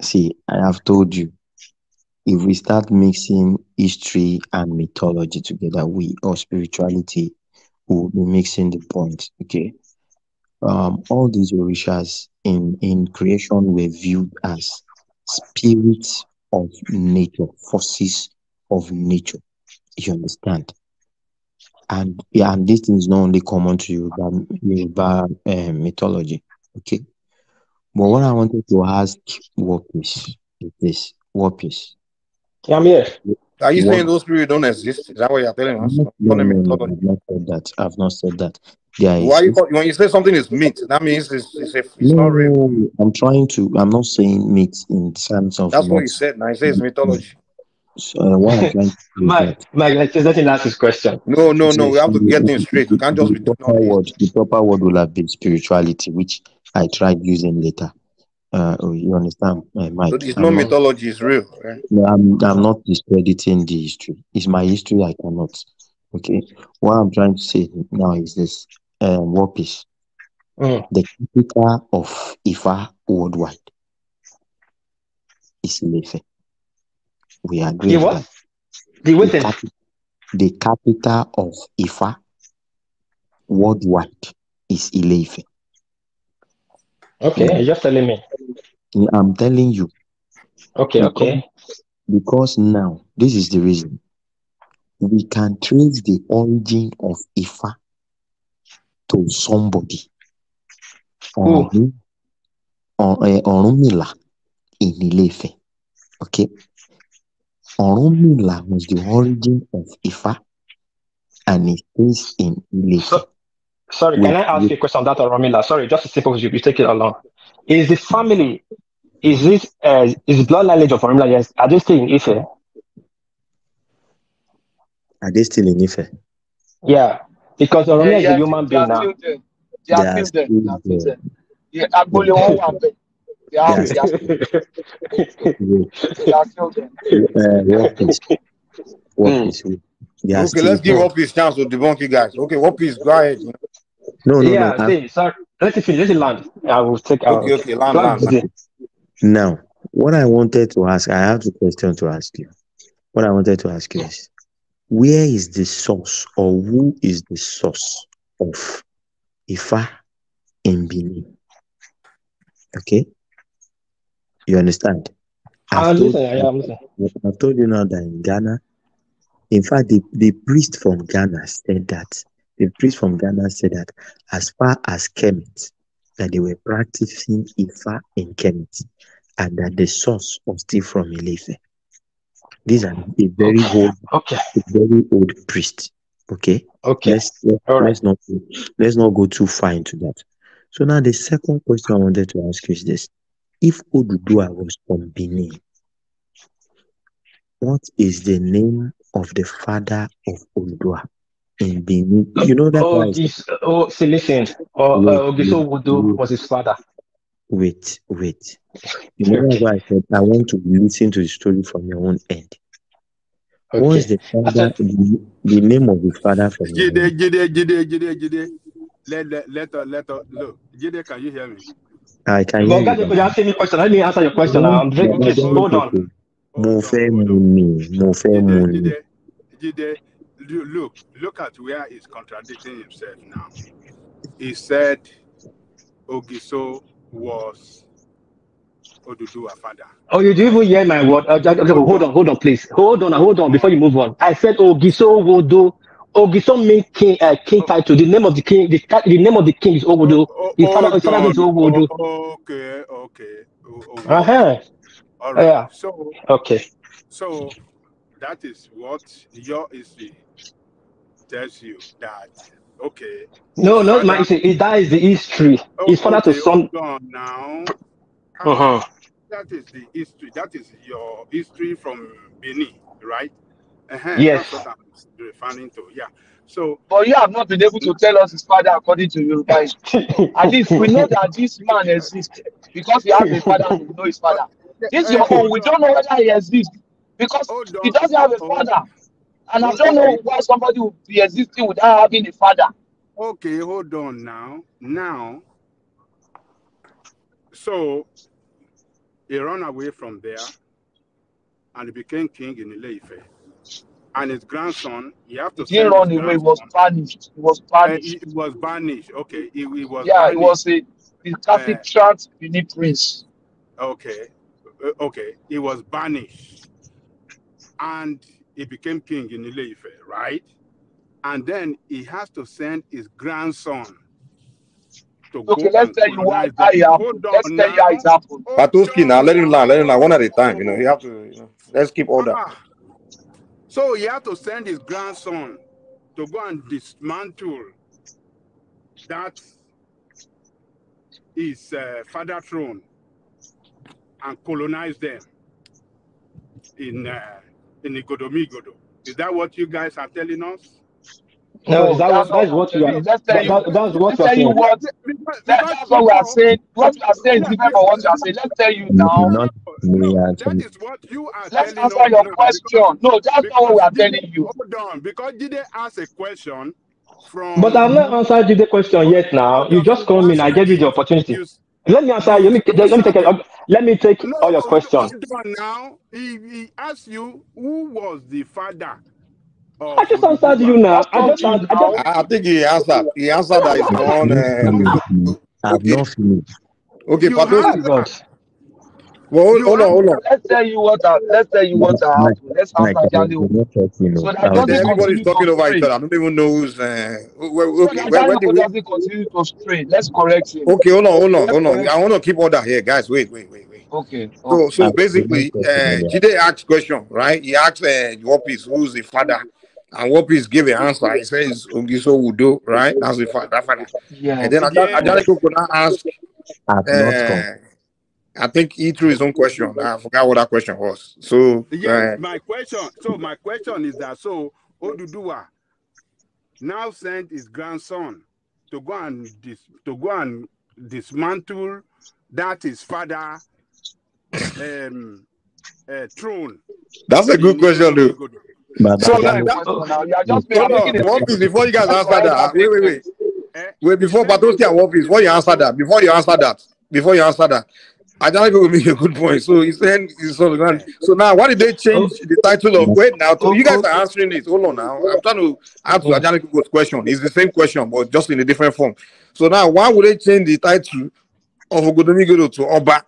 see, I have told you if we start mixing history and mythology together, we or spirituality, we'll be mixing the point. Okay. Um, all these orishas in, in creation were viewed as spirits of nature, forces of nature. You understand? And yeah, and this is not only common to Yoruba, Yoruba uh, mythology. Okay. But what I wanted to ask what is, is this Warpis, yeah, I'm here. Are you what? saying those people don't exist? Is that what you're telling us? No, no, no, I've not said that. I've not said that. Yeah, Why you call, when you say something is meat, that means it's, it's, a, it's no, not real. I'm trying to. I'm not saying meat in terms of. That's what you said. Now you say it's mythology. So, uh, why (laughs) Mike, Mike, let's let him ask his question. No, no, no. We have to get things straight. We can't just be the proper word. The proper word will have been spirituality, which I tried using later. Uh, oh, you understand, uh, Mike? So it's not mythology; it's real. Right? No, I'm, I'm not discrediting the history. It's my history. I cannot. Okay. What I'm trying to say now is this: um, war peace. Mm. The capital of Ifa worldwide is Ilefe. We are The what? The, the, the capital of Ifa worldwide is Ilefe. Okay, yeah. you're telling me. I'm telling you. Okay, because, okay. Because now, this is the reason. We can trace the origin of Ifa to somebody. Who? Orun, Orunmila eh, in Ilefe. Okay. Orunmila was the origin of Ifa and it is in Ilefe. So, Sorry, can I ask you a question on that, Romila? Sorry, just a simple you, you take it along. Is the family, is this, uh, is blood lineage of Romila, yes, are they still in Ife? Are they still in Ife? Yeah, because Romila yeah, yeah, is a human being now. They are still there. They are still They are still They are still there. (laughs) They are still there. Yes. Okay, let's give one piece chance to debunk you guys. Okay, one go ahead. No, no, yeah, no. See, sorry. Let it finish. Let it land. I will take out. Okay, okay, land, land, land. Now, what I wanted to ask, I have a question to ask you. What I wanted to ask you is, where is the source or who is the source of Ifa in Benin? Okay, you understand? I've, I'm I I've told you now that in Ghana, in fact, the, the priest from Ghana said that the priest from Ghana said that as far as Kemet, that they were practicing Ifa in Kemet, and that the source was still from Ifa. These are a very okay. old, okay. very old priest. Okay. Okay. Let's, let, us right. not let's not go too far into that. So now the second question I wanted to ask you is this: If Odudua was from Benin, what is the name of the father of Odua in Benin. You know that. Oh, this, oh, see, listen. Oh, wait, uh, Ogiso Wudu was his father. Wait, wait. You know okay. why I said I want to listen to the story from your own end. Okay. What's the father? The, the, name of the father from Jide, Jide, Jide, Jide, Jide. Let, let, let, her, uh, let, her, uh, look. Jide, can you hear me? I can well, hear you. You're asking me question. Let me answer your question. I'm drinking. Hold on. Mo fẹ́ mu ni, mo fẹ́ mu ni. Jide, look, look at where he's contradicting himself now. He said Ogiso was Oduduwa father. Oh, you did even hear my word. Uh, okay, hold on, hold on, please. Hold on, hold on, before you move on. I said Ogiso Wodo. Ogiso means king, uh, king title. The name of the king, the, the name of the king is Owodo. Oh, oh, his father, his oh, father is Owodo. Okay, okay. Uh huh. All right. Yeah. So okay. So that is what your history tells you that okay. No, no, my That is the history. Oh, it's further okay, son some. Now, uh-huh. that is the history. That is your history from Benin, right? Uh-huh. Yes. That's what I'm referring to. Yeah. So, but you have not been able to tell us his father according to you, guys. (laughs) At least we know that this man exists because he has a father we know his father. This your (laughs) own. We don't know whether he exists because Hold he doesn't have a father. And I don't know why somebody would be existing without having a father. Okay, hold on now. Now, so he ran away from there and he became king in Ileife. And his grandson, you have to he didn't run away, he was banished. He was eh, banished. Uh, he was banished. Okay, he, he was. Yeah, he was a Catholic uh, eh. Church Benin prince. Okay, okay, he was banished and he became king in Ileife, right? And then he has to send his grandson to okay, go. let's tell you why that happened. let's tell you how it happened. Patuski, now let him learn, let him learn one at a time. You know, he have to, you know, let's keep order. Ah. So he had to send his grandson to go and dismantle that his uh, father throne and colonize them in uh, in Igodomigodo. Is that what you guys are telling us? No, no that that's, what you are. That's that, that, that's what you are saying. What, that's what we are saying. What you are saying is different from what you are saying. Let's tell you now. No, no, that is what you are. Let's answer your question. no, that's not what we are telling you. Hold on, because did they ask a question from. But I've not answered the question yet. Now you just called me. and I gave you the opportunity. Let me answer you. Let me, let me take, a, let me take no, all your questions. Now, he, he asked you who was the father Oh, I just answered you now. I, just, I, just, I, think he answered. He answered that he's born. Um, I've not finished. Okay, ah, Pato, Well, hold, on, hold on. Let's tell you what our, let's tell you what our output. Let's have like, so that uh, everybody's talking over each other. I don't even know who's. Uh, where, okay, so where, where doesn't continue to stray. Let's correct him. Okay, hold on, hold on, hold on. I want to keep order here, guys. Wait, wait, wait, wait. Okay. So, so ah, basically, uh, asked question, right? He asked uh, what who's the father. And what is gave an answer? He says Ungiso Udo, right? That's the father. father. Yeah. And then Adaniko could not ask. Uh, I think he threw his own question. I forgot what that question was. So uh, my question. So my question is that so Oduduwa now sent his grandson to go and dis- to go and dismantle that his father um, uh, throne. That's a good question, dude. so like now oh, you are just before you guys answer that. Wait, wait, wait. Eh? Wait before Patosia, one Before you answer that, before you answer that, before you answer that, Ajanago will make a good point. So he's saying he's on the ground. So now, why did they change the title of wait now? So you guys are answering this. Hold on now. I'm trying to answer Ajanago's question. It's the same question, but just in a different form. So now, why would they change the title of Ogodomigodo to Oba?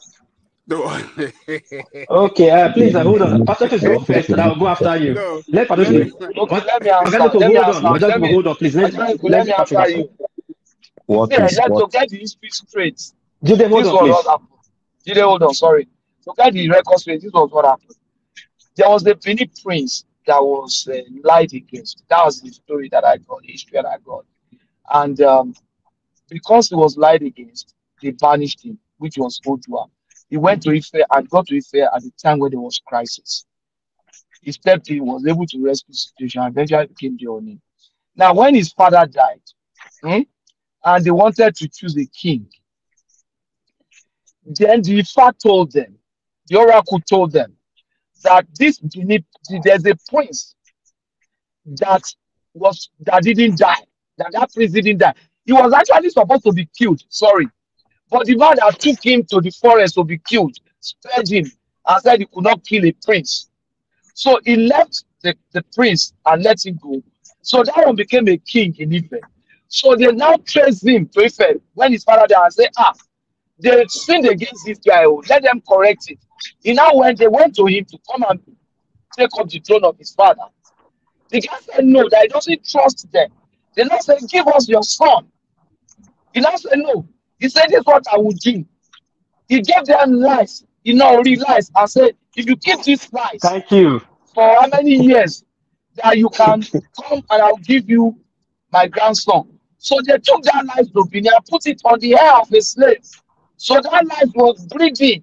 (laughs) okay, uh, please uh, hold on. Pastor is go first, and I'll go after you. No. Let Pastor okay, let me answer. Let me hold on. Let me hold on, please. Let, let, let me answer you. What Let me what? to get the history straight. Give them hold on, please. Jide, hold on, sorry. Look at the record space, this was what happened. There was the Benin prince that was uh, lied against. That was the story that I got, the history that I got. And um, because he was lied against, they banished him, which was Odua. He went to Ife and got to Ife at the time when there was crisis. He stepped in, was able to rescue the situation, and eventually became the only. Now, when his father died, hmm, and they wanted to choose a king, then the Ifa told them, the oracle told them that this there's a prince that was that didn't die. That that prince didn't die. He was actually supposed to be killed. Sorry, but the man that took him to the forest to be killed spared him and said he could not kill a prince. So he left the, the prince and let him go. So that one became a king in Ife. So they now trace him to Ife when his father died and say, ah, they sinned against this guy. Oh. Let them correct it. He now went, they went to him to come and take up the throne of his father. The guy said, No, that he doesn't trust them. They now said, Give us your son. He now said, No. He said, This is what I will do. He gave them lies. He now realized and said, If you keep this lies, thank you. For how many years that you can (laughs) come and I'll give you my grandson. So they took that life to and put it on the head of a slave. So that life was breathing.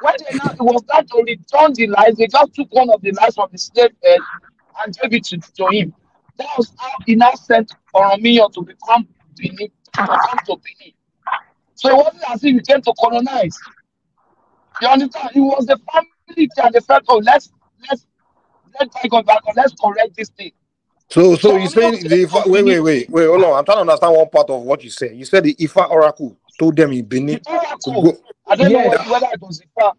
When they now, it was that to return the life, they just took one of the lives of the state and, gave it to, to him. That was how he now sent Oromiyo to become Benin, to become to Benin. So it wasn't as if he came to colonize. You understand? It was the family and they felt, oh, let's let's let's take on back, let's correct this thing. So, so, so you're saying the wait, wait, wait, wait, hold on. I'm trying to understand one part of what you said. You said the Ifa oracle told them in Benin. The I don't yeah. know whether it was the fact.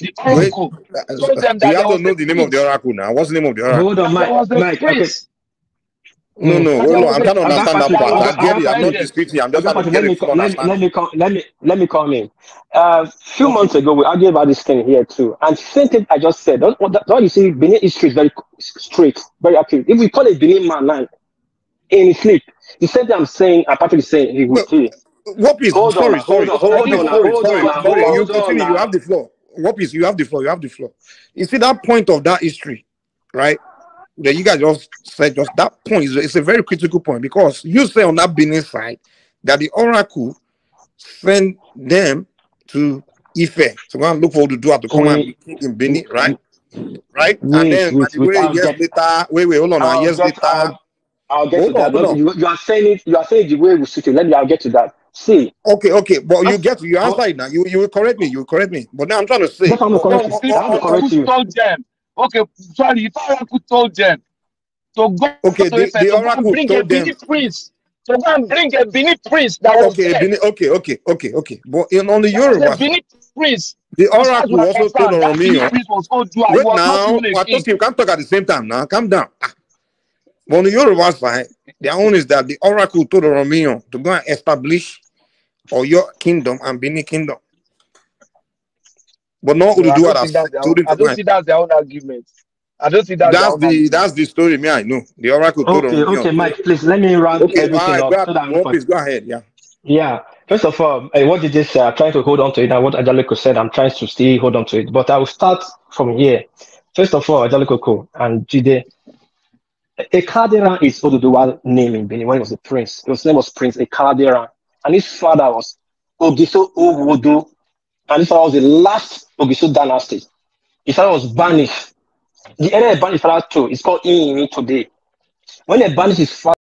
The oracle. Wait, uh, told them you have to know the name of the oracle now. What's the name of the oracle? Hold on, Mike. Mike, okay. No, no, hold on. I'm trying to understand that part. I get it. I'm not disputing. I'm just trying to get it. Let me, let me, let me, let me A uh, few months ago, we argued about this thing here too. And same thing I just said. Don't, don't you see, Benin is straight, very straight, very accurate. If we call it Benin man land in sleep, the same thing I'm saying, I'm is saying he will no. see. What is? Hold sorry, on, sorry, hold sorry, on, sorry, hold sorry, on, sorry. sorry. you continue. you have the floor. What is? You have the floor. You have the floor. You see that point of that history, right? That you guys just said. Just that point is it's a very critical point because you say on that Benin side that the oracle sent them to Ife to go and look for Ududua to come wait, and in Benin, right? Right? Wait, and then wait, wait, wait, years get, later, wait, wait, hold on. I'll years just, later, I'll, I'll get hold to on, that. You, you are saying it, you are saying it the way we sit here. Let me I'll get to that. See. Okay, okay. Well, you get you answer it now. You you will correct me. You will correct me. But now I'm trying to say. What I'm correct you. Please, I'm correct you. Told them. Okay, sorry. If Oracle told them to go okay, the, the Oracle bring told a them. prince. To go and bring a Benin prince that was okay, there. okay, okay, okay, okay. But in on the Yoruba, Benin prince. The Oracle also told Oromiyo. Wait now, you can't talk at the same time now. Calm down. Ah. But on the Yoruba side, their own is that the oracle told the Romeo to go and establish for your kingdom and Bini kingdom. But not so I don't, that I don't see that's their own argument. I don't see that. That's the argument. that's the story. Me, I know the oracle. told okay, okay, Mike, please let me wrap okay, everything right, up. Grab, so that go ahead. Yeah. Yeah. First of all, I eh, did this. I'm trying to hold on to it. And what Adalico said, I'm trying to still hold on to it. But I will start from here. First of all, Adalico and Jide, Ekadera is Oduduwa name in Benin when he was a prince. His name was Prince Ekadera. And his father was Ogiso Owodo. And his father was the last Ogiso dynasty. His father was banished. The area banished father too is called Inyini today. When he banished his father,